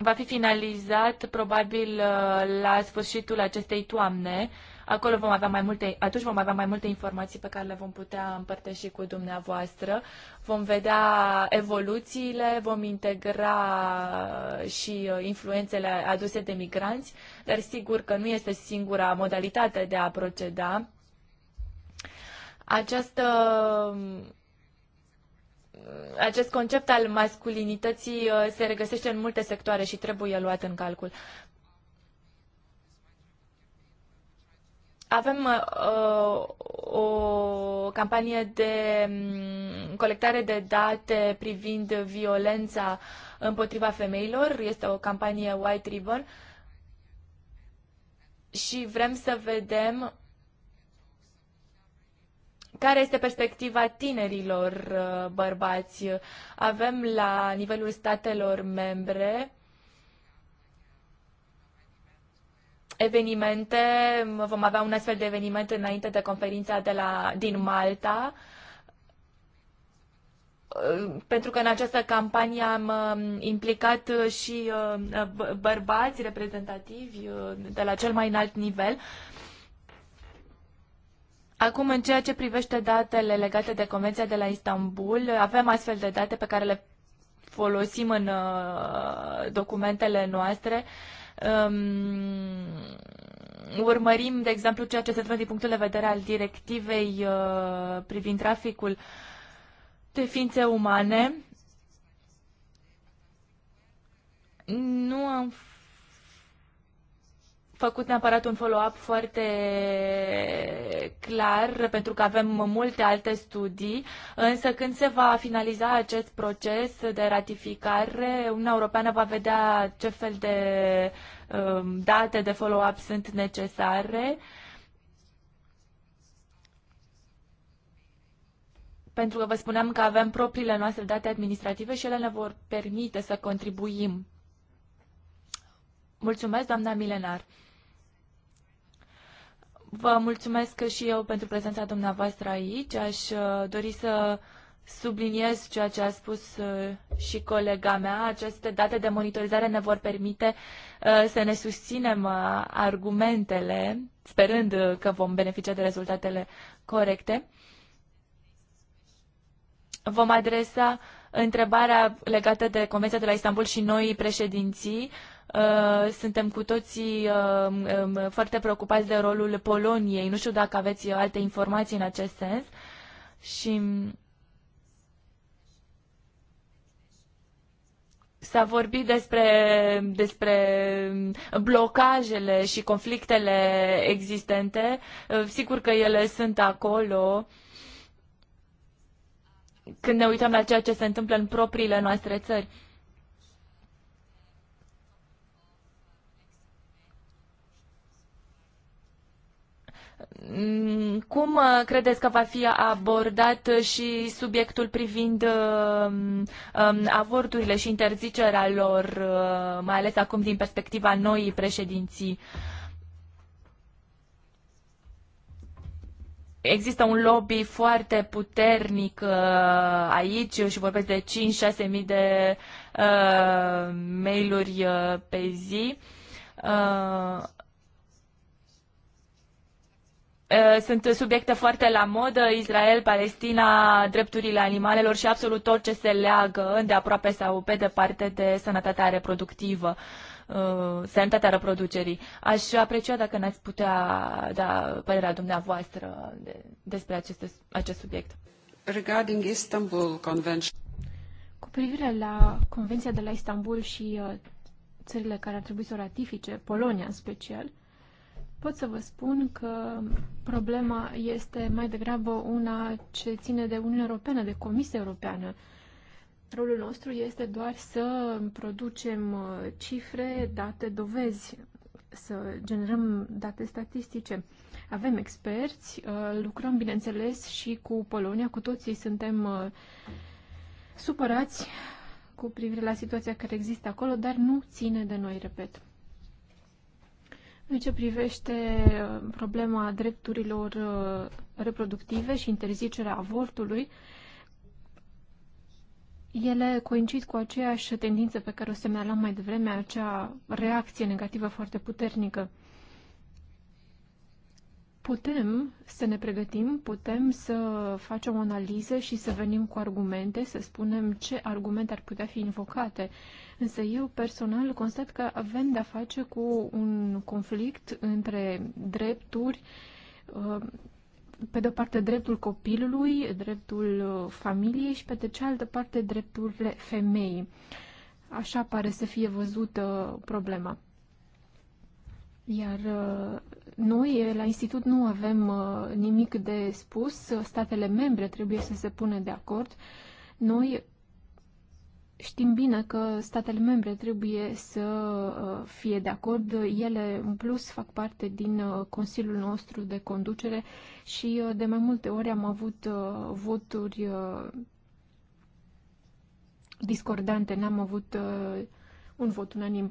Va fi finalizat probabil uh, la sfârșitul acestei toamne. Acolo vom avea mai multe, atunci vom avea mai multe informații pe care le vom putea împărtăși cu dumneavoastră. Vom vedea evoluțiile, vom integra uh, și uh, influențele aduse de migranți, dar sigur că nu este singura modalitate de a proceda. Această acest concept al masculinității uh, se regăsește în multe sectoare și trebuie luat în calcul. Avem uh, o campanie de mm, colectare de date privind violența împotriva femeilor. Este o campanie White Ribbon și vrem să vedem care este perspectiva tinerilor uh, bărbați? Avem la nivelul statelor membre evenimente, vom avea un astfel de eveniment înainte de conferința de la, din Malta, uh, pentru că în această campanie am um, implicat și uh, bărbați reprezentativi de la cel mai înalt nivel Acum, în ceea ce privește datele legate de Convenția de la Istanbul, avem astfel de date pe care le folosim în uh, documentele noastre. Um, urmărim, de exemplu, ceea ce se întâmplă din punctul de vedere al directivei uh, privind traficul de ființe umane. Nu am făcut neapărat un follow-up foarte clar, pentru că avem multe alte studii, însă când se va finaliza acest proces de ratificare, Uniunea Europeană va vedea ce fel de um, date de follow-up sunt necesare. Pentru că vă spuneam că avem propriile noastre date administrative și ele ne vor permite să contribuim. Mulțumesc, doamna Milenar. Vă mulțumesc și eu pentru prezența dumneavoastră aici. Aș uh, dori să subliniez ceea ce a spus uh, și colega mea. Aceste date de monitorizare ne vor permite uh, să ne susținem argumentele, sperând că vom beneficia de rezultatele corecte. Vom adresa întrebarea legată de Convenția de la Istanbul și noi președinții. Uh, suntem cu toții uh, um, uh, foarte preocupați de rolul Poloniei. Nu știu dacă aveți alte informații în acest sens. Și S-a vorbit despre, despre blocajele și conflictele existente. Sigur că ele sunt acolo. Când ne uităm la ceea ce se întâmplă în propriile noastre țări. Mm, cum uh, credeți că va fi abordat și subiectul privind um, um, avorturile și interzicerea lor, uh, mai ales acum din perspectiva noii președinții? Există un lobby foarte puternic uh, aici și vorbesc de 5-6 mii de mail-uri pe zi. Uh, Uh, sunt subiecte foarte la modă, Israel, Palestina, drepturile animalelor și absolut tot ce se leagă îndeaproape sau pe departe de sănătatea reproductivă, uh, sănătatea reproducerii. Aș aprecia dacă ne-ați putea da părerea dumneavoastră de, despre acest, acest subiect. Regarding Istanbul Convention. Cu privire la Convenția de la Istanbul și uh, țările care ar trebui să o ratifice, Polonia în special, pot să vă spun că problema este mai degrabă una ce ține de Uniunea Europeană, de Comisia Europeană. Rolul nostru este doar să producem uh, cifre, date, dovezi, să generăm date statistice. Avem experți, uh, lucrăm, bineînțeles, și cu Polonia, cu toții suntem uh, supărați cu privire la situația care există acolo, dar nu ține de noi, repet. În ce privește uh, problema drepturilor uh, reproductive și interzicerea avortului, ele coincid cu aceeași tendință pe care o semnalam mai devreme, acea reacție negativă foarte puternică. Putem să ne pregătim, putem să facem o analiză și să venim cu argumente, să spunem ce argumente ar putea fi invocate Însă eu personal constat că avem de-a face cu un conflict între drepturi, uh, pe de-o parte dreptul copilului, dreptul uh, familiei și pe de cealaltă parte drepturile femeii. Așa pare să fie văzută problema. Iar uh, noi la institut nu avem nimic de spus, statele membre trebuie să se pună de acord. Noi Știm bine că statele membre trebuie să uh, fie de acord. Ele, în plus, fac parte din uh, Consiliul nostru de conducere și uh, de mai multe ori am avut voturi discordante, n-am avut un vot unanim.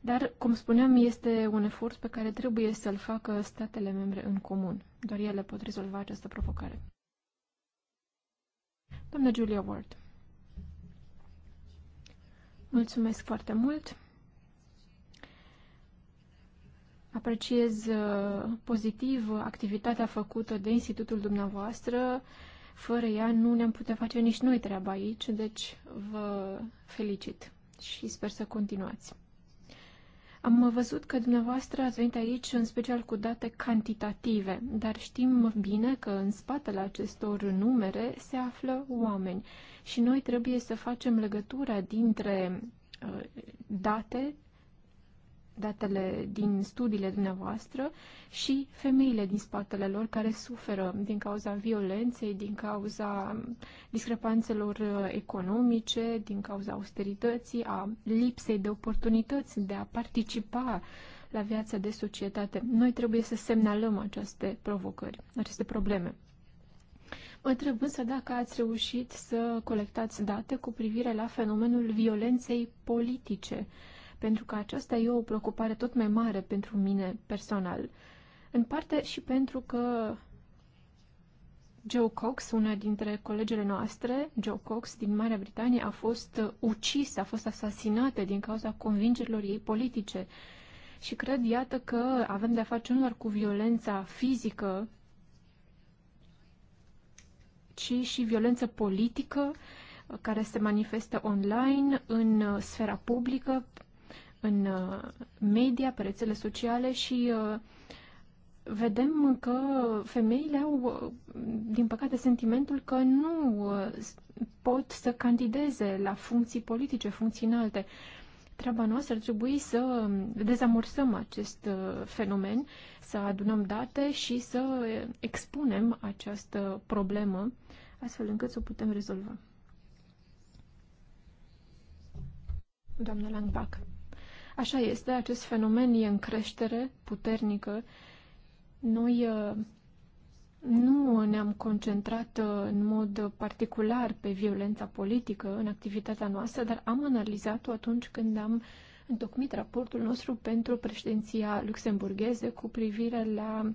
Dar, cum spuneam, este un efort pe care trebuie să-l facă statele membre în comun. Doar ele pot rezolva această provocare. Doamna Julia Ward. Mulțumesc foarte mult! Apreciez uh, pozitiv activitatea făcută de institutul dumneavoastră. Fără ea nu ne-am putea face nici noi treaba aici, deci vă felicit și sper să continuați. Am văzut că dumneavoastră ați venit aici în special cu date cantitative, dar știm bine că în spatele acestor numere se află oameni și noi trebuie să facem legătura dintre uh, date datele din studiile dumneavoastră și femeile din spatele lor care suferă din cauza violenței, din cauza discrepanțelor uh, economice, din cauza austerității, a lipsei de oportunități de a participa la viața de societate. Noi trebuie să semnalăm aceste provocări, aceste probleme. Mă întreb însă dacă ați reușit să colectați date cu privire la fenomenul violenței politice pentru că aceasta e o preocupare tot mai mare pentru mine personal. În parte și pentru că Joe Cox, una dintre colegele noastre, Joe Cox din Marea Britanie, a fost ucisă, a fost asasinată din cauza convingerilor ei politice. Și cred, iată, că avem de-a face nu doar cu violența fizică, ci și violență politică care se manifestă online, în sfera publică, în uh, media, pe rețele sociale și uh, vedem că femeile au, uh, din păcate, sentimentul că nu pot să candideze la funcții politice, funcții înalte. Treaba noastră ar trebui să dezamorsăm acest fenomen, să adunăm date și să expunem această problemă astfel încât să o putem rezolva. Doamna Langbach. Așa este, acest fenomen e în creștere puternică. Noi uh, nu ne-am concentrat uh, în mod particular pe violența politică în activitatea noastră, dar am analizat-o atunci când am întocmit raportul nostru pentru președinția luxemburgheză cu privire la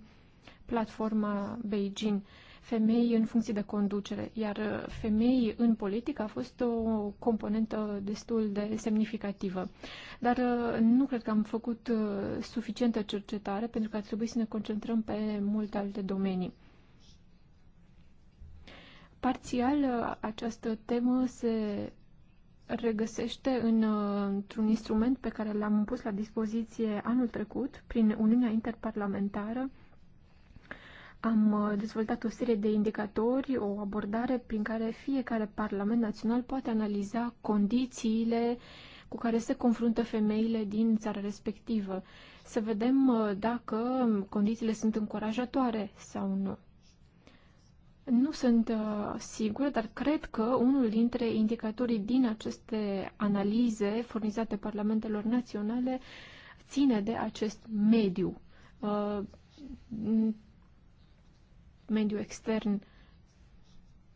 platforma Beijing femei în funcție de conducere, iar femei în politică a fost o componentă destul de semnificativă. Dar uh, nu cred că am făcut uh, suficientă cercetare pentru că ar trebui să ne concentrăm pe multe alte domenii. Parțial, uh, această temă se regăsește în, într-un instrument pe care l-am pus la dispoziție anul trecut prin Uniunea Interparlamentară am uh, dezvoltat o serie de indicatori, o abordare prin care fiecare Parlament Național poate analiza condițiile cu care se confruntă femeile din țara respectivă, să vedem uh, dacă condițiile sunt încurajatoare sau nu. Nu sunt uh, sigură, dar cred că unul dintre indicatorii din aceste analize furnizate parlamentelor naționale ține de acest mediu mediu extern.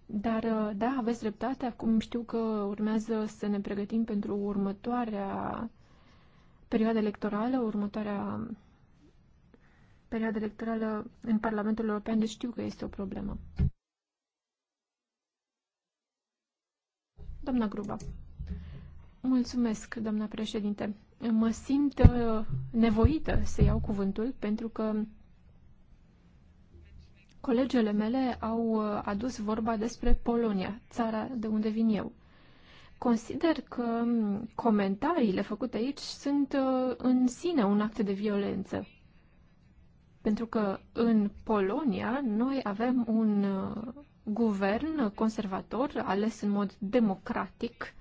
Dar, uh, da, aveți dreptate. Acum știu că urmează să ne pregătim pentru următoarea perioadă electorală, următoarea perioadă electorală în Parlamentul European, deci știu că este o problemă. Doamna Gruba. Mulțumesc, doamna președinte. Mă simt uh, nevoită să iau cuvântul pentru că Colegele mele au uh, adus vorba despre Polonia, țara de unde vin eu. Consider că mm, comentariile făcute aici sunt uh, în sine un act de violență. Pentru că în Polonia noi avem un uh, guvern conservator ales în mod democratic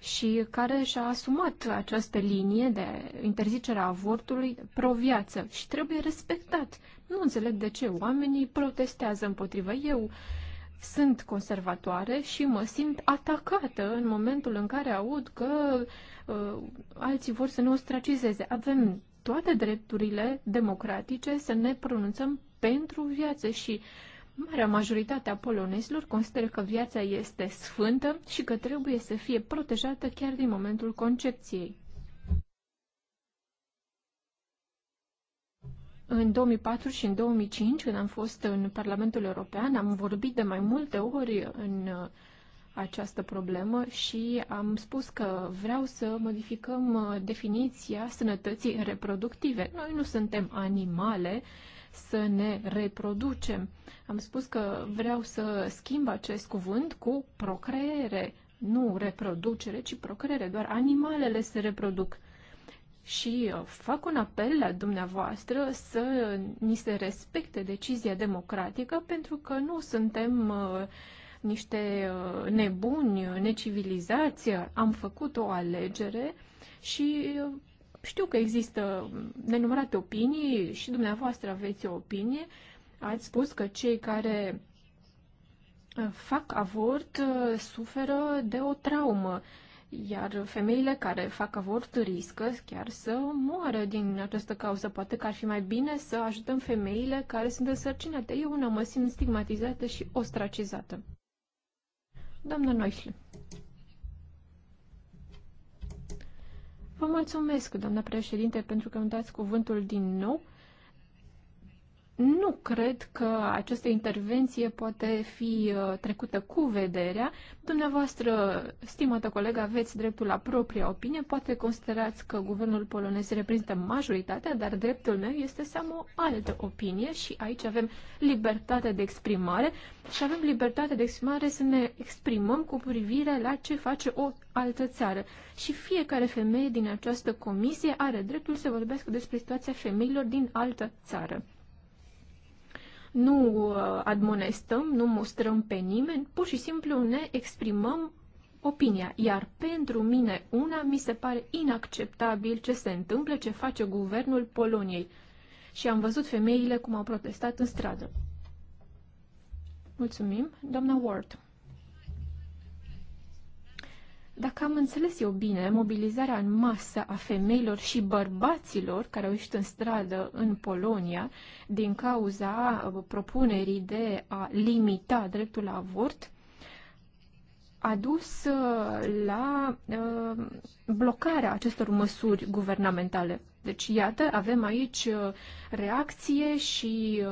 și care și-a asumat această linie de a avortului pro-viață și trebuie respectat. Nu înțeleg de ce oamenii protestează împotriva eu. Sunt conservatoare și mă simt atacată în momentul în care aud că uh, alții vor să ne ostracizeze. Avem toate drepturile democratice să ne pronunțăm pentru viață și marea majoritate a polonezilor consideră că viața este sfântă și că trebuie să fie protejată chiar din momentul concepției. În 2004 și în 2005, când am fost în Parlamentul European, am vorbit de mai multe ori în uh, această problemă și am spus că vreau să modificăm uh, definiția sănătății reproductive. Noi nu suntem animale să ne reproducem. Am spus că vreau să schimb acest cuvânt cu procreere, nu reproducere, ci procreere. Doar animalele se reproduc și uh, fac un apel la dumneavoastră să ni se respecte decizia democratică pentru că nu suntem uh, niște uh, nebuni, necivilizați. Am făcut o alegere și știu că există nenumărate opinii și dumneavoastră aveți o opinie. Ați spus că cei care fac avort suferă de o traumă iar femeile care fac avort riscă chiar să moară din această cauză. Poate că ar fi mai bine să ajutăm femeile care sunt însărcinate. Eu una mă simt stigmatizată și ostracizată. Doamna Noisle. Vă mulțumesc, doamna președinte, pentru că îmi dați cuvântul din nou nu cred că această intervenție poate fi uh, trecută cu vederea. Dumneavoastră, stimată colegă, aveți dreptul la propria opinie. Poate considerați că guvernul polonez reprezintă majoritatea, dar dreptul meu este să am o altă opinie și aici avem libertate de exprimare și avem libertate de exprimare să ne exprimăm cu privire la ce face o altă țară. Și fiecare femeie din această comisie are dreptul să vorbească despre situația femeilor din altă țară nu uh, admonestăm, nu mostrăm pe nimeni, pur și simplu ne exprimăm opinia. Iar pentru mine una mi se pare inacceptabil ce se întâmplă, ce face guvernul Poloniei. Și am văzut femeile cum au protestat în stradă. Mulțumim, doamna Ward. Dacă am înțeles eu bine, mobilizarea în masă a femeilor și bărbaților care au ieșit în stradă în Polonia din cauza uh, propunerii de a limita dreptul la avort a dus uh, la uh, blocarea acestor măsuri guvernamentale. Deci, iată, avem aici reacție și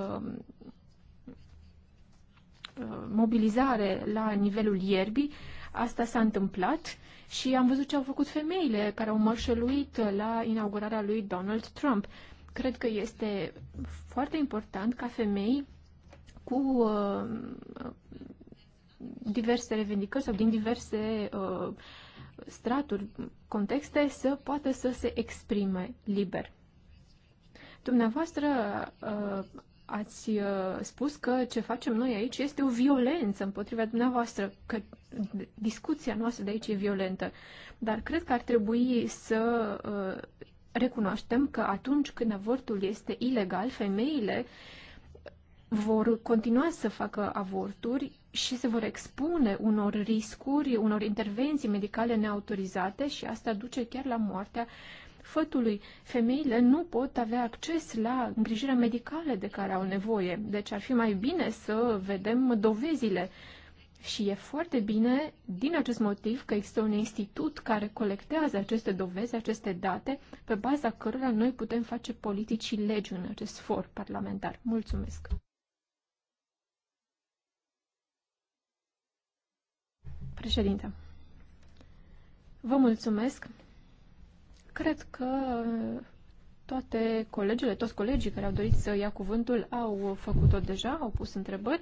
mobilizare la nivelul ierbii Asta s-a întâmplat și am văzut ce au făcut femeile care au mărșăluit la inaugurarea lui Donald Trump. Cred că este foarte important ca femei cu uh, diverse revendicări sau din diverse uh, straturi, contexte, să poată să se exprime liber. Dumneavoastră uh, ați uh, spus că ce facem noi aici este o violență împotriva dumneavoastră, că discuția noastră de aici e violentă. Dar cred că ar trebui să uh, recunoaștem că atunci când avortul este ilegal, femeile vor continua să facă avorturi și se vor expune unor riscuri, unor intervenții medicale neautorizate și asta duce chiar la moartea uh, fătului. Femeile nu pot avea acces la îngrijirea medicală de care au nevoie, deci ar fi mai bine să vedem dovezile. Și e foarte bine din acest motiv că există un institut care colectează aceste dovezi, aceste date, pe baza cărora noi putem face politici și legi în acest for parlamentar. Mulțumesc! Președinte, vă mulțumesc! Cred că toate colegele, toți colegii care au dorit să ia cuvântul au făcut-o deja, au pus întrebări.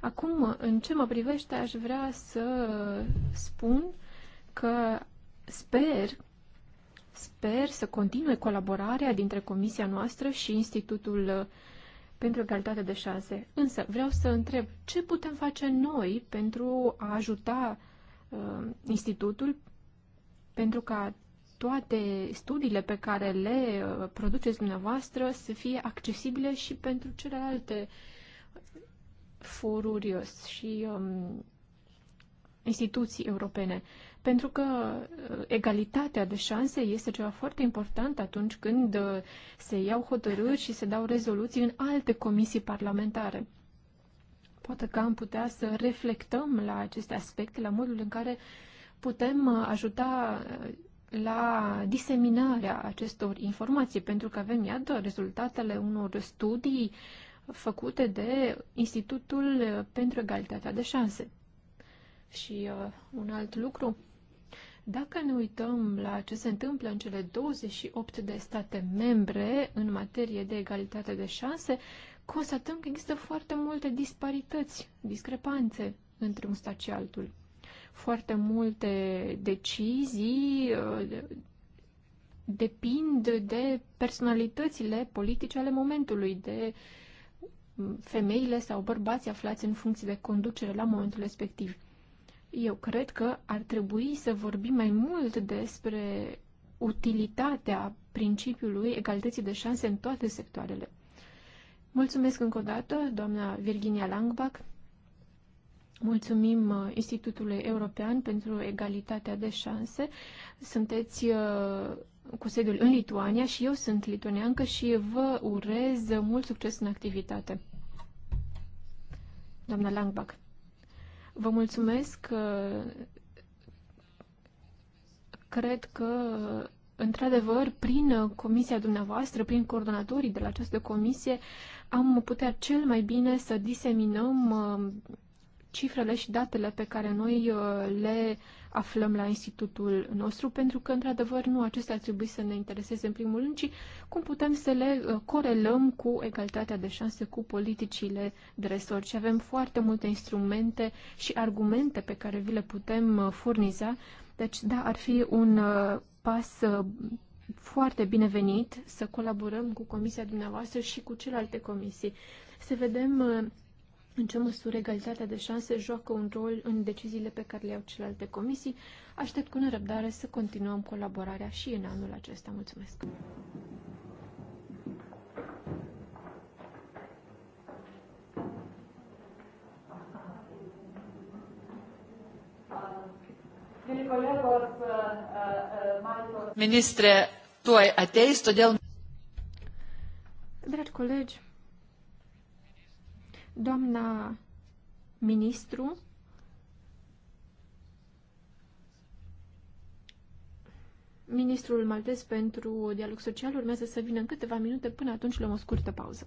Acum, în ce mă privește, aș vrea să spun că sper, sper să continue colaborarea dintre comisia noastră și Institutul pentru Egalitate de Șanse. Însă, vreau să întreb ce putem face noi pentru a ajuta uh, Institutul pentru ca toate studiile pe care le uh, produceți dumneavoastră să fie accesibile și pentru celelalte foruri uh, și um, instituții europene. Pentru că uh, egalitatea de șanse este ceva foarte important atunci când se iau hotărâri și se dau rezoluții în alte comisii parlamentare. Poate că am putea să reflectăm la aceste aspecte, la modul în care putem ajuta la diseminarea acestor informații, pentru că avem, iată, rezultatele unor studii făcute de Institutul pentru Egalitatea de Șanse. Și uh, un alt lucru, dacă ne uităm la ce se întâmplă în cele 28 de state membre în materie de egalitate de șanse, constatăm că există foarte multe disparități, discrepanțe între un stat și altul. Foarte multe decizii uh, depind de personalitățile politice ale momentului, de mm, femeile sau bărbații aflați în funcție de conducere la momentul respectiv. Eu cred că ar trebui să vorbim mai mult despre utilitatea principiului egalității de șanse în toate sectoarele. Mulțumesc încă o dată, doamna Virginia Langbach, Mulțumim uh, Institutului European pentru Egalitatea de Șanse. Sunteți uh, cu sediul în Lituania și eu sunt lituaneancă și vă urez mult succes în activitate. Doamna Langbach, vă mulțumesc. Uh, cred că, într-adevăr, prin comisia dumneavoastră, prin coordonatorii de la această comisie, am putea cel mai bine să diseminăm cifrele și datele pe care noi uh, le aflăm la institutul nostru, pentru că, într-adevăr, nu acestea ar trebui să ne intereseze în primul rând, ci cum putem să le uh, corelăm cu egalitatea de șanse, cu politicile de resort. Și avem foarte multe instrumente și argumente pe care vi le putem uh, furniza. Deci, da, ar fi un pas foarte binevenit să colaborăm cu comisia dumneavoastră și cu celelalte comisii. Să vedem în ce măsură egalitatea de șanse joacă un rol în deciziile pe care le iau celelalte comisii. Aștept cu nerăbdare să continuăm colaborarea și în anul acesta. Mulțumesc! Ministre, ai ateis, todėl. Dragi colegi, Doamna ministru, ministrul maltez pentru dialog social urmează să vină în câteva minute, până atunci luăm o scurtă pauză.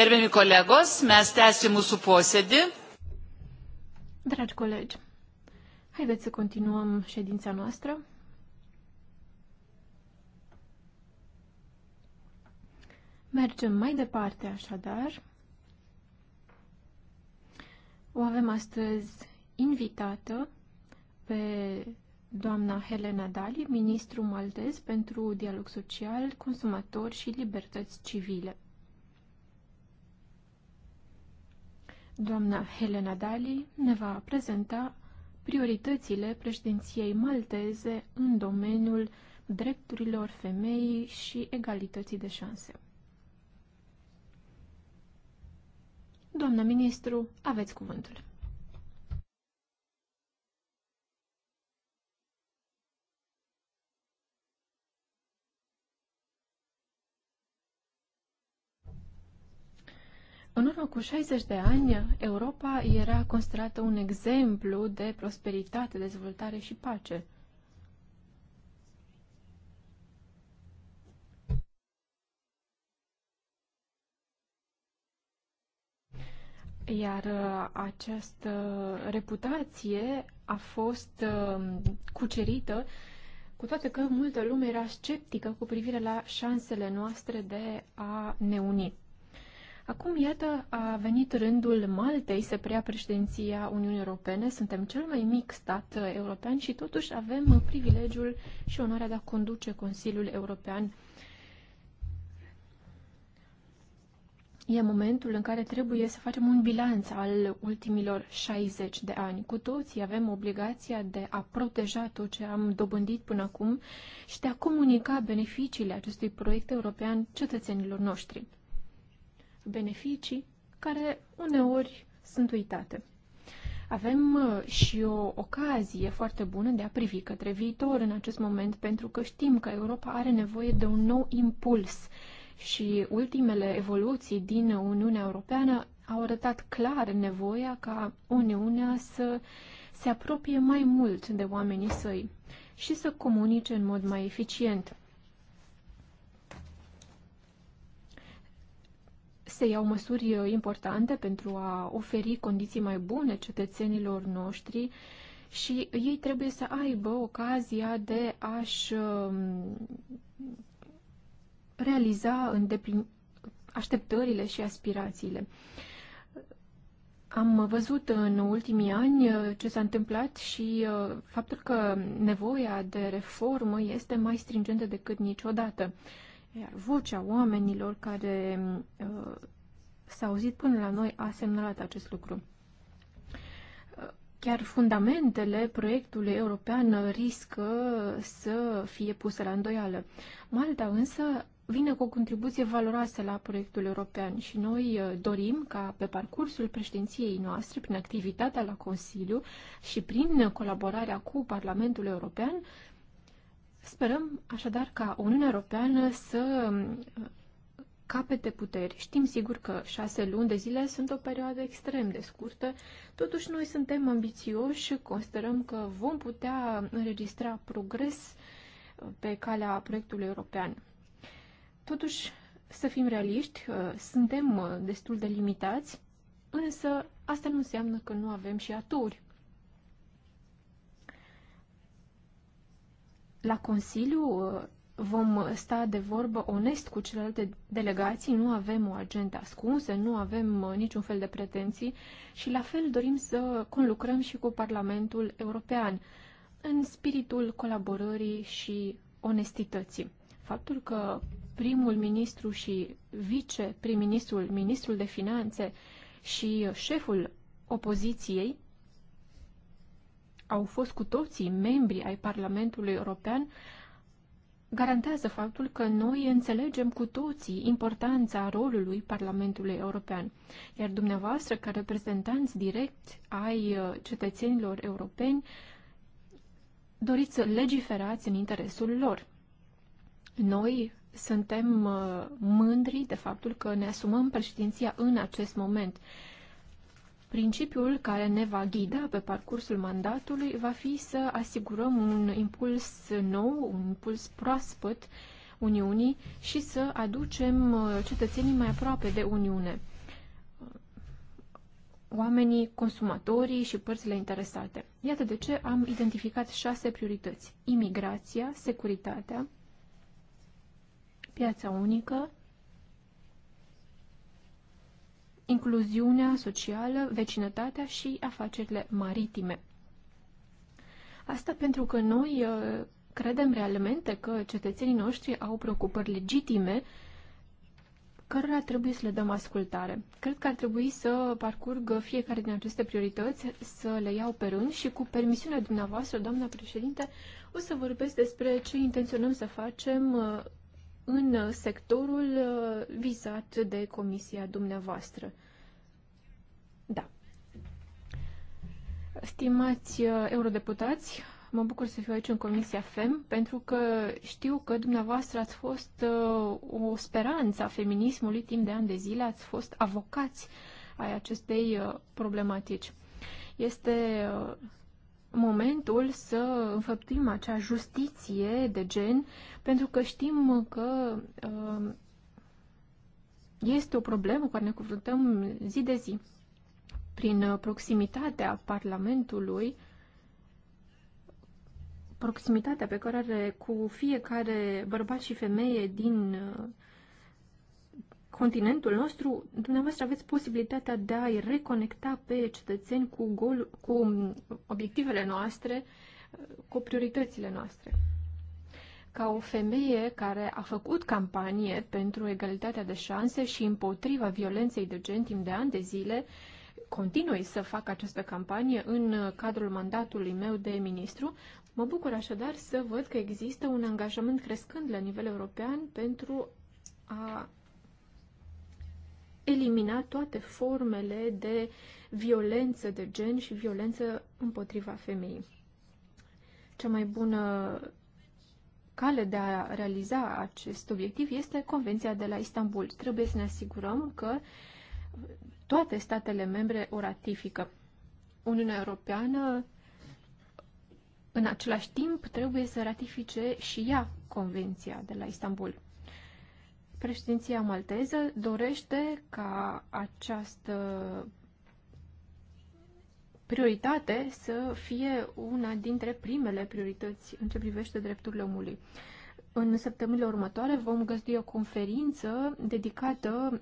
Gerbiami kolegos, mes tęsim mūsų posėdį. Dragi colegi, haideți să continuăm ședința noastră. Mergem mai departe, așadar. O avem astăzi invitată pe doamna Helena Dali, ministru maltez pentru dialog social, consumator și libertăți civile. Doamna Helena Dali ne va prezenta prioritățile președinției malteze în domeniul drepturilor femeii și egalității de șanse. Doamna ministru, aveți cuvântul. În urmă cu 60 de ani, Europa era considerată un exemplu de prosperitate, dezvoltare și pace. Iar uh, această reputație a fost uh, cucerită, cu toate că multă lume era sceptică cu privire la șansele noastre de a ne uni. Acum, iată, a venit rândul Maltei să preia președinția Uniunii Europene. Suntem cel mai mic stat european și totuși avem privilegiul și onoarea de a conduce Consiliul European. E momentul în care trebuie să facem un bilanț al ultimilor 60 de ani. Cu toții avem obligația de a proteja tot ce am dobândit până acum și de a comunica beneficiile acestui proiect european cetățenilor noștri beneficii care uneori sunt uitate. Avem uh, și o ocazie foarte bună de a privi către viitor în acest moment, pentru că știm că Europa are nevoie de un nou impuls și ultimele evoluții din Uniunea Europeană au arătat clar nevoia ca Uniunea să se apropie mai mult de oamenii săi și să comunice în mod mai eficient. se iau măsuri uh, importante pentru a oferi condiții mai bune cetățenilor noștri și ei trebuie să aibă ocazia de a-și um, realiza îndeplin... așteptările și aspirațiile. Am văzut în ultimii ani uh, ce s-a întâmplat și uh, faptul că nevoia de reformă este mai stringentă decât niciodată. Iar vocea oamenilor care uh, s-a auzit până la noi a semnalat acest lucru. Chiar fundamentele proiectului european riscă să fie puse la îndoială. Malta însă vine cu o contribuție valoroasă la proiectul european și noi uh, dorim ca pe parcursul președinției noastre, prin activitatea la Consiliu și prin colaborarea cu Parlamentul European, Sperăm așadar ca Uniunea Europeană să uh, capete puteri. Știm sigur că șase luni de zile sunt o perioadă extrem de scurtă, totuși noi suntem ambițioși, considerăm că vom putea înregistra progres uh, pe calea proiectului european. Totuși, să fim realiști, uh, suntem destul de limitați, însă asta nu înseamnă că nu avem și aturi. la Consiliu uh, vom sta de vorbă onest cu celelalte delegații, nu avem o agendă ascunsă, nu avem uh, niciun fel de pretenții și la fel dorim să conlucrăm și cu Parlamentul European în spiritul colaborării și onestității. Faptul că primul ministru și vice-prim-ministrul, ministrul de finanțe și șeful opoziției au fost cu toții membri ai Parlamentului European, garantează faptul că noi înțelegem cu toții importanța rolului Parlamentului European. Iar dumneavoastră, ca reprezentanți direct ai uh, cetățenilor europeni, doriți să legiferați în interesul lor. Noi suntem uh, mândri de faptul că ne asumăm președinția în acest moment Principiul care ne va ghida pe parcursul mandatului va fi să asigurăm un impuls nou, un impuls proaspăt Uniunii și să aducem uh, cetățenii mai aproape de Uniune, oamenii, consumatorii și părțile interesate. Iată de ce am identificat șase priorități. Imigrația, securitatea, piața unică, incluziunea socială, vecinătatea și afacerile maritime. Asta pentru că noi uh, credem realmente că cetățenii noștri au preocupări legitime cărora trebuie să le dăm ascultare. Cred că ar trebui să parcurg fiecare din aceste priorități, să le iau pe rând și cu permisiunea dumneavoastră, doamna președinte, o să vorbesc despre ce intenționăm să facem uh, în sectorul uh, vizat de comisia dumneavoastră. Da. Stimați uh, eurodeputați, mă bucur să fiu aici în Comisia FEM, pentru că știu că dumneavoastră ați fost uh, o speranță a feminismului timp de ani de zile, ați fost avocați ai acestei problematici. Este momentul să înfăptuim acea justiție de gen, pentru că știm că uh, este o problemă cu care ne confruntăm zi de zi. Prin uh, proximitatea Parlamentului, proximitatea pe care are cu fiecare bărbat și femeie din uh, continentul nostru, dumneavoastră aveți posibilitatea de a-i reconecta pe cetățeni cu, gol, cu obiectivele noastre, cu prioritățile noastre. Ca o femeie care a făcut campanie pentru egalitatea de șanse și împotriva violenței de gen timp de ani de zile, continui să fac această campanie în cadrul mandatului meu de ministru. Mă bucur așadar să văd că există un angajament crescând la nivel european pentru a elimina toate formele de violență de gen și violență împotriva femeii. Cea mai bună cale de a realiza acest obiectiv este Convenția de la Istanbul. Trebuie să ne asigurăm că toate statele membre o ratifică. Uniunea Europeană, în același timp, trebuie să ratifice și ea Convenția de la Istanbul. Președinția malteză dorește ca această prioritate să fie una dintre primele priorități în ce privește drepturile omului. În săptămânile următoare vom găzdui o conferință dedicată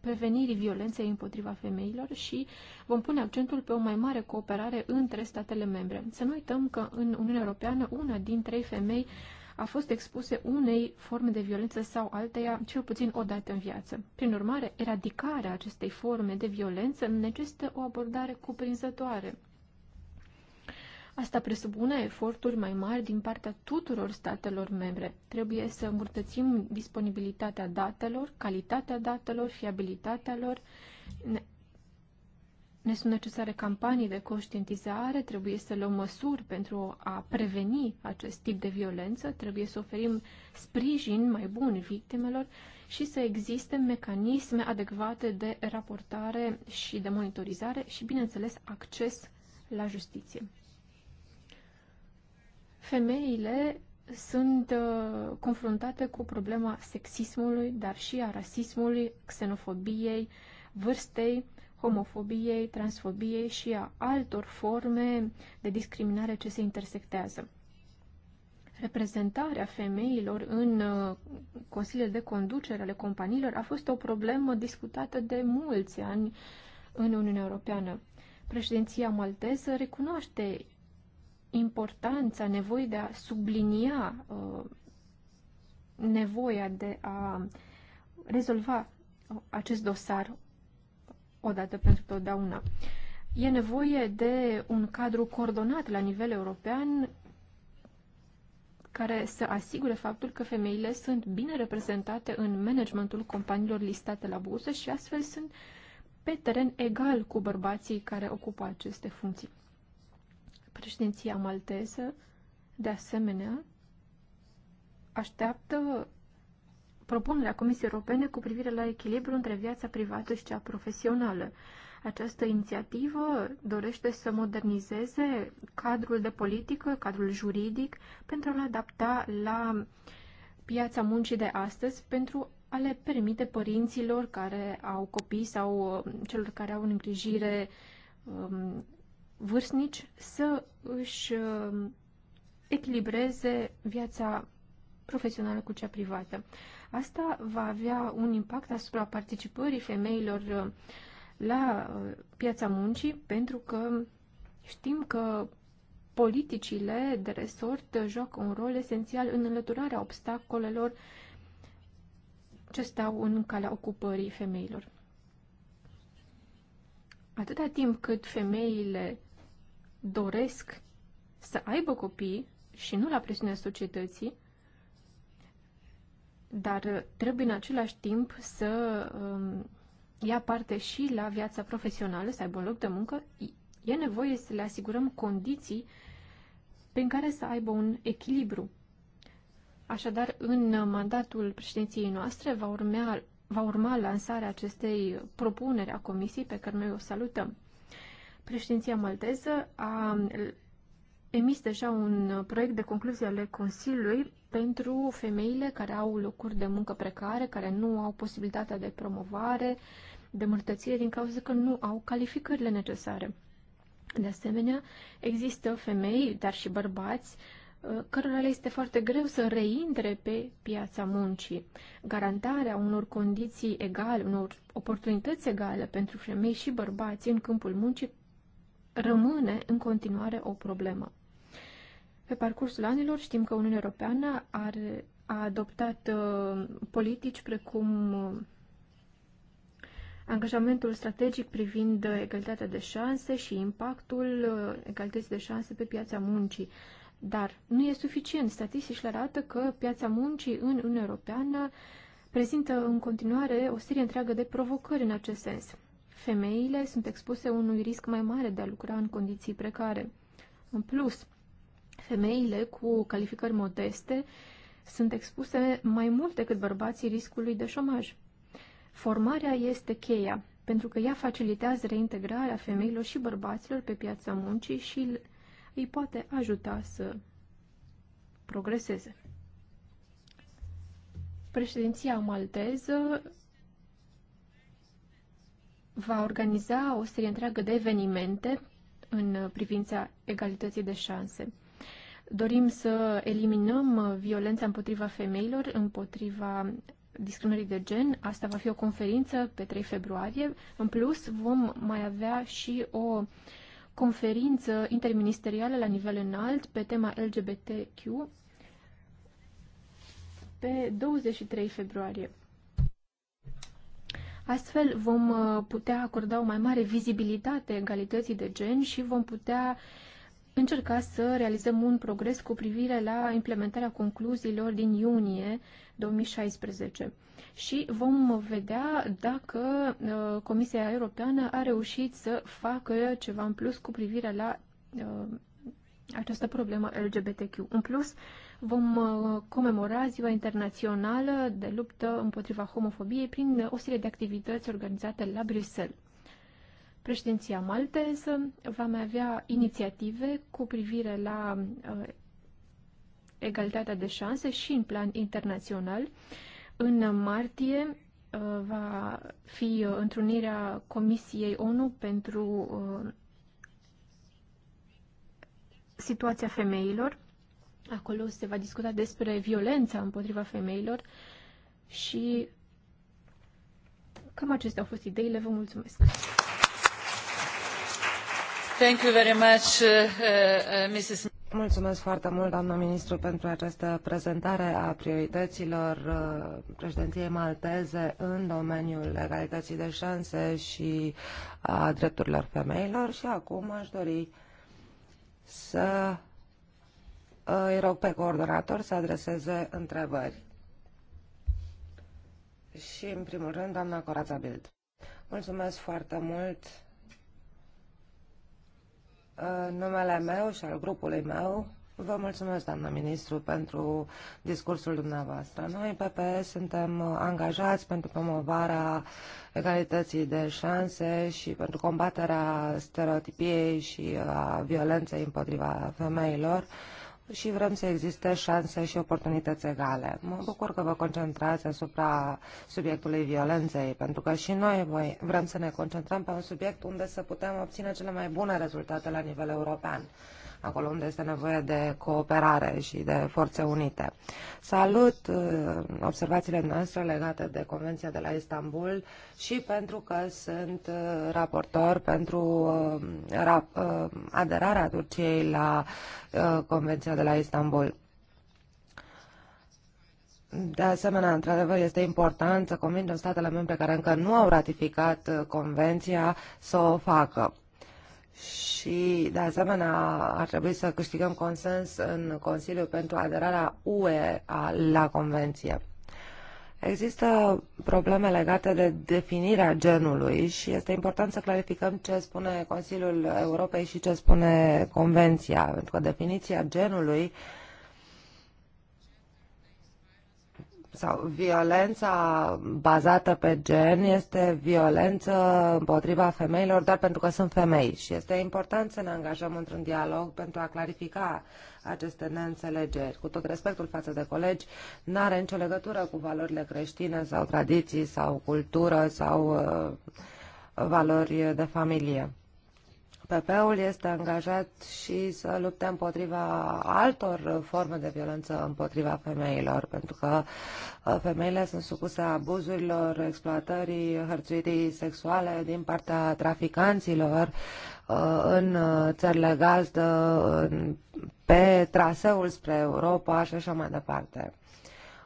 prevenirii violenței împotriva femeilor și vom pune accentul pe o mai mare cooperare între statele membre. Să nu uităm că în Uniunea Europeană una din trei femei a fost expuse unei forme de violență sau alteia cel puțin o dată în viață. Prin urmare, eradicarea acestei forme de violență necesită o abordare cuprinzătoare. Asta presupune eforturi mai mari din partea tuturor statelor membre. Trebuie să îmbunătățim disponibilitatea datelor, calitatea datelor, fiabilitatea lor, ne sunt necesare campanii de conștientizare, trebuie să luăm măsuri pentru a preveni acest tip de violență, trebuie să oferim sprijin mai bun victimelor și să existe mecanisme adecvate de raportare și de monitorizare și, bineînțeles, acces la justiție. Femeile sunt uh, confruntate cu problema sexismului, dar și a rasismului, xenofobiei, vârstei, homofobiei, transfobiei și a altor forme de discriminare ce se intersectează. Reprezentarea femeilor în uh, consiliile de conducere ale companiilor a fost o problemă discutată de mulți ani în Uniunea Europeană. Președinția malteză recunoaște importanța nevoii de a sublinia uh, nevoia de a rezolva uh, acest dosar odată pentru totdeauna. E nevoie de un cadru coordonat la nivel european care să asigure faptul că femeile sunt bine reprezentate în managementul companiilor listate la bursă și astfel sunt pe teren egal cu bărbații care ocupă aceste funcții. Președinția malteză, de asemenea, așteaptă propunerea Comisiei Europene cu privire la echilibru între viața privată și cea profesională. Această inițiativă dorește să modernizeze cadrul de politică, cadrul juridic, pentru a-l adapta la piața muncii de astăzi, pentru a le permite părinților care au copii sau uh, celor care au în îngrijire um, vârstnici să își uh, echilibreze viața profesională cu cea privată. Asta va avea un impact asupra participării femeilor uh, la uh, piața muncii, pentru că știm că politicile de resort joacă un rol esențial în înlăturarea obstacolelor ce stau în calea ocupării femeilor. Atâta timp cât femeile doresc să aibă copii și nu la presiunea societății, dar trebuie în același timp să um, ia parte și la viața profesională, să aibă un loc de muncă, e nevoie să le asigurăm condiții prin care să aibă un echilibru. Așadar, în mandatul președinției noastre va urma, va urma lansarea acestei propuneri a comisiei pe care noi o salutăm. Președinția malteză a emis deja un proiect de concluzie ale Consiliului pentru femeile care au locuri de muncă precare, care nu au posibilitatea de promovare, de mărtăție, din cauza că nu au calificările necesare. De asemenea, există femei, dar și bărbați, uh, cărora le este foarte greu să reintre pe piața muncii. Garantarea unor condiții egale, unor oportunități egale pentru femei și bărbați în câmpul muncii rămâne în continuare o problemă. Pe parcursul anilor știm că Uniunea Europeană are, a adoptat uh, politici precum uh, angajamentul strategic privind egalitatea de șanse și impactul uh, egalității de șanse pe piața muncii. Dar nu e suficient. Statisticile arată că piața muncii în Uniunea Europeană prezintă în continuare o serie întreagă de provocări în acest sens. Femeile sunt expuse unui risc mai mare de a lucra în condiții precare. În plus, Femeile cu calificări modeste sunt expuse mai mult decât bărbații riscului de șomaj. Formarea este cheia, pentru că ea facilitează reintegrarea femeilor și bărbaților pe piața muncii și îi poate ajuta să progreseze. Președinția malteză va organiza o serie întreagă de evenimente în privința egalității de șanse. Dorim să eliminăm uh, violența împotriva femeilor, împotriva discriminării de gen. Asta va fi o conferință pe 3 februarie. În plus, vom mai avea și o conferință interministerială la nivel înalt pe tema LGBTQ pe 23 februarie. Astfel vom uh, putea acorda o mai mare vizibilitate egalității de gen și vom putea uh, încerca să realizăm un progres cu privire la implementarea concluziilor din iunie 2016 și vom vedea dacă uh, Comisia Europeană a reușit să facă ceva în plus cu privire la uh, această problemă LGBTQ. În plus, vom uh, comemora Ziua Internațională de luptă împotriva homofobiei prin o serie de activități organizate la Bruxelles. Președinția malteză va mai avea inițiative cu privire la uh, egalitatea de șanse și în plan internațional. În martie uh, va fi uh, întrunirea Comisiei ONU pentru uh, situația femeilor. Acolo se va discuta despre violența împotriva femeilor și cam acestea au fost ideile. Vă mulțumesc! Uh, uh, Mulțumesc foarte mult, doamnă ministru, pentru această prezentare a priorităților uh, președinției malteze în domeniul egalității de șanse și a drepturilor femeilor. Și acum aș dori să îi rog pe coordonator să adreseze întrebări. Și, în primul rând, doamna Corața Bild. Mulțumesc foarte mult în numele meu și al grupului meu, vă mulțumesc, doamnă ministru, pentru discursul dumneavoastră. Noi, PPE, suntem angajați pentru promovarea egalității de șanse și pentru combaterea stereotipiei și a violenței împotriva femeilor. Uh, și vrem să existe șanse și oportunități egale. Mă bucur că vă concentrați asupra subiectului violenței, pentru că și noi vrem să ne concentrăm pe un subiect unde să putem obține cele mai bune rezultate la nivel european acolo unde este nevoie de cooperare și de forțe unite. Salut uh, observațiile noastre legate de Convenția de la Istanbul și pentru că sunt uh, raportor pentru uh, aderarea Turciei la Convenția de la Istanbul. De asemenea, într-adevăr, este important să convingem statele membre care încă nu au ratificat convenția să o facă și, de asemenea, ar trebui să câștigăm consens în Consiliu pentru aderarea UE la Convenție. Există probleme legate de definirea genului și este important să clarificăm ce spune Consiliul Europei și ce spune Convenția, pentru că definiția genului uh, sau violența bazată pe gen este violență împotriva femeilor doar pentru că sunt femei și este important să ne angajăm într-un dialog pentru a clarifica aceste neînțelegeri. Cu tot respectul față de colegi, nu are nicio legătură cu valorile creștine sau tradiții sau cultură sau uh, valori de familie. PP-ul este angajat și să lupte împotriva altor forme de violență împotriva femeilor, pentru că uh, femeile sunt supuse abuzurilor, exploatării, hărțuirii sexuale din partea traficanților uh, în uh, țările gazdă, pe traseul spre Europa și așa mai departe.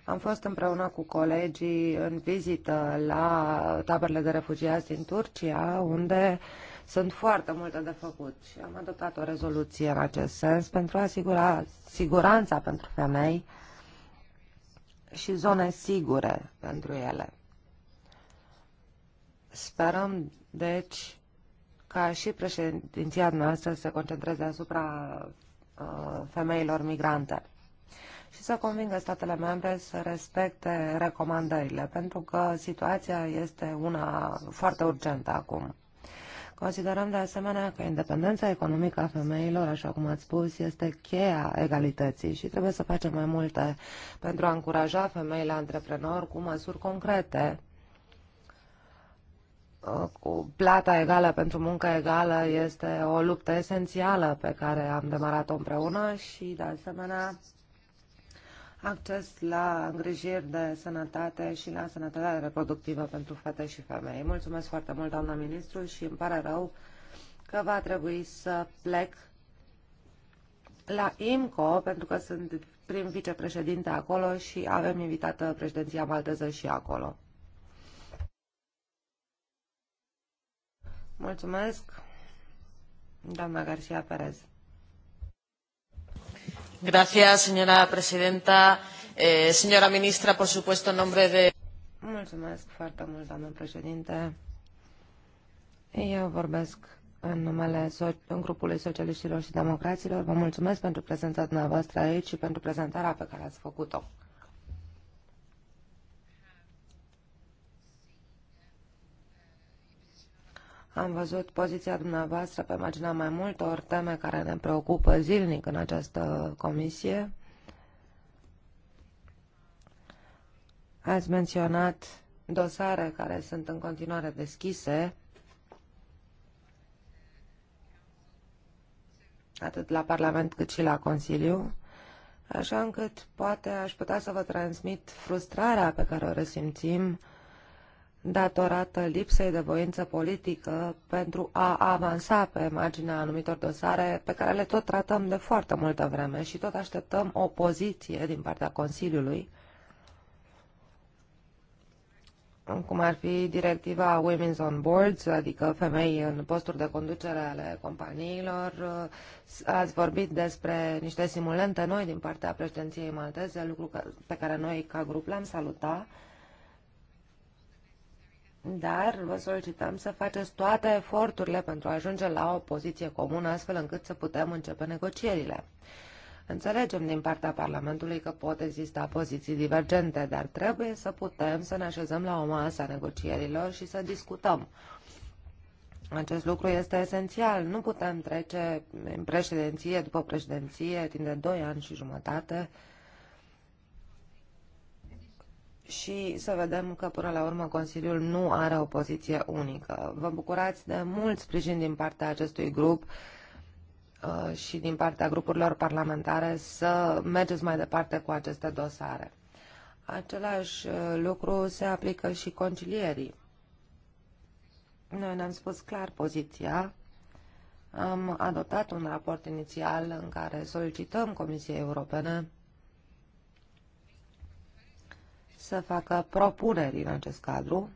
Am fost împreună cu colegii în vizită la taberele de refugiați din Turcia, unde uh, sunt foarte multe de făcut și am adoptat o rezoluție în acest sens pentru a asigura siguranța pentru femei și zone sigure pentru ele. Sperăm, deci, ca și președinția noastră să se concentreze asupra uh, femeilor migrante și să convingă statele membre să respecte recomandările, pentru că situația este una foarte urgentă acum. Considerăm de asemenea că independența economică a femeilor, așa cum ați spus, este cheia egalității și trebuie să facem mai multe pentru a încuraja femeile antreprenori cu măsuri concrete cu plata egală pentru muncă egală este o luptă esențială pe care am demarat-o împreună și, de asemenea, acces la îngrijiri de sănătate și la sănătatea reproductivă pentru fete și femei. Mulțumesc foarte mult, doamna ministru, și îmi pare rău că va trebui să plec la IMCO, pentru că sunt prim vicepreședinte acolo și avem invitată președinția malteză și acolo. Mulțumesc, doamna Garcia Perez. Gracias, señora presidenta. Eh, señora ministra, por supuesto, en nombre de... Mulțumesc foarte mult, doamnă președinte. Eu vorbesc în numele so în grupului socialiștilor și democraților. Vă mulțumesc pentru prezența dumneavoastră aici și pentru prezentarea pe care ați făcut-o. Am văzut poziția dumneavoastră pe marginea mai multor teme care ne preocupă zilnic în această comisie. Ați menționat dosare care sunt în continuare deschise, atât la Parlament cât și la Consiliu, așa încât poate aș putea să vă transmit frustrarea pe care o resimțim datorată lipsei de voință politică pentru a avansa pe marginea anumitor dosare pe care le tot tratăm de foarte multă vreme și tot așteptăm o poziție din partea Consiliului, cum ar fi directiva Women's on Boards, adică femei în posturi de conducere ale companiilor. Ați vorbit despre niște simulente noi din partea președinției malteze, lucru pe care noi ca grup l-am salutat dar vă solicităm să faceți toate eforturile pentru a ajunge la o poziție comună, astfel încât să putem începe negocierile. Înțelegem din partea Parlamentului că pot exista poziții divergente, dar trebuie să putem să ne așezăm la o masă a negocierilor și să discutăm. Acest lucru este esențial. Nu putem trece în președinție după președinție timp de 2 ani și jumătate și să vedem că până la urmă Consiliul nu are o poziție unică. Vă bucurați de mult sprijin din partea acestui grup uh, și din partea grupurilor parlamentare să mergeți mai departe cu aceste dosare. Același uh, lucru se aplică și concilierii. Noi ne-am spus clar poziția. Am adoptat un raport inițial în care solicităm Comisiei Europene să facă propuneri în acest cadru.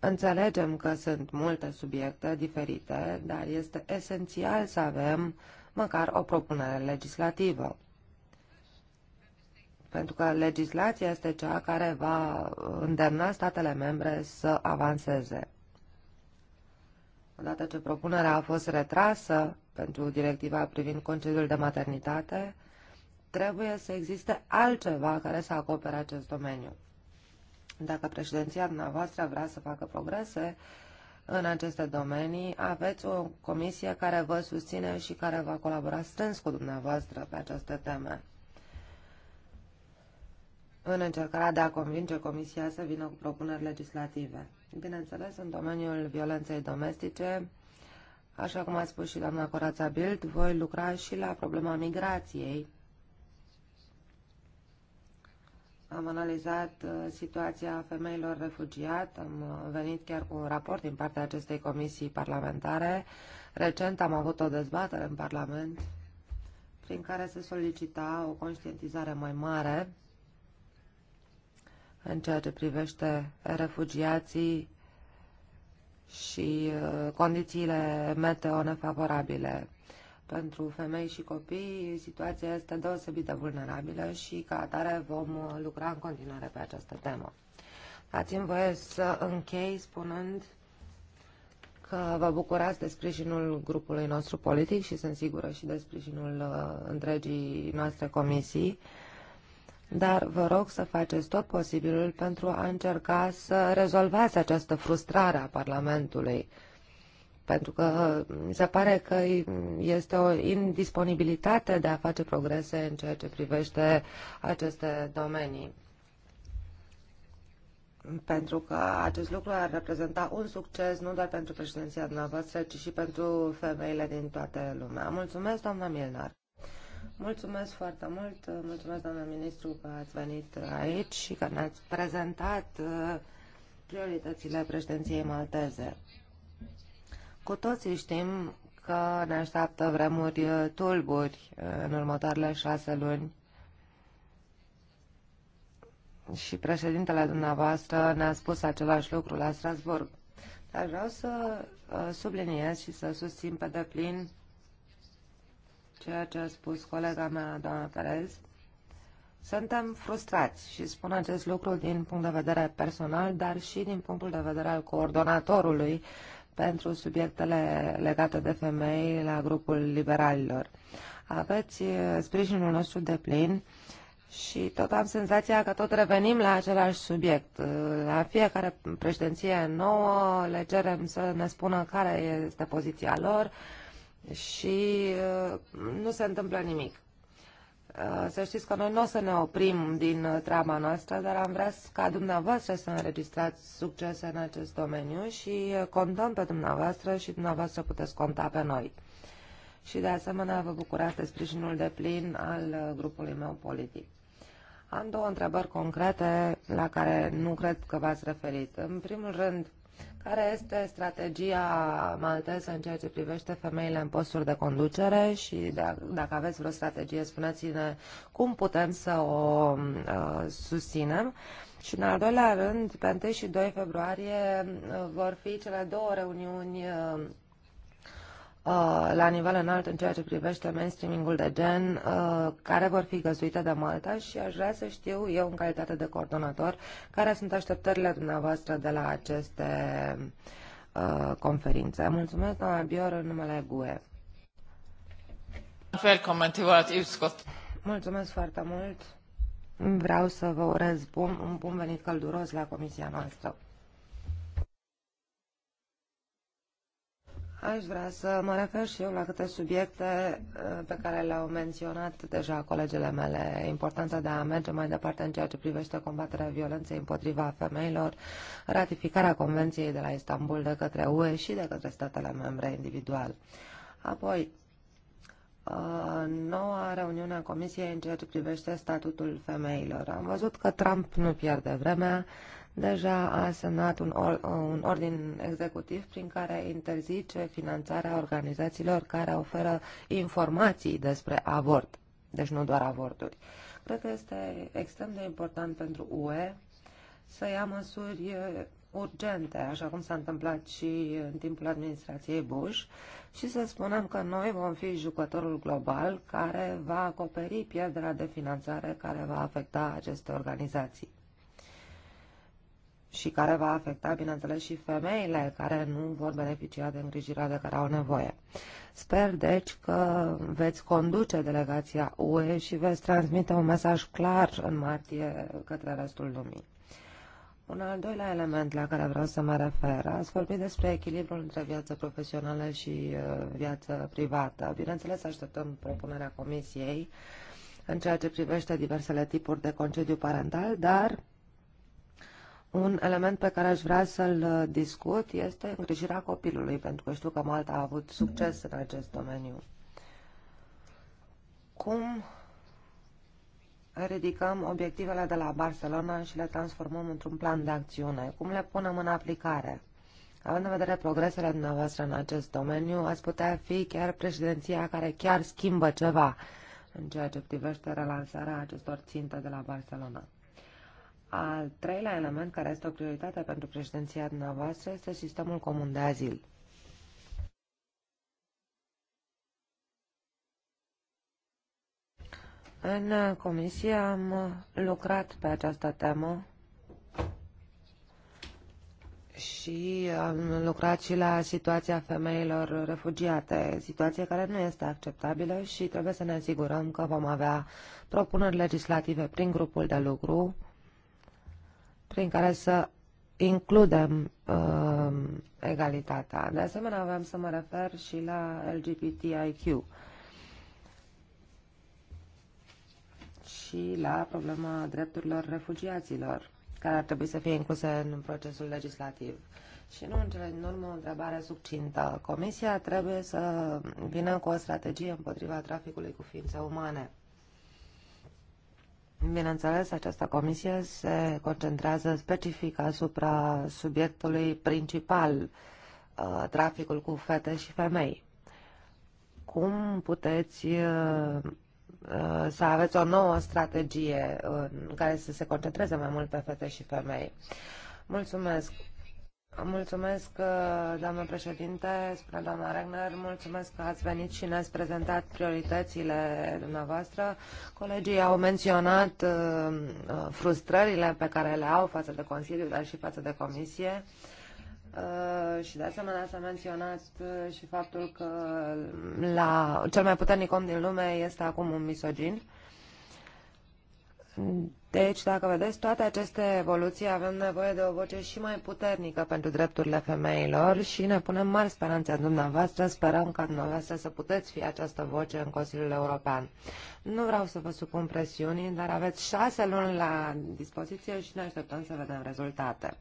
Înțelegem că sunt multe subiecte diferite, dar este esențial să avem măcar o propunere legislativă. Pentru că legislația este cea care va îndemna statele membre să avanseze. Odată ce propunerea a fost retrasă pentru directiva privind concediul de maternitate, trebuie să existe altceva care să acopere acest domeniu. Dacă președinția dumneavoastră vrea să facă progrese în aceste domenii, aveți o comisie care vă susține și care va colabora strâns cu dumneavoastră pe aceste teme. În încercarea de a convinge comisia să vină cu propuneri legislative. Bineînțeles, în domeniul violenței domestice, așa cum a spus și doamna Corața Bild, voi lucra și la problema migrației Am analizat uh, situația femeilor refugiat, am uh, venit chiar cu un raport din partea acestei comisii parlamentare. Recent am avut o dezbatere în Parlament prin care se solicita o conștientizare mai mare în ceea ce privește refugiații și uh, condițiile meteo nefavorabile pentru femei și copii, situația este deosebit de vulnerabilă și ca atare vom lucra în continuare pe această temă. Dați-mi voie să închei spunând că vă bucurați de sprijinul grupului nostru politic și sunt sigură și de sprijinul uh, întregii noastre comisii, dar vă rog să faceți tot posibilul pentru a încerca să rezolvați această frustrare a Parlamentului pentru că uh, mi se pare că este o indisponibilitate de a face progrese în ceea ce privește aceste domenii. Pentru că acest lucru ar reprezenta un succes nu doar pentru președinția dumneavoastră, ci și pentru femeile din toată lumea. Mulțumesc, doamna Milnar! Mulțumesc foarte mult, mulțumesc doamna ministru că ați venit aici și că ne-ați prezentat uh, prioritățile președinției malteze. Cu toții știm că ne așteaptă vremuri uh, tulburi uh, în următoarele șase luni și președintele dumneavoastră ne-a spus același lucru la Strasburg. Dar vreau să uh, subliniez și să susțin pe deplin ceea ce a spus colega mea, doamna Perez. Suntem frustrați și spun acest lucru din punct de vedere personal, dar și din punctul de vedere al coordonatorului pentru subiectele legate de femei la grupul liberalilor. Aveți eh, sprijinul nostru de plin și tot am senzația că tot revenim la același subiect. Eh, la fiecare președinție nouă le cerem să ne spună care este poziția lor și eh, nu se întâmplă nimic. Uh, să știți că noi nu o să ne oprim din uh, treaba noastră, dar am vrea ca dumneavoastră să înregistrați succese în acest domeniu și uh, contăm pe dumneavoastră și dumneavoastră puteți conta pe noi. Și de asemenea vă bucurați de sprijinul de plin al grupului meu politic. Am două întrebări concrete la care nu cred că v-ați referit. În primul rând, care este strategia malteză în ceea ce privește femeile în posturi de conducere și de, dacă aveți vreo strategie, spuneți-ne cum putem să o uh, susținem. Și în al doilea rând, pe 1 și 2 februarie uh, vor fi cele două reuniuni uh, Uh, la nivel înalt în ceea ce privește mainstreamingul de gen, uh, care vor fi găzuite de Malta și aș vrea să știu eu, în calitate de coordonator, care sunt așteptările dumneavoastră de la aceste uh, conferințe. Mulțumesc, doamna Bior, în numele GUE. Mulțumesc foarte mult. Vreau să vă urez bun, un bun venit călduros la comisia noastră. Aș vrea să mă refer și eu la câte subiecte uh, pe care le-au menționat deja colegele mele. Importanța de a merge mai departe în ceea ce privește combaterea violenței împotriva femeilor, ratificarea Convenției de la Istanbul de către UE și de către statele membre individual. Apoi, uh, noua reuniune a Comisiei în ceea ce privește statutul femeilor. Am văzut că Trump nu pierde vremea, deja a semnat un, or, un ordin executiv prin care interzice finanțarea organizațiilor care oferă informații despre avort, deci nu doar avorturi. Cred că este extrem de important pentru UE să ia măsuri urgente, așa cum s-a întâmplat și în timpul administrației Bush, și să spunem că noi vom fi jucătorul global care va acoperi pierderea de finanțare care va afecta aceste organizații și care va afecta, bineînțeles, și femeile care nu vor beneficia de îngrijirea de care au nevoie. Sper, deci, că veți conduce delegația UE și veți transmite un mesaj clar în martie către restul lumii. Un al doilea element la care vreau să mă refer, ați vorbit despre echilibrul între viața profesională și uh, viața privată. Bineînțeles, așteptăm propunerea Comisiei în ceea ce privește diversele tipuri de concediu parental, dar un element pe care aș vrea să-l uh, discut este îngrijirea copilului, pentru că știu că Malta a avut succes în acest domeniu. Cum ridicăm obiectivele de la Barcelona și le transformăm într-un plan de acțiune? Cum le punem în aplicare? Având în vedere progresele dumneavoastră în acest domeniu, ați putea fi chiar președinția care chiar schimbă ceva în ceea ce privește relansarea acestor ținte de la Barcelona. Al treilea element care este o prioritate pentru președinția dumneavoastră este sistemul comun de azil. În comisie am lucrat pe această temă și am lucrat și la situația femeilor refugiate, situație care nu este acceptabilă și trebuie să ne asigurăm că vom avea propuneri legislative prin grupul de lucru prin care să includem uh, egalitatea. De asemenea, aveam să mă refer și la LGBTIQ și la problema drepturilor refugiaților, care ar trebui să fie incluse în procesul legislativ. Și nu în cele din urmă o întrebare subcintă. Comisia trebuie să vină cu o strategie împotriva traficului cu ființe umane. Bineînțeles, această comisie se concentrează specific asupra subiectului principal, uh, traficul cu fete și femei. Cum puteți uh, uh, să aveți o nouă strategie în care să se concentreze mai mult pe fete și femei? Mulțumesc. Mulțumesc, uh, doamnă președinte, spre doamna Regner, mulțumesc că ați venit și ne-ați prezentat prioritățile dumneavoastră. Colegii au menționat uh, uh, frustrările pe care le au față de Consiliu, dar și față de Comisie. Și de asemenea s-a menționat și faptul că la cel mai puternic om din lume este acum un misogin deci, dacă vedeți toate aceste evoluții, avem nevoie de o voce și mai puternică pentru drepturile femeilor și ne punem mari speranțe în dumneavoastră. Sperăm ca dumneavoastră să puteți fi această voce în Consiliul European. Nu vreau să vă supun presiunii, dar aveți șase luni la dispoziție și ne așteptăm să vedem rezultate.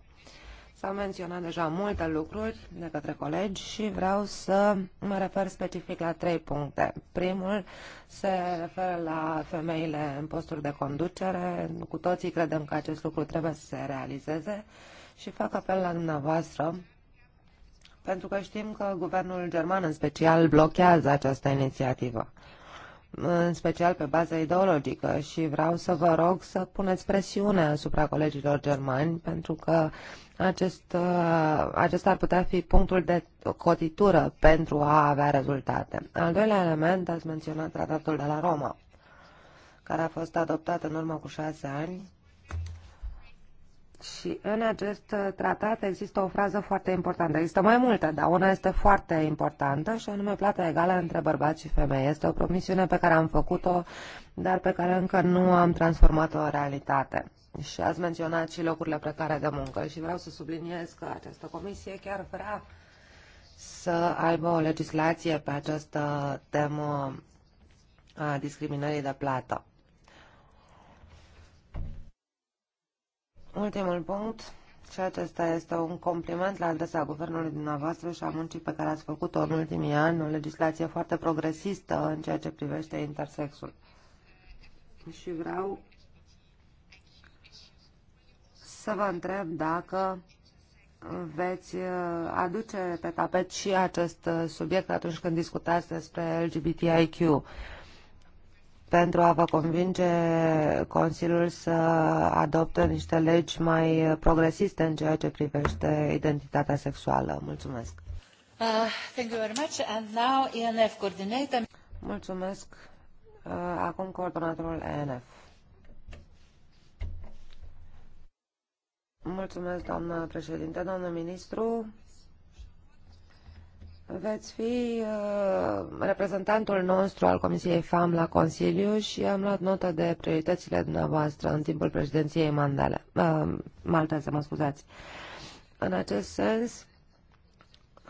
S-au menționat deja multe lucruri de către colegi și vreau să mă refer specific la trei puncte. Primul se referă la femeile în posturi de conducere. Cu toții credem că acest lucru trebuie să se realizeze și fac apel la dumneavoastră pentru că știm că guvernul german în special blochează această inițiativă în special pe bază ideologică și vreau să vă rog să puneți presiune asupra colegilor germani pentru că acest, uh, acesta ar putea fi punctul de cotitură pentru a avea rezultate. Al doilea element, ați menționat tratatul de la Roma, care a fost adoptat în urmă cu șase ani și în acest uh, tratat există o frază foarte importantă. Există mai multe, dar una este foarte importantă și anume plata egală între bărbați și femei. Este o promisiune pe care am făcut-o, dar pe care încă nu am transformat-o în realitate și ați menționat și locurile precare de muncă și vreau să subliniez că această comisie chiar vrea să aibă o legislație pe această temă a discriminării de plată. Ultimul punct, și acesta este un compliment la adresa guvernului dumneavoastră și a muncii pe care ați făcut-o în ultimii ani, o legislație foarte progresistă în ceea ce privește intersexul. Și vreau să vă întreb dacă veți uh, aduce pe tapet și acest uh, subiect atunci când discutați despre LGBTIQ pentru a vă convinge Consiliul să adopte niște legi mai uh, progresiste în ceea ce privește identitatea sexuală. Mulțumesc. thank you very much. And now coordinator. Mulțumesc. acum coordonatorul ENF. Mulțumesc, doamnă președinte, doamnă ministru. Veți fi uh, reprezentantul nostru al Comisiei FAM la Consiliu și am luat notă de prioritățile dumneavoastră în timpul președinției mandale, uh, Malta să mă scuzați. În acest sens,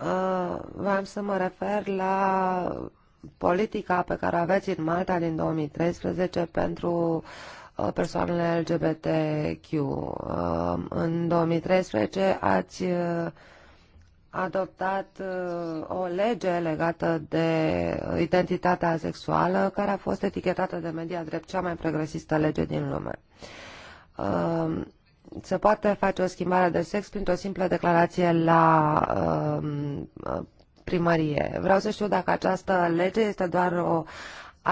uh, v-am să mă refer la politica pe care o aveți în Malta din 2013 pentru Uh, persoanele LGBTQ. Uh, în 2013 ați uh, adoptat o lege legată de identitatea sexuală care a fost etichetată de media drept cea mai progresistă lege din lume. Se poate face o schimbare de sex printr-o simplă declarație la primărie. Vreau să știu dacă această lege este doar o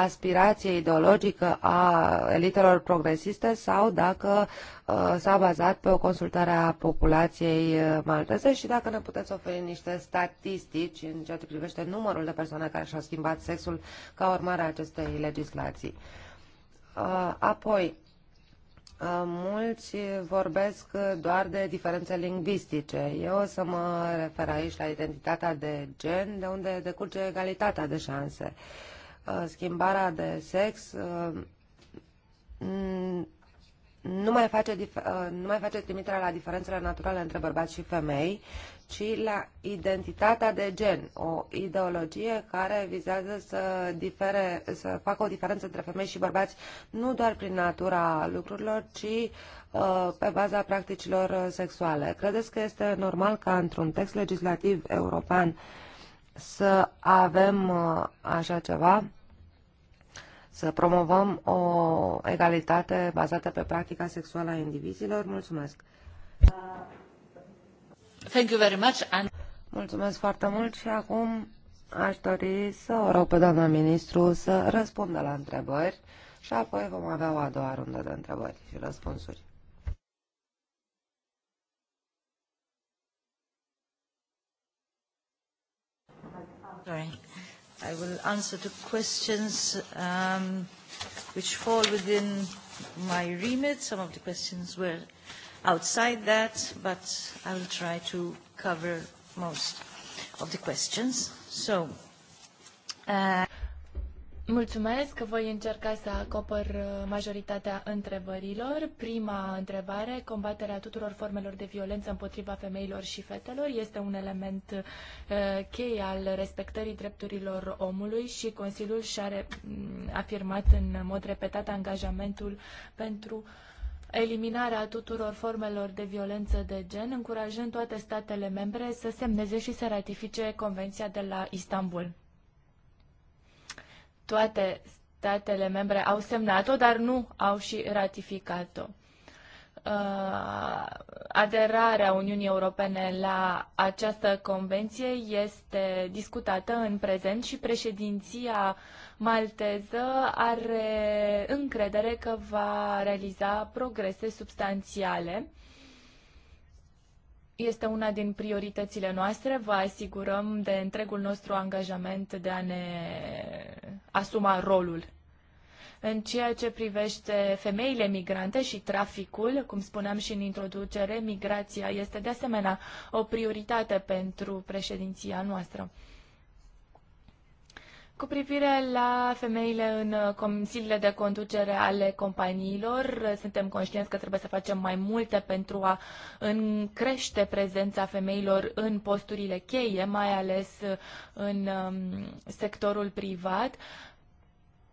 aspirație ideologică a elitelor progresiste sau dacă uh, s-a bazat pe o consultare a populației uh, malteze și dacă ne puteți oferi niște statistici în ceea ce privește numărul de persoane care și-au schimbat sexul ca urmare a acestei legislații. Uh, apoi, Mulți vorbesc doar de diferențe lingvistice. Eu o să mă refer aici la identitatea de gen, de unde decurge egalitatea de șanse. Uh, Uh, schimbarea de sex uh, nu mai, face uh, nu mai face trimiterea la diferențele naturale între bărbați și femei, ci la identitatea de gen, o ideologie care vizează să, difere, să facă o diferență între femei și bărbați nu doar prin natura lucrurilor, ci pe baza practicilor sexuale. Credeți că este normal ca într-un text legislativ european să avem așa ceva? să promovăm o egalitate bazată pe practica sexuală a indivizilor. Mulțumesc! Thank you very much. And... Mulțumesc foarte mult și acum aș dori să o rog pe doamna ministru să răspundă la întrebări și apoi vom avea o a doua rundă de întrebări și răspunsuri. Sorry. I will answer to questions um, which fall within my remit. Some of the questions were outside that, but I will try to cover most of the questions. So, uh, Mulțumesc că voi încerca să acopăr uh, majoritatea întrebărilor. Prima întrebare, combaterea tuturor formelor de violență împotriva femeilor și fetelor, este un element uh, cheie al respectării drepturilor omului și Consiliul și-a mm, afirmat în mod repetat angajamentul pentru eliminarea tuturor formelor de violență de gen, încurajând toate statele membre să semneze și să ratifice Convenția de la Istanbul toate statele membre au semnat-o, dar nu au și ratificat-o. Uh, aderarea Uniunii Europene la această convenție este discutată în prezent și președinția malteză are încredere că va realiza progrese substanțiale este una din prioritățile noastre. Vă asigurăm de întregul nostru angajament de a ne asuma rolul. În ceea ce privește femeile migrante și traficul, cum spuneam și în introducere, migrația este de asemenea o prioritate pentru președinția noastră. Cu privire la femeile în uh, comisiile de conducere ale companiilor, uh, suntem conștienți că trebuie să facem mai multe pentru a crește prezența femeilor în posturile cheie, mai ales uh, în um, sectorul privat.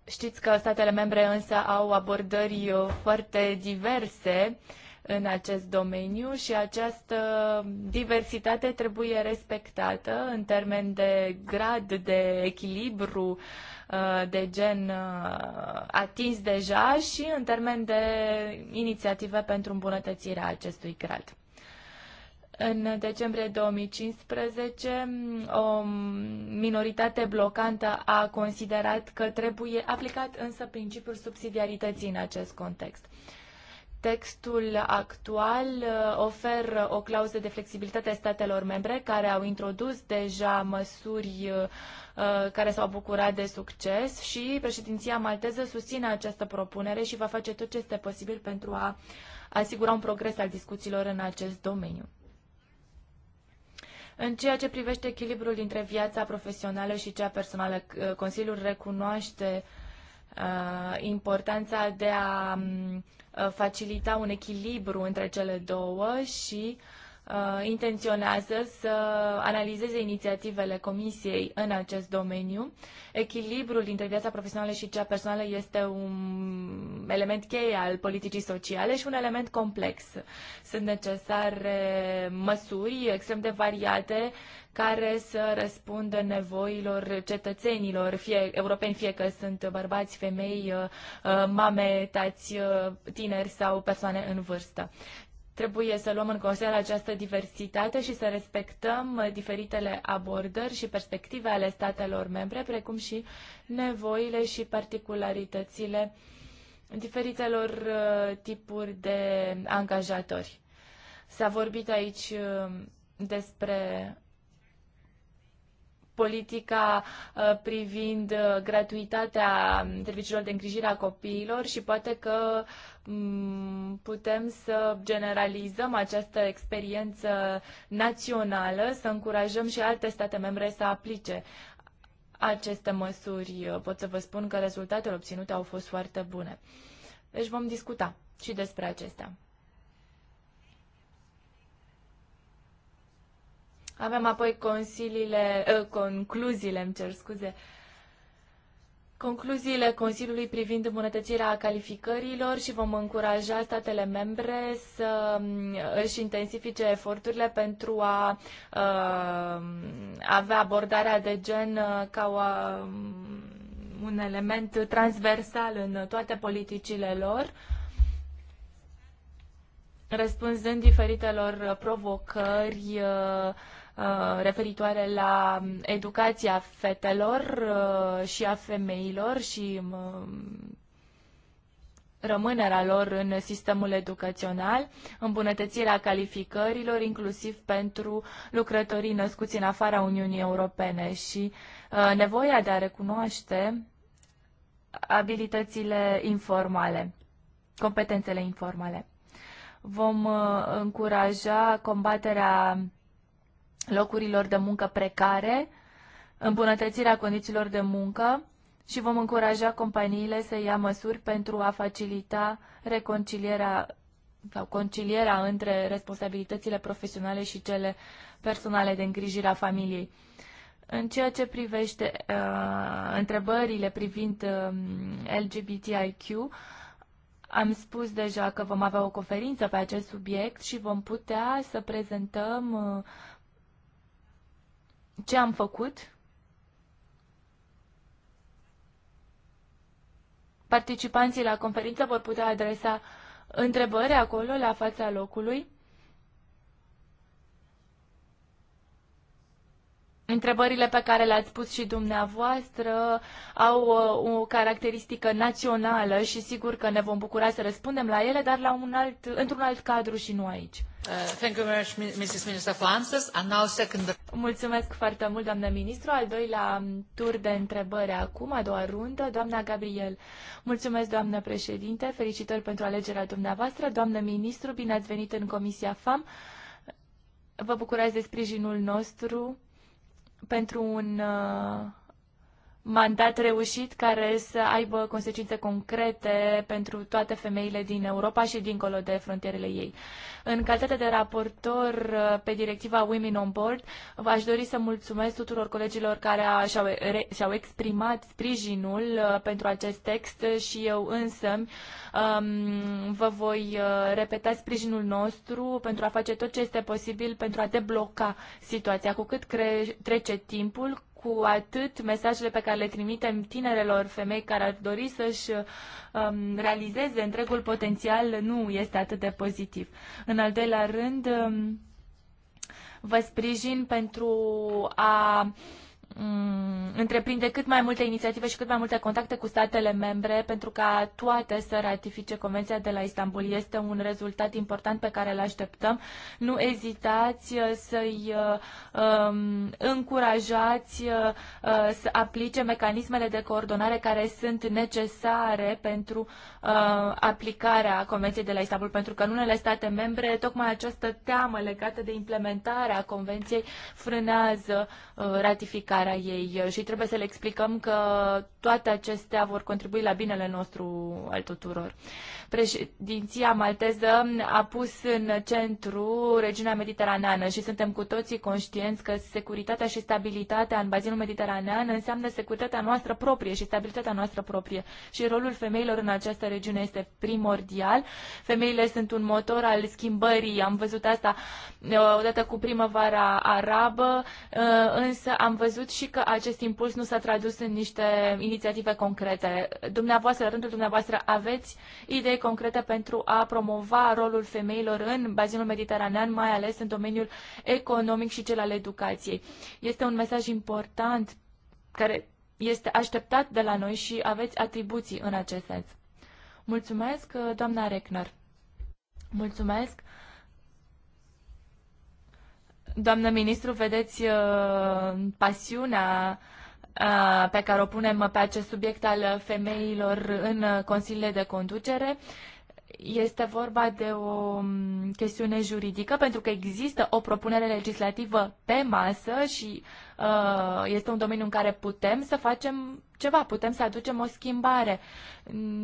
Știți că statele membre însă au abordări foarte diverse uh, în acest domeniu și această diversitate trebuie respectată în termen de grad, de echilibru uh, de gen uh, atins deja și în termen de inițiative pentru îmbunătățirea acestui grad. În decembrie 2015, o minoritate blocantă a considerat că trebuie aplicat însă principiul subsidiarității în acest context. Textul actual uh, oferă uh, o clauză de flexibilitate a statelor membre care au introdus deja măsuri uh, care s-au bucurat de succes și președinția malteză susține această propunere și va face tot ce este posibil pentru a asigura un progres al discuțiilor în acest domeniu. În ceea ce privește echilibrul dintre viața profesională și cea personală, Consiliul recunoaște uh, Uh, importanța de a mm, uh, facilita un echilibru între cele două și Uh, intenționează să analizeze inițiativele Comisiei în acest domeniu. Echilibrul dintre viața profesională și cea personală este un element cheie al politicii sociale și un element complex. Sunt necesare măsuri extrem de variate care să răspundă nevoilor cetățenilor, fie europeni, fie că sunt bărbați, femei, uh, uh, mame, tați, tineri sau persoane în vârstă. Trebuie să luăm în considerare această diversitate și să respectăm uh, diferitele abordări și perspective ale statelor membre, precum și nevoile și particularitățile diferitelor uh, tipuri de angajatori. S-a vorbit aici uh, despre politica privind gratuitatea um, serviciilor de îngrijire a copiilor și poate că Mm, putem să generalizăm această experiență națională, să încurajăm și alte state membre să aplice aceste măsuri. Pot să vă spun că rezultatele obținute au fost foarte bune. Deci vom discuta și despre acestea. Avem apoi consiliile, eh, concluziile, îmi cer scuze, concluziile Consiliului privind îmbunătățirea calificărilor și vom încuraja statele membre să mm, își intensifice eforturile pentru a uh, avea abordarea de gen uh, ca o, uh, mm, un element transversal în toate politicile lor răspunzând diferitelor provocări uh, Uh, referitoare la educația fetelor uh, și a femeilor și um, rămânerea lor în sistemul educațional, îmbunătățirea calificărilor, inclusiv pentru lucrătorii născuți în afara Uniunii Europene și uh, nevoia de a recunoaște abilitățile informale, competențele informale. Vom încuraja combaterea locurilor de muncă precare, îmbunătățirea condițiilor de muncă și vom încuraja companiile să ia măsuri pentru a facilita reconcilierea sau concilierea între responsabilitățile profesionale și cele personale de îngrijire a familiei. În ceea ce privește uh, întrebările privind uh, um, LGBTIQ, am spus deja că vom avea o conferință pe acest subiect și vom putea să prezentăm uh, ce am făcut? Participanții la conferință vor putea adresa întrebări acolo, la fața locului. Întrebările pe care le-ați pus și dumneavoastră au uh, o caracteristică națională și sigur că ne vom bucura să răspundem la ele, dar la un alt, într-un alt cadru și nu aici. Uh, thank you very much, Mrs. Minister, for answers. And now second... Mulțumesc foarte mult, doamnă ministru. Al doilea um, tur de întrebări acum, a doua rundă, doamna Gabriel. Mulțumesc, doamnă președinte. Felicitări pentru alegerea dumneavoastră. Doamnă ministru, bine ați venit în Comisia FAM. Vă bucurați de sprijinul nostru pentru un uh, mandat reușit care să aibă consecințe concrete pentru toate femeile din Europa și dincolo de frontierele ei. În calitate de raportor uh, pe directiva Women on Board, aș dori să mulțumesc tuturor colegilor care și-au, și-au exprimat sprijinul uh, pentru acest text și eu însă um, vă voi uh, repeta sprijinul nostru pentru a face tot ce este posibil pentru a debloca situația. Cu cât trece timpul, cu atât mesajele pe care le trimitem tinerelor femei care ar dori să-și um, realizeze întregul potențial nu este atât de pozitiv. În al doilea rând, um, vă sprijin pentru a uh, Mm, întreprinde cât mai multe inițiative și cât mai multe contacte cu statele membre pentru ca toate să ratifice Convenția de la Istanbul. Este un rezultat important pe care îl așteptăm. Nu ezitați uh, să-i uh, um, încurajați uh, uh, să aplice mecanismele de coordonare care sunt necesare pentru uh, aplicarea Convenției de la Istanbul, pentru că în unele state membre tocmai această teamă legată de implementarea Convenției frânează uh, ratificarea implicarea ei și trebuie să le explicăm că toate acestea vor contribui la binele nostru al tuturor. Președinția malteză a pus în centru regiunea mediteraneană și suntem cu toții conștienți că securitatea și stabilitatea în bazinul mediteranean înseamnă securitatea noastră proprie și stabilitatea noastră proprie și rolul femeilor în această regiune este primordial. Femeile sunt un motor al schimbării, am văzut asta uh, odată cu primăvara arabă, uh, însă am văzut și că acest impuls nu s-a tradus în niște inițiative concrete. Dumneavoastră, la rândul dumneavoastră, aveți idei concrete pentru a promova rolul femeilor în bazinul mediteranean, mai ales în domeniul economic și cel al educației. Este un mesaj important care este așteptat de la noi și aveți atribuții în acest sens. Mulțumesc, doamna Reckner. Mulțumesc. Doamnă ministru, vedeți uh, pasiunea uh, pe care o punem pe acest subiect al femeilor în consiliile de conducere. Este vorba de o um, chestiune juridică, pentru că există o propunere legislativă pe masă și uh, este un domeniu în care putem să facem ceva, putem să aducem o schimbare.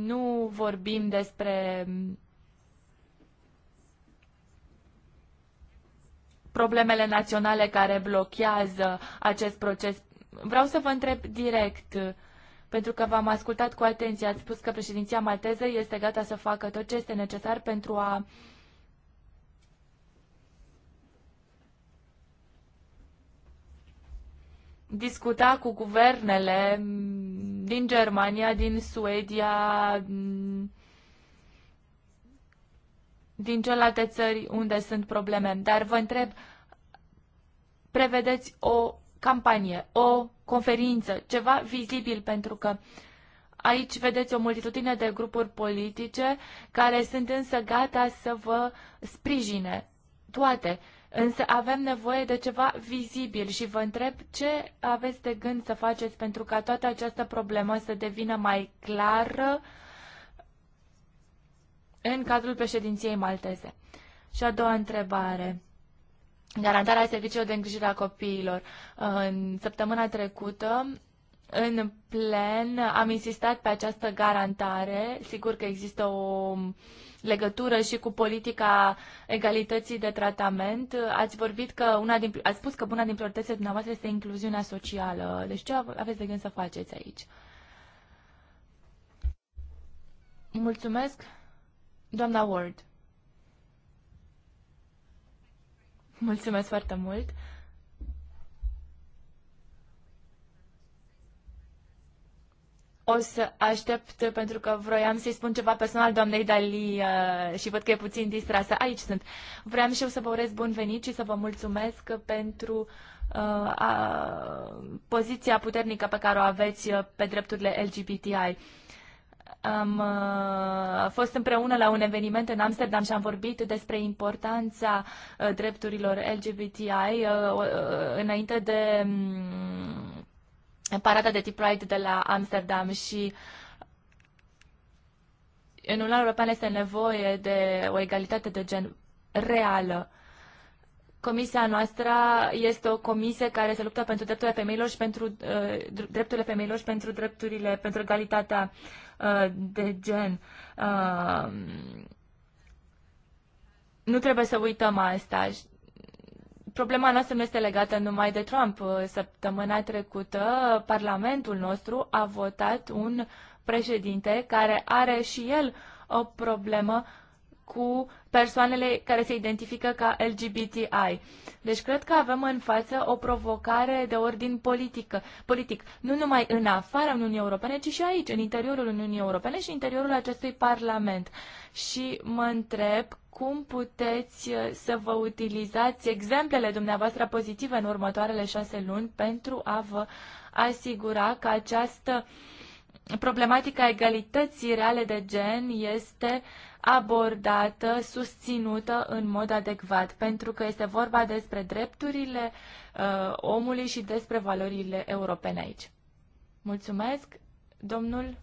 Nu vorbim despre um, problemele naționale care blochează acest proces. Vreau să vă întreb direct, pentru că v-am ascultat cu atenție, ați spus că președinția malteză este gata să facă tot ce este necesar pentru a discuta cu guvernele din Germania, din Suedia, din celelalte țări unde sunt probleme. Dar vă întreb, prevedeți o campanie, o conferință, ceva vizibil, pentru că aici vedeți o multitudine de grupuri politice care sunt însă gata să vă sprijine toate. Însă avem nevoie de ceva vizibil și vă întreb ce aveți de gând să faceți pentru ca toată această problemă să devină mai clară, uh, în cadrul președinției malteze. Și a doua întrebare. Garantarea serviciilor de îngrijire a copiilor. În săptămâna trecută, în plen, am insistat pe această garantare. Sigur că există o legătură și cu politica egalității de tratament. Ați vorbit că una din, ați spus că una din prioritățile dumneavoastră este incluziunea socială. Deci ce aveți de gând să faceți aici? Mulțumesc. Doamna Ward. Mulțumesc foarte mult. O să aștept pentru că vroiam să-i spun ceva personal doamnei Dali uh, și văd că e puțin distrasă. Aici sunt. Vreau și eu să vă urez bun venit și să vă mulțumesc pentru uh, a, poziția puternică pe care o aveți uh, pe drepturile LGBTI am uh, fost împreună la un eveniment în Amsterdam și am vorbit despre importanța uh, drepturilor LGBTI uh, uh, înainte de um, parada de Tip pride de la Amsterdam și în Uniunea Europeană este nevoie de o egalitate de gen reală. Comisia noastră este o comisie care se luptă pentru drepturile femeilor și pentru uh, drepturile femeilor și pentru drepturile pentru egalitatea uh, de gen. Uh, nu trebuie să uităm asta. Problema noastră nu este legată numai de Trump. Săptămâna trecută, Parlamentul nostru a votat un președinte care are și el o problemă cu persoanele care se identifică ca LGBTI. Deci cred că avem în față o provocare de ordin politică, politic, nu numai în afara Uniunii Europene, ci și aici, în interiorul Uniunii Europene și în interiorul acestui Parlament. Și mă întreb cum puteți uh, să vă utilizați exemplele dumneavoastră pozitive în următoarele șase luni pentru a vă asigura că această uh, problematica egalității reale de gen este abordată, susținută în mod adecvat, pentru că este vorba despre drepturile uh, omului și despre valorile europene aici. Mulțumesc, domnul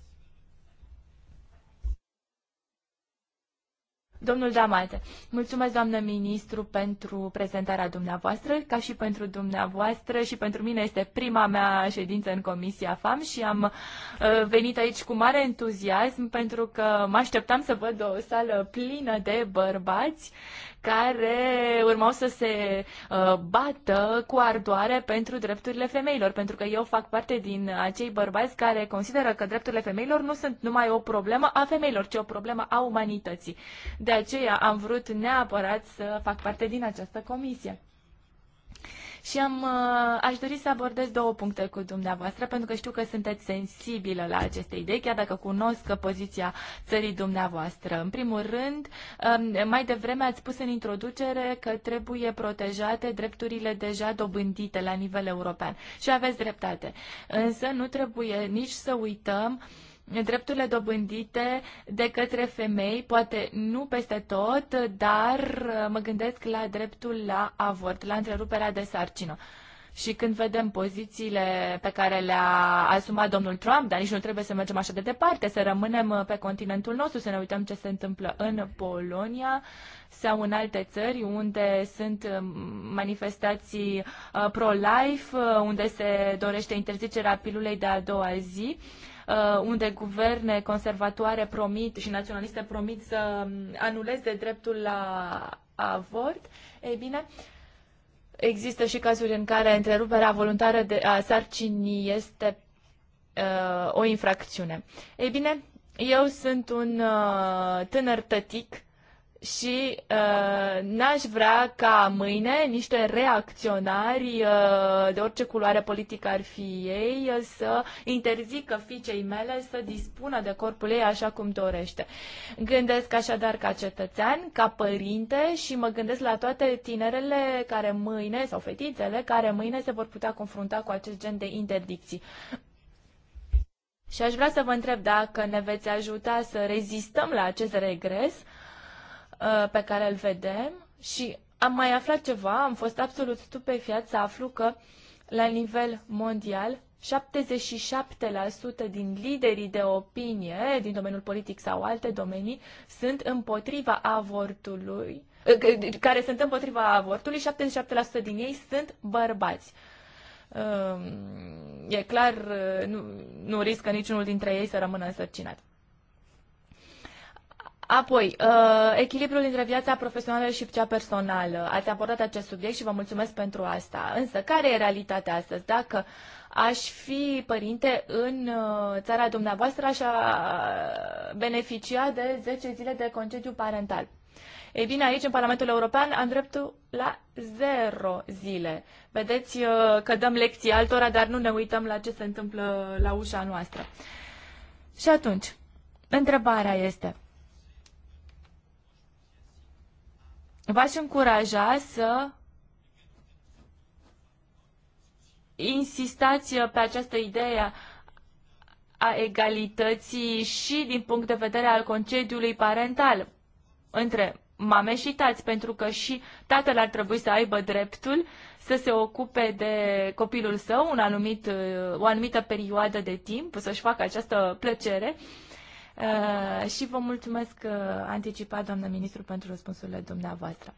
Domnul Damate, mulțumesc, doamnă ministru, pentru prezentarea dumneavoastră, ca și pentru dumneavoastră și pentru mine este prima mea ședință în Comisia FAM și am uh, venit aici cu mare entuziasm pentru că mă așteptam să văd o sală plină de bărbați care urmau să se uh, bată cu ardoare pentru drepturile femeilor, pentru că eu fac parte din acei bărbați care consideră că drepturile femeilor nu sunt numai o problemă a femeilor, ci o problemă a umanității. De aceea am vrut neapărat să fac parte din această comisie. Și am, uh, aș dori să abordez două puncte cu dumneavoastră, pentru că știu că sunteți sensibilă la aceste idei, chiar dacă cunosc poziția țării dumneavoastră. În primul rând, um, mai devreme ați spus în introducere că trebuie protejate drepturile deja dobândite la nivel european. Și aveți dreptate. Însă nu trebuie nici să uităm uh, drepturile dobândite de către femei, poate nu peste tot, dar uh, mă gândesc la dreptul la avort, la întreruperea de sarcină. Și când vedem pozițiile pe care le-a asumat domnul Trump, dar nici nu trebuie să mergem așa de departe, să rămânem uh, pe continentul nostru, să ne uităm ce se întâmplă în Polonia sau în alte țări unde sunt uh, manifestații pro-life, unde se dorește interzicerea pilulei de a doua zi. Uh, Uh, unde guverne conservatoare promit și naționaliste promit să um, anuleze dreptul la avort, ei bine, există și cazuri în care întreruperea voluntară de, a sarcinii este uh, o infracțiune. Ei bine, eu sunt un uh, tânăr tătic și uh, n-aș vrea ca mâine niște reacționari uh, de orice culoare politică ar fi ei uh, să interzică fiicei mele să dispună de corpul ei așa cum dorește. Gândesc așadar ca cetățean, ca părinte și mă gândesc la toate tinerele care mâine sau fetițele care mâine se vor putea confrunta cu acest gen de interdicții. Și aș vrea să vă întreb dacă ne veți ajuta să rezistăm la acest regres Uh, pe care îl vedem și am mai aflat ceva, am fost absolut stupefiat să aflu că la nivel mondial 77% din liderii de opinie din domeniul politic sau alte domenii sunt împotriva avortului, uh, care sunt împotriva avortului, 77% din ei sunt bărbați. Um, e clar, uh, nu, nu riscă niciunul dintre ei să rămână însărcinat. Apoi, uh, echilibrul între viața profesională și cea personală. Ați abordat acest subiect și vă mulțumesc pentru asta. Însă, care e realitatea astăzi? Dacă aș fi părinte în uh, țara dumneavoastră, aș uh, beneficia de 10 zile de concediu parental. Ei bine, aici, în Parlamentul European, am dreptul la zero zile. Vedeți că dăm lecții altora, dar nu ne uităm la ce se întâmplă la ușa noastră. Și atunci, întrebarea este, v-aș încuraja să insistați pe această idee a egalității și din punct de vedere al concediului parental între mame și tați, pentru că și tatăl ar trebui să aibă dreptul să se ocupe de copilul său un anumit, o anumită perioadă de timp, să-și facă această plăcere Uh, și vă mulțumesc uh, anticipat, doamnă ministru, pentru răspunsurile dumneavoastră.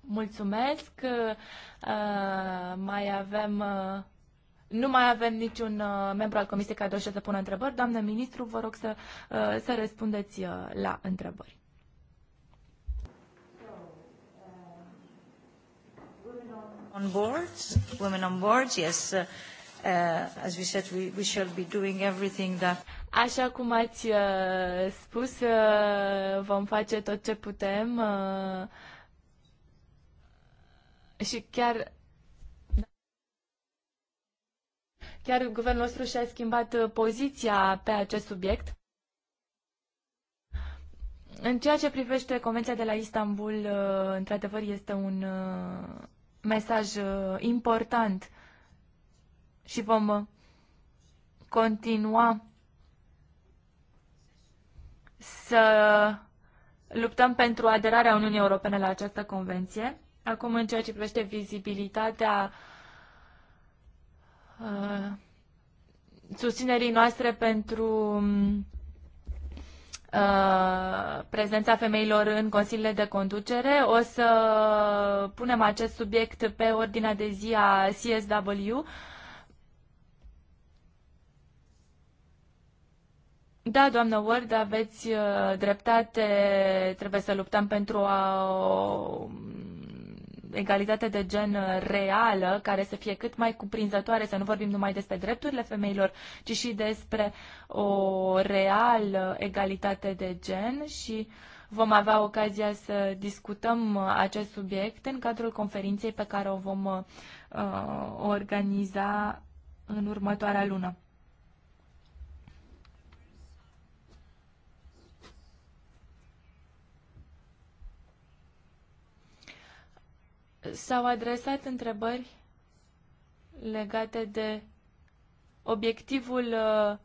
Mulțumesc. Uh, mai avem... nu mai avem niciun membru al comisiei care dorește să pună întrebări. Doamnă ministru, vă rog să, să răspundeți la întrebări. On boards, women on boards, yes. Uh, as we said, we, we shall be doing everything that... Așa cum ați uh, spus, uh, vom face tot ce putem uh, și chiar chiar guvernul nostru și-a schimbat uh, poziția pe acest subiect. În ceea ce privește Convenția de la Istanbul, uh, într-adevăr este un uh, mesaj important și vom continua să luptăm pentru aderarea Uniunii Europene la această convenție. Acum, în ceea ce privește vizibilitatea uh, susținerii noastre pentru uh, prezența femeilor în consiliile de conducere, o să punem acest subiect pe ordinea de zi a CSW. Da, doamnă Ward, aveți uh, dreptate. Trebuie să luptăm pentru a o mm, egalitate de gen reală, care să fie cât mai cuprinzătoare, să nu vorbim numai despre drepturile femeilor, ci și despre o reală egalitate de gen și vom avea ocazia să discutăm acest subiect în cadrul conferinței pe care o vom uh, organiza în următoarea lună. S-au adresat întrebări legate de obiectivul uh,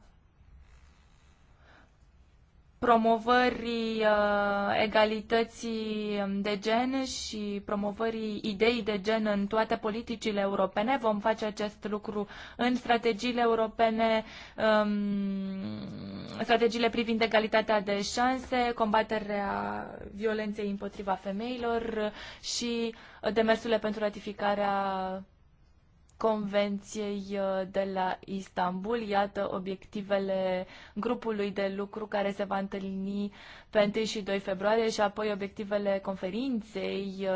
promovării uh, egalității de gen și promovării ideii de gen în toate politicile europene. Vom face acest lucru în strategiile europene, um, strategiile privind egalitatea de șanse, combaterea violenței împotriva femeilor și uh, demersurile pentru ratificarea Convenției uh, de la Istanbul. Iată obiectivele grupului de lucru care se va întâlni pe 1 și 2 februarie și apoi obiectivele conferinței uh,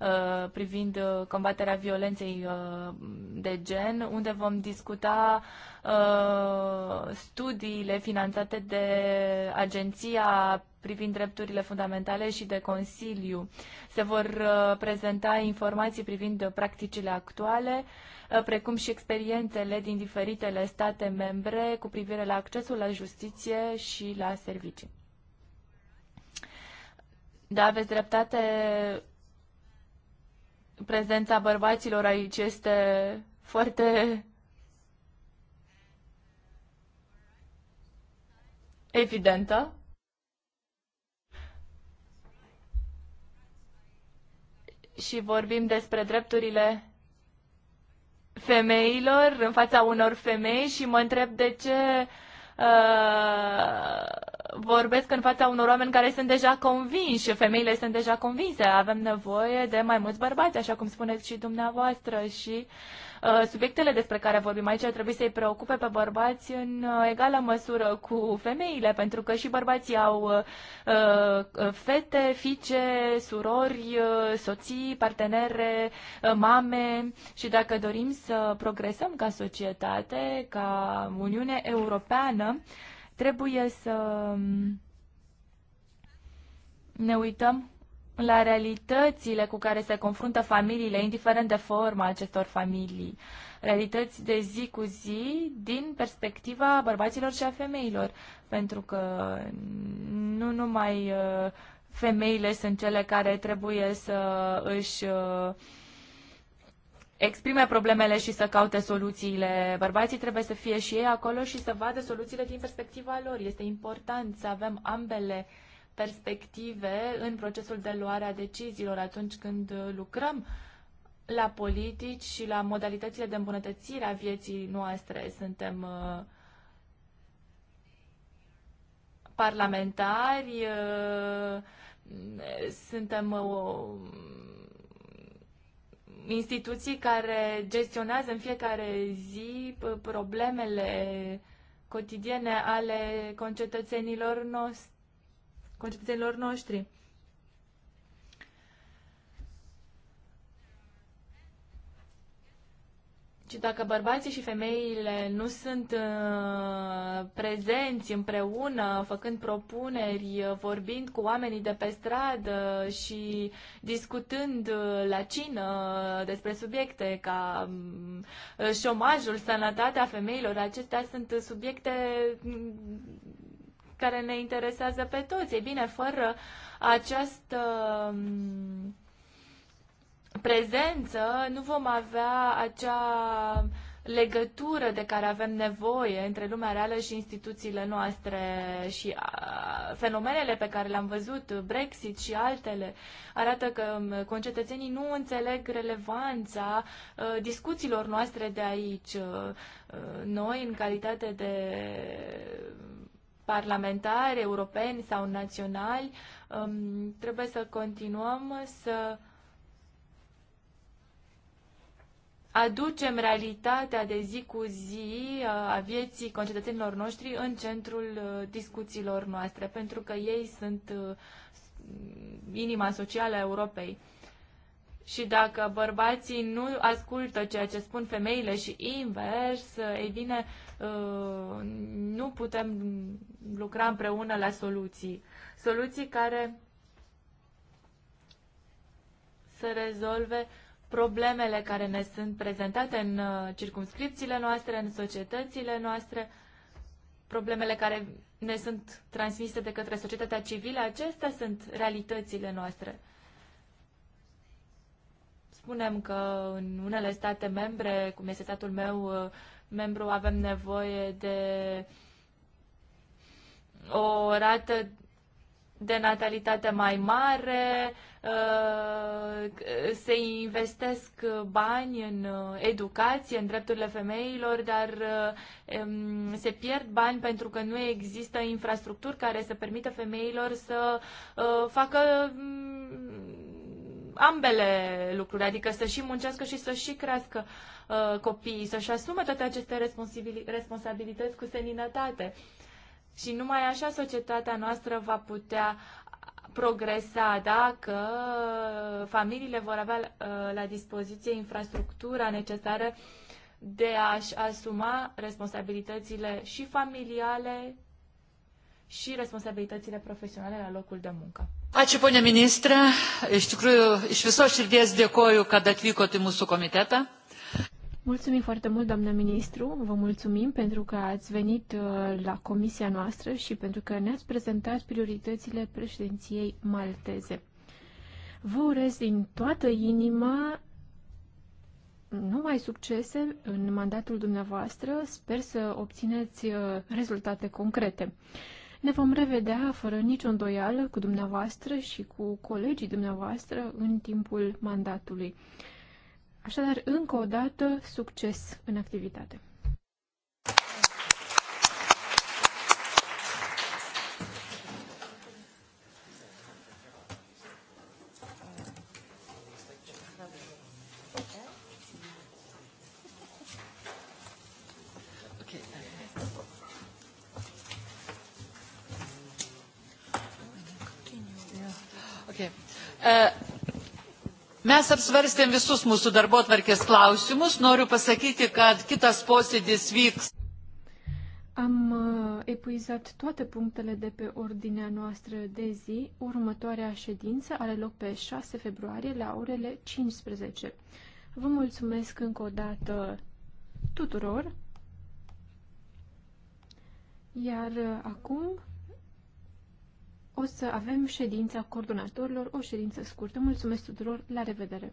uh, privind uh, combaterea violenței de gen, unde vom discuta studiile finanțate de agenția privind drepturile fundamentale și de Consiliu. Se vor prezenta informații privind practicile actuale, precum și experiențele din diferitele state membre cu privire la accesul la justiție și la servicii. Da, aveți dreptate. Prezența bărbaților aici este foarte evidentă. Și vorbim despre drepturile femeilor în fața unor femei și mă întreb de ce uh, vorbesc în fața unor oameni care sunt deja convinși, femeile sunt deja convinse, avem nevoie de mai mulți bărbați, așa cum spuneți și dumneavoastră și uh, subiectele despre care vorbim aici trebuie să-i preocupe pe bărbați în uh, egală măsură cu femeile, pentru că și bărbații au uh, fete, fiice, surori, soții, partenere, mame și dacă dorim să progresăm ca societate, ca Uniune Europeană, Trebuie să mm, ne uităm la realitățile cu care se confruntă familiile, indiferent de forma acestor familii, realități de zi cu zi din perspectiva bărbaților și a femeilor, pentru că nu numai uh, femeile sunt cele care trebuie să își uh, exprime problemele și să caute soluțiile. Bărbații trebuie să fie și ei acolo și să vadă soluțiile din perspectiva lor. Este important să avem ambele perspective în procesul de luare a deciziilor atunci când lucrăm la politici și la modalitățile de îmbunătățire a vieții noastre. Suntem uh, parlamentari, uh, suntem uh, instituții care gestionează în fiecare zi problemele cotidiene ale concetățenilor, noș- concetățenilor noștri. și dacă bărbații și femeile nu sunt uh, prezenți împreună, făcând propuneri, uh, vorbind cu oamenii de pe stradă și discutând uh, la cină despre subiecte ca mm, șomajul, sănătatea femeilor, acestea sunt subiecte mm, care ne interesează pe toți. E bine, fără această uh, prezență, nu vom avea acea legătură de care avem nevoie între lumea reală și instituțiile noastre și fenomenele pe care le-am văzut, Brexit și altele, arată că um, concetățenii nu înțeleg relevanța uh, discuțiilor noastre de aici. Uh, noi, în calitate de parlamentari europeni sau naționali, um, trebuie să continuăm să aducem realitatea de zi cu zi uh, a vieții concetățenilor noștri în centrul uh, discuțiilor noastre, pentru că ei sunt uh, inima socială a Europei. Și dacă bărbații nu ascultă ceea ce spun femeile și invers, ei bine, nu putem lucra împreună la soluții. Soluții care să rezolve uh, problemele care ne sunt prezentate în uh, circumscripțiile noastre, în societățile noastre, problemele care ne sunt transmise de către societatea civilă, acestea sunt realitățile noastre. Spunem că în unele state membre, cum este statul meu, uh, membru, avem nevoie de o rată de natalitate mai mare, uh, se investesc bani în uh, educație, în drepturile femeilor, dar uh, se pierd bani pentru că nu există infrastructuri care să permită femeilor să facă mm, ambele lucruri, adică să și muncească și să și crească copiii, să-și asume toate aceste responsabilități cu seninătate. Și numai așa societatea noastră va putea progresa dacă familiile vor avea uh, la dispoziție infrastructura necesară de a-și asuma responsabilitățile și familiale și responsabilitățile profesionale la locul de muncă. Ačiū, ponia ministrė. Iš tikrųjų, iš visos širdies dėkoju, kad atvykot į mūsų komitetą. Mulțumim foarte mult, doamnă ministru. Vă mulțumim pentru că ați venit uh, la comisia noastră și pentru că ne-ați prezentat prioritățile președinției malteze. Vă urez din toată inima numai succese în mandatul dumneavoastră. Sper să obțineți uh, rezultate concrete. Ne vom revedea fără nicio îndoială cu dumneavoastră și cu colegii dumneavoastră în timpul mandatului. Așadar, încă o dată, succes în activitate! Uh, Mes apsvarstėm visus mūsų darbotvarkės klausimus. Noriu pasakyti, kad kitas posėdis vyks. Am uh, epuizat toate punctele de pe ordinea noastră de zi. Următoarea ședință are loc pe 6 februarie la orele 15. Vă mulțumesc încă o dată tuturor. Iar uh, acum o să avem ședința coordonatorilor, o ședință scurtă. Mulțumesc tuturor, la revedere!